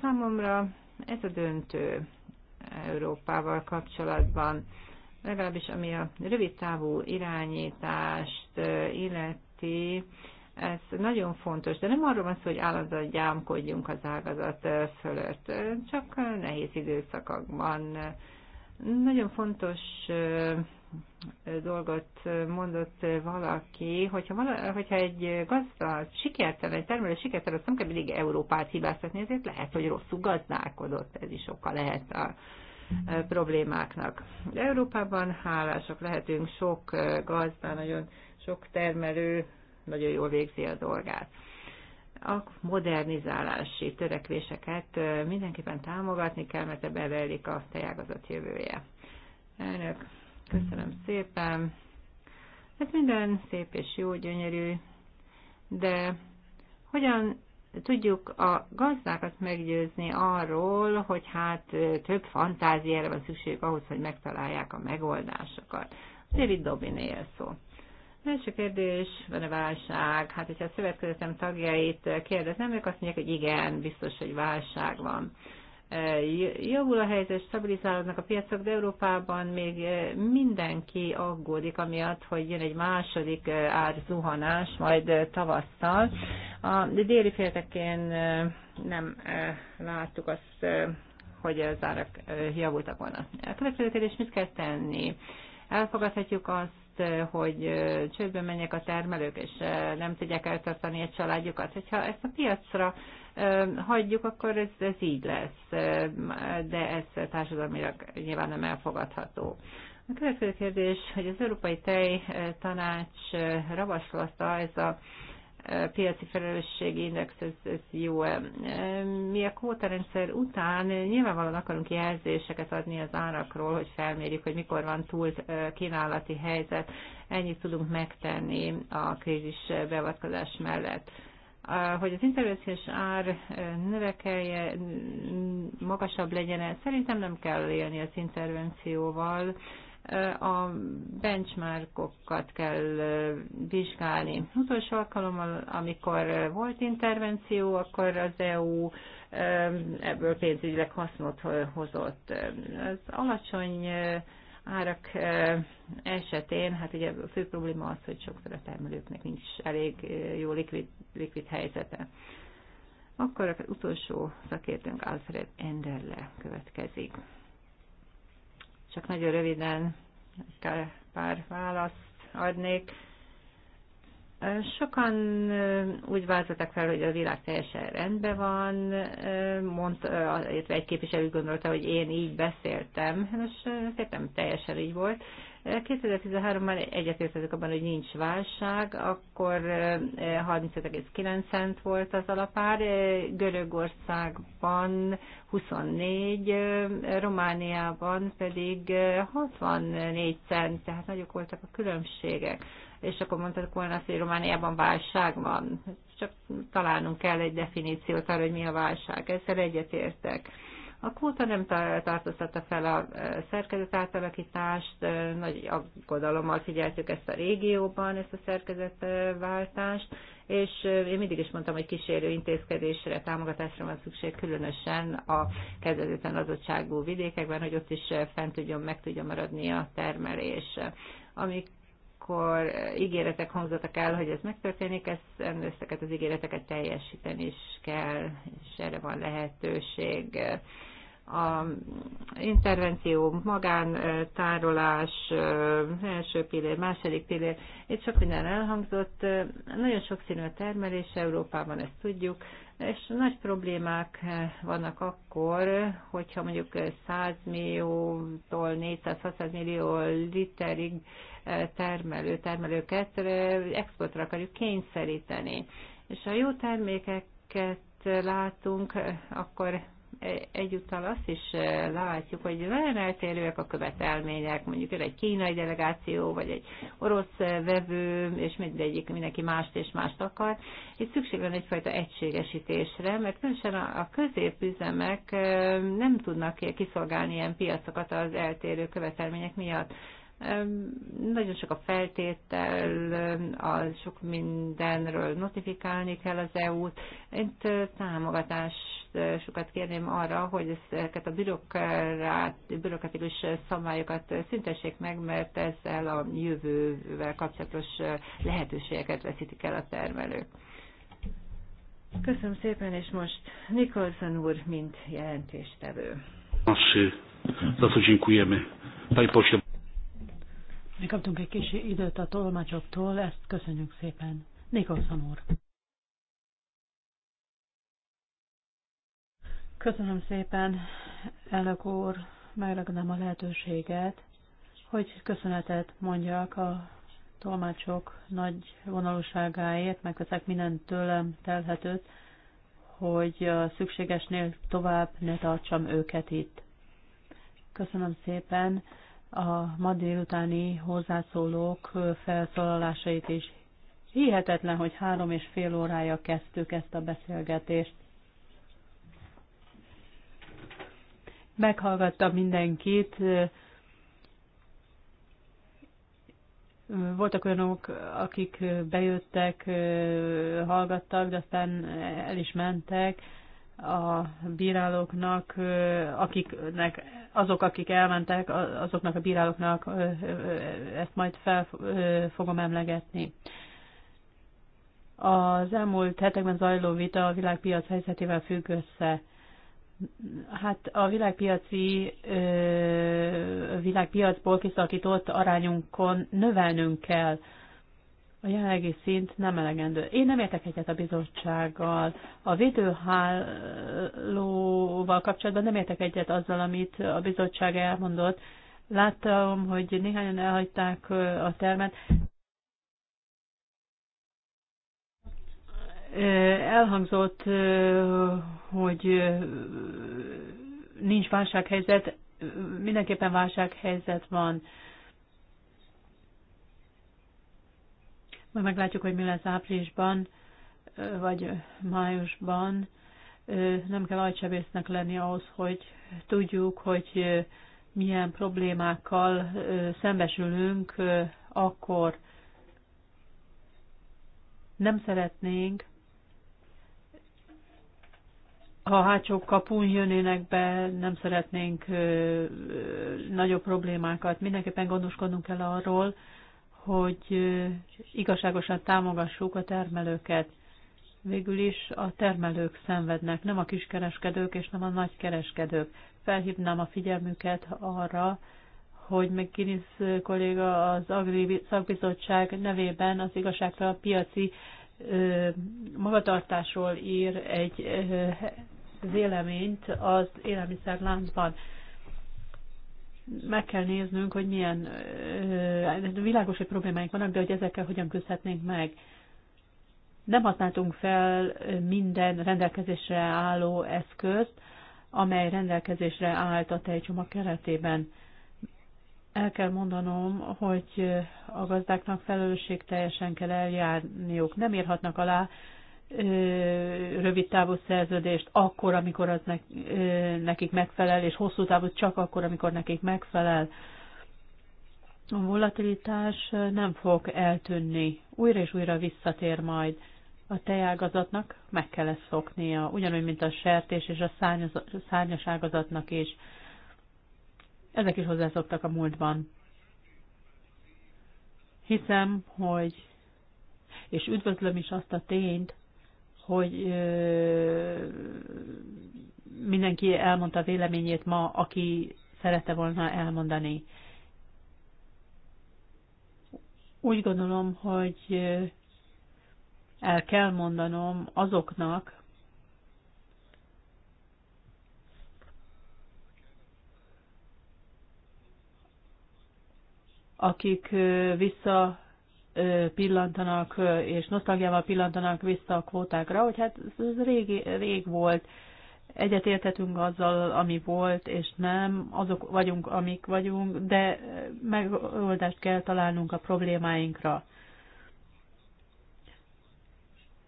Számomra ez a döntő Európával kapcsolatban, legalábbis ami a rövid távú irányítást illeti, ez nagyon fontos, de nem arról van szó, hogy állandóan gyámkodjunk az ágazat fölött, csak nehéz időszakokban. Nagyon fontos dolgot mondott valaki, hogyha, vala, hogyha egy gazda sikertelen, egy termelő sikertelen, azt nem kell mindig Európát hibáztatni, ezért lehet, hogy rosszul gazdálkodott, ez is oka lehet a e, problémáknak. De Európában hálások lehetünk, sok e, gazda, nagyon sok termelő nagyon jól végzi a dolgát a modernizálási törekvéseket e, mindenképpen támogatni kell, mert ebben a tejágazat jövője. Elnök, Köszönöm szépen. Ez minden szép és jó, gyönyörű, de hogyan tudjuk a gazdákat meggyőzni arról, hogy hát több fantáziára van szükség ahhoz, hogy megtalálják a megoldásokat. David él szó. Első kérdés, van-e válság? Hát, hogyha a szövetkezetem tagjait kérdezem, ők azt mondják, hogy igen, biztos, hogy válság van javul a helyzet, stabilizálódnak a piacok, de Európában még mindenki aggódik amiatt, hogy jön egy második árzuhanás majd tavasszal. A déli féltekén nem láttuk azt, hogy az árak javultak volna. A következő kérdés, mit kell tenni? Elfogadhatjuk azt, azt, eh, hogy eh, csődbe menjek a termelők, és eh, nem tudják eltartani a családjukat. Hogyha ezt a piacra hagyjuk, akkor ez, ez így lesz, de ez társadalmilag nyilván nem elfogadható. A következő kérdés, hogy az Európai Tej Tanács javaslata, ez a piaci felelősségi index, ez, ez jó. Mi a kvótarendszer után nyilvánvalóan akarunk jelzéseket adni az árakról, hogy felmérjük, hogy mikor van túl kínálati helyzet. Ennyit tudunk megtenni a krízis beavatkozás mellett. Hogy az intervenciós ár növekelje, magasabb legyen, szerintem nem kell élni az intervencióval a benchmarkokat kell vizsgálni. Utolsó alkalommal, amikor volt intervenció, akkor az EU ebből pénzügyileg hasznot hozott. Az alacsony árak esetén, hát ugye a fő probléma az, hogy sokszor a termelőknek nincs elég jó likvid, likvid helyzete. Akkor az utolsó szakértőnk Alfred Enderle következik. Csak nagyon röviden pár választ adnék. Sokan úgy váltottak fel, hogy a világ teljesen rendben van, mondta, illetve egy képviselő gondolta, hogy én így beszéltem. Nos, ez nem teljesen így volt. 2013-ban egyetértettük abban, hogy nincs válság, akkor 35,9 eh, cent volt az alapár, eh, Görögországban 24, eh, Romániában pedig 64 cent, tehát nagyok voltak a különbségek. És akkor mondtuk volna azt, hogy Romániában válság van. Csak találnunk kell egy definíciót arra, hogy mi a válság. Ezzel egyetértek. A kvóta nem tartoztatta fel a e, szerkezet átalakítást, e, nagy aggodalommal figyeltük ezt a régióban, ezt a szerkezetváltást, e, és én mindig is mondtam, hogy kísérő intézkedésre, támogatásra van szükség, különösen a kezdetlen adottságú vidékekben, hogy ott is fent tudjon, meg tudjon maradni a termelés. Amik amikor ígéretek hangzottak el, hogy ez megtörténik, ez ezeket az ígéreteket teljesíteni is kell, és erre van lehetőség a intervenció, magántárolás, első pillér, második pillér, itt sok minden elhangzott. Nagyon sokszínű a termelés Európában, ezt tudjuk, és nagy problémák vannak akkor, hogyha mondjuk 100 milliótól 400-600 millió literig termelő termelőket exportra akarjuk kényszeríteni. És a jó termékeket látunk, akkor egyúttal azt is eh, látjuk, hogy nagyon eltérőek a követelmények, mondjuk egy kínai delegáció, vagy egy orosz eh, vevő, és mindegyik, mindenki mást és mást akar. Itt szükség van egyfajta egységesítésre, mert különösen a középüzemek eh, nem tudnak kiszolgálni ilyen piacokat az eltérő követelmények miatt nagyon sok a feltétel, a sok mindenről notifikálni kell az EU-t. Itt támogatás sokat kérném arra, hogy ezeket a bürokratikus szabályokat szüntessék meg, mert ezzel a jövővel kapcsolatos lehetőségeket veszítik el a termelők. Köszönöm szépen, és most Nikolson úr, mint jelentéstevő. Eh, Megkaptunk egy kis időt a tolmácsoktól, ezt köszönjük szépen. Nikolson úr. Köszönöm szépen, elnök úr, megragadom a lehetőséget, hogy köszönetet mondjak a tolmácsok nagy vonalúságáért, megteszek minden tőlem telhetőt, hogy a szükségesnél tovább ne tartsam őket itt. Köszönöm szépen a ma délutáni hozzászólók felszólalásait is. Hihetetlen, hogy három és fél órája kezdtük ezt a beszélgetést. meghallgattam mindenkit. Voltak olyanok, akik bejöttek, hallgattak, de aztán el is mentek a bírálóknak, akiknek, azok, akik elmentek, azoknak a bírálóknak ezt majd fel fogom emlegetni. Az elmúlt hetekben zajló vita a világpiac helyzetével függ össze. Hát a világpiaci világpiacból kiszakított arányunkon növelnünk kell. A jelenlegi szint nem elegendő. Én nem értek egyet a bizottsággal. A védőhálóval kapcsolatban nem értek egyet azzal, amit a bizottság elmondott. Láttam, hogy néhányan elhagyták a termet. Elhangzott, hogy nincs válsághelyzet, mindenképpen válsághelyzet van. Majd meglátjuk, hogy mi lesz áprilisban, vagy májusban. Nem kell agysebésznek lenni ahhoz, hogy tudjuk, hogy milyen problémákkal szembesülünk, akkor nem szeretnénk, ha a hátsó kapun jönnének be, nem szeretnénk nagyobb problémákat. Mindenképpen gondoskodnunk kell arról, hogy igazságosan támogassuk a termelőket. Végül is a termelők szenvednek, nem a kiskereskedők és nem a nagykereskedők. Felhívnám a figyelmüket arra, hogy Kinisz kolléga az Agri Szakbizottság nevében az igazságra a piaci magatartásról ír egy véleményt az élelmiszerláncban. Meg kell néznünk, hogy milyen világos, hogy problémáink vannak, de hogy ezekkel hogyan küzdhetnénk meg. Nem használtunk fel minden rendelkezésre álló eszközt, amely rendelkezésre állt a tejcsomag keretében. El kell mondanom, hogy a gazdáknak felelősség teljesen kell eljárniuk. Nem írhatnak alá rövid távú szerződést akkor, amikor az nekik megfelel, és hosszú távú csak akkor, amikor nekik megfelel. A volatilitás nem fog eltűnni, újra és újra visszatér majd. A tejágazatnak meg kell ezt szoknia, ugyanúgy, mint a sertés és a szárnyas ágazatnak is. Ezek is hozzászoktak a múltban. Hiszem, hogy, és üdvözlöm is azt a tényt, hogy mindenki elmondta véleményét ma, aki szerette volna elmondani. Úgy gondolom, hogy el kell mondanom azoknak, akik vissza pillantanak, és nosztalgiával pillantanak vissza a kvótákra, hogy hát ez rég, rég volt, egyetértetünk azzal, ami volt, és nem, azok vagyunk, amik vagyunk, de megoldást kell találnunk a problémáinkra.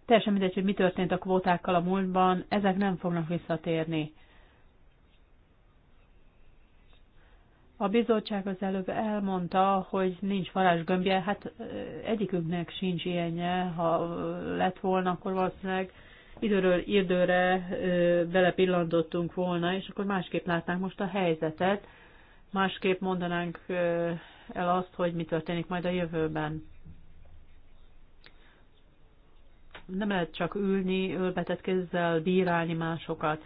Teljesen mindegy, hogy mi történt a kvótákkal a múltban, ezek nem fognak visszatérni. A bizottság az előbb elmondta, hogy nincs varázsgömbje, hát egyikünknek sincs ilyenje, ha lett volna, akkor valószínűleg időről időre belepillantottunk volna, és akkor másképp látnánk most a helyzetet, másképp mondanánk el azt, hogy mi történik majd a jövőben. Nem lehet csak ülni, ölbetett kézzel bírálni másokat.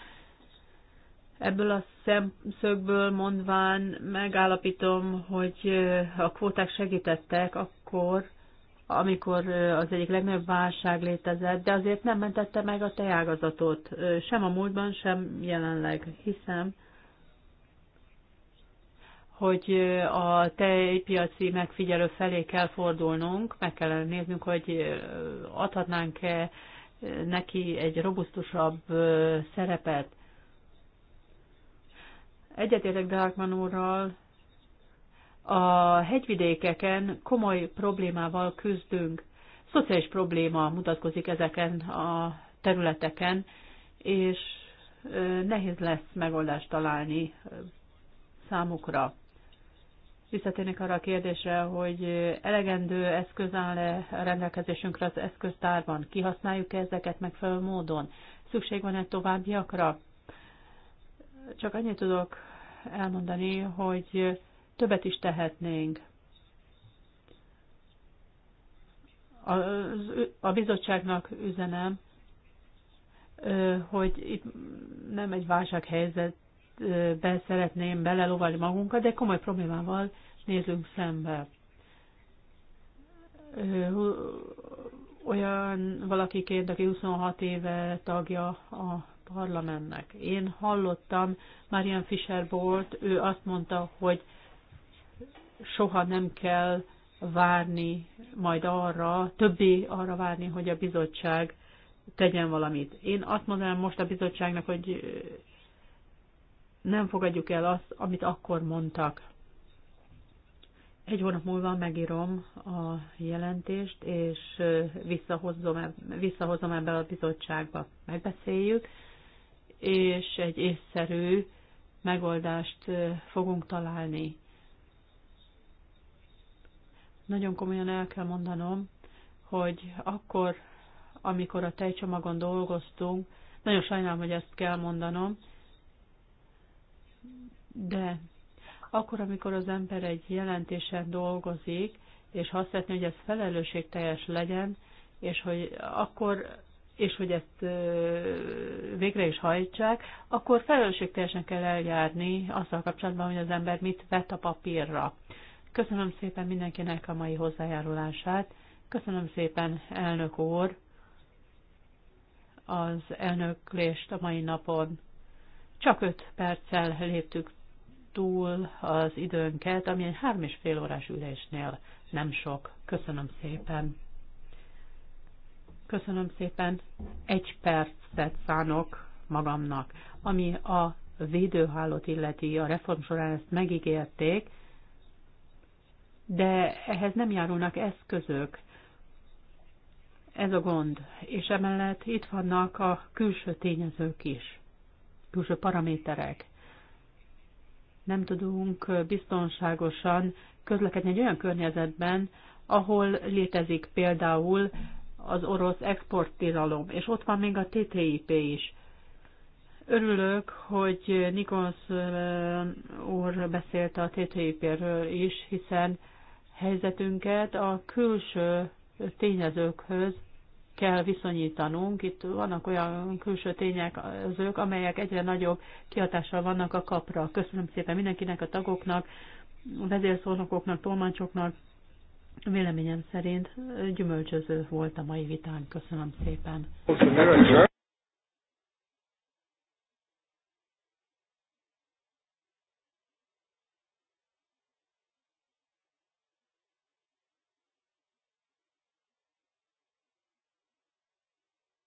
Ebből a szemszögből mondván megállapítom, hogy a kvóták segítettek akkor, amikor az egyik legnagyobb válság létezett, de azért nem mentette meg a tejágazatot, sem a múltban, sem jelenleg. Hiszem, hogy a tejpiaci megfigyelő felé kell fordulnunk, meg kell néznünk, hogy adhatnánk-e neki egy robusztusabb szerepet Egyetértek Dárkman úrral, a hegyvidékeken komoly problémával küzdünk. Szociális probléma mutatkozik ezeken a területeken, és nehéz lesz megoldást találni számukra. Visszatérnék arra a kérdésre, hogy elegendő eszköz áll-e rendelkezésünkre az eszköztárban, kihasználjuk -e ezeket megfelelő módon, szükség van-e továbbiakra, csak annyit tudok elmondani, hogy többet is tehetnénk. A, a bizottságnak üzenem, hogy itt nem egy válsághelyzetbe szeretném belelovalni magunkat, de komoly problémával nézünk szembe. Olyan valaki valakiként, aki 26 éve tagja a parlamentnek. Én hallottam Marian Fisher volt, ő azt mondta, hogy soha nem kell várni majd arra, többé arra várni, hogy a bizottság tegyen valamit. Én azt mondanám most a bizottságnak, hogy nem fogadjuk el azt, amit akkor mondtak. Egy hónap múlva megírom a jelentést, és visszahozom, e- visszahozom ebbe a bizottságba. Megbeszéljük, és egy észszerű megoldást fogunk találni. Nagyon komolyan el kell mondanom, hogy akkor, amikor a tejcsomagon dolgoztunk, nagyon sajnálom, hogy ezt kell mondanom, de akkor, amikor az ember egy jelentésen dolgozik, és azt szeretné, hogy ez felelősségteljes legyen, és hogy akkor és hogy ezt végre is hajtsák, akkor felelősségteljesen kell eljárni azzal kapcsolatban, hogy az ember mit vett a papírra. Köszönöm szépen mindenkinek a mai hozzájárulását. Köszönöm szépen, elnök úr, az elnöklést a mai napon. Csak öt perccel léptük túl az időnket, ami egy három és fél órás ülésnél nem sok. Köszönöm szépen. Köszönöm szépen. Egy percet szánok magamnak. Ami a védőhálót illeti, a reform során ezt megígérték, de ehhez nem járulnak eszközök. Ez a gond. És emellett itt vannak a külső tényezők is, külső paraméterek. Nem tudunk biztonságosan közlekedni egy olyan környezetben, ahol létezik például az orosz exporttilalom, és ott van még a TTIP is. Örülök, hogy Nikons eh, úr beszélt a TTIP-ről is, hiszen helyzetünket a külső tényezőkhöz kell viszonyítanunk. Itt vannak olyan külső tényezők, amelyek egyre nagyobb kihatással vannak a kapra. Köszönöm szépen mindenkinek, a tagoknak, a vezérszónokoknak, tolmácsoknak, Véleményem szerint gyümölcsöző volt a mai vitán, Köszönöm szépen.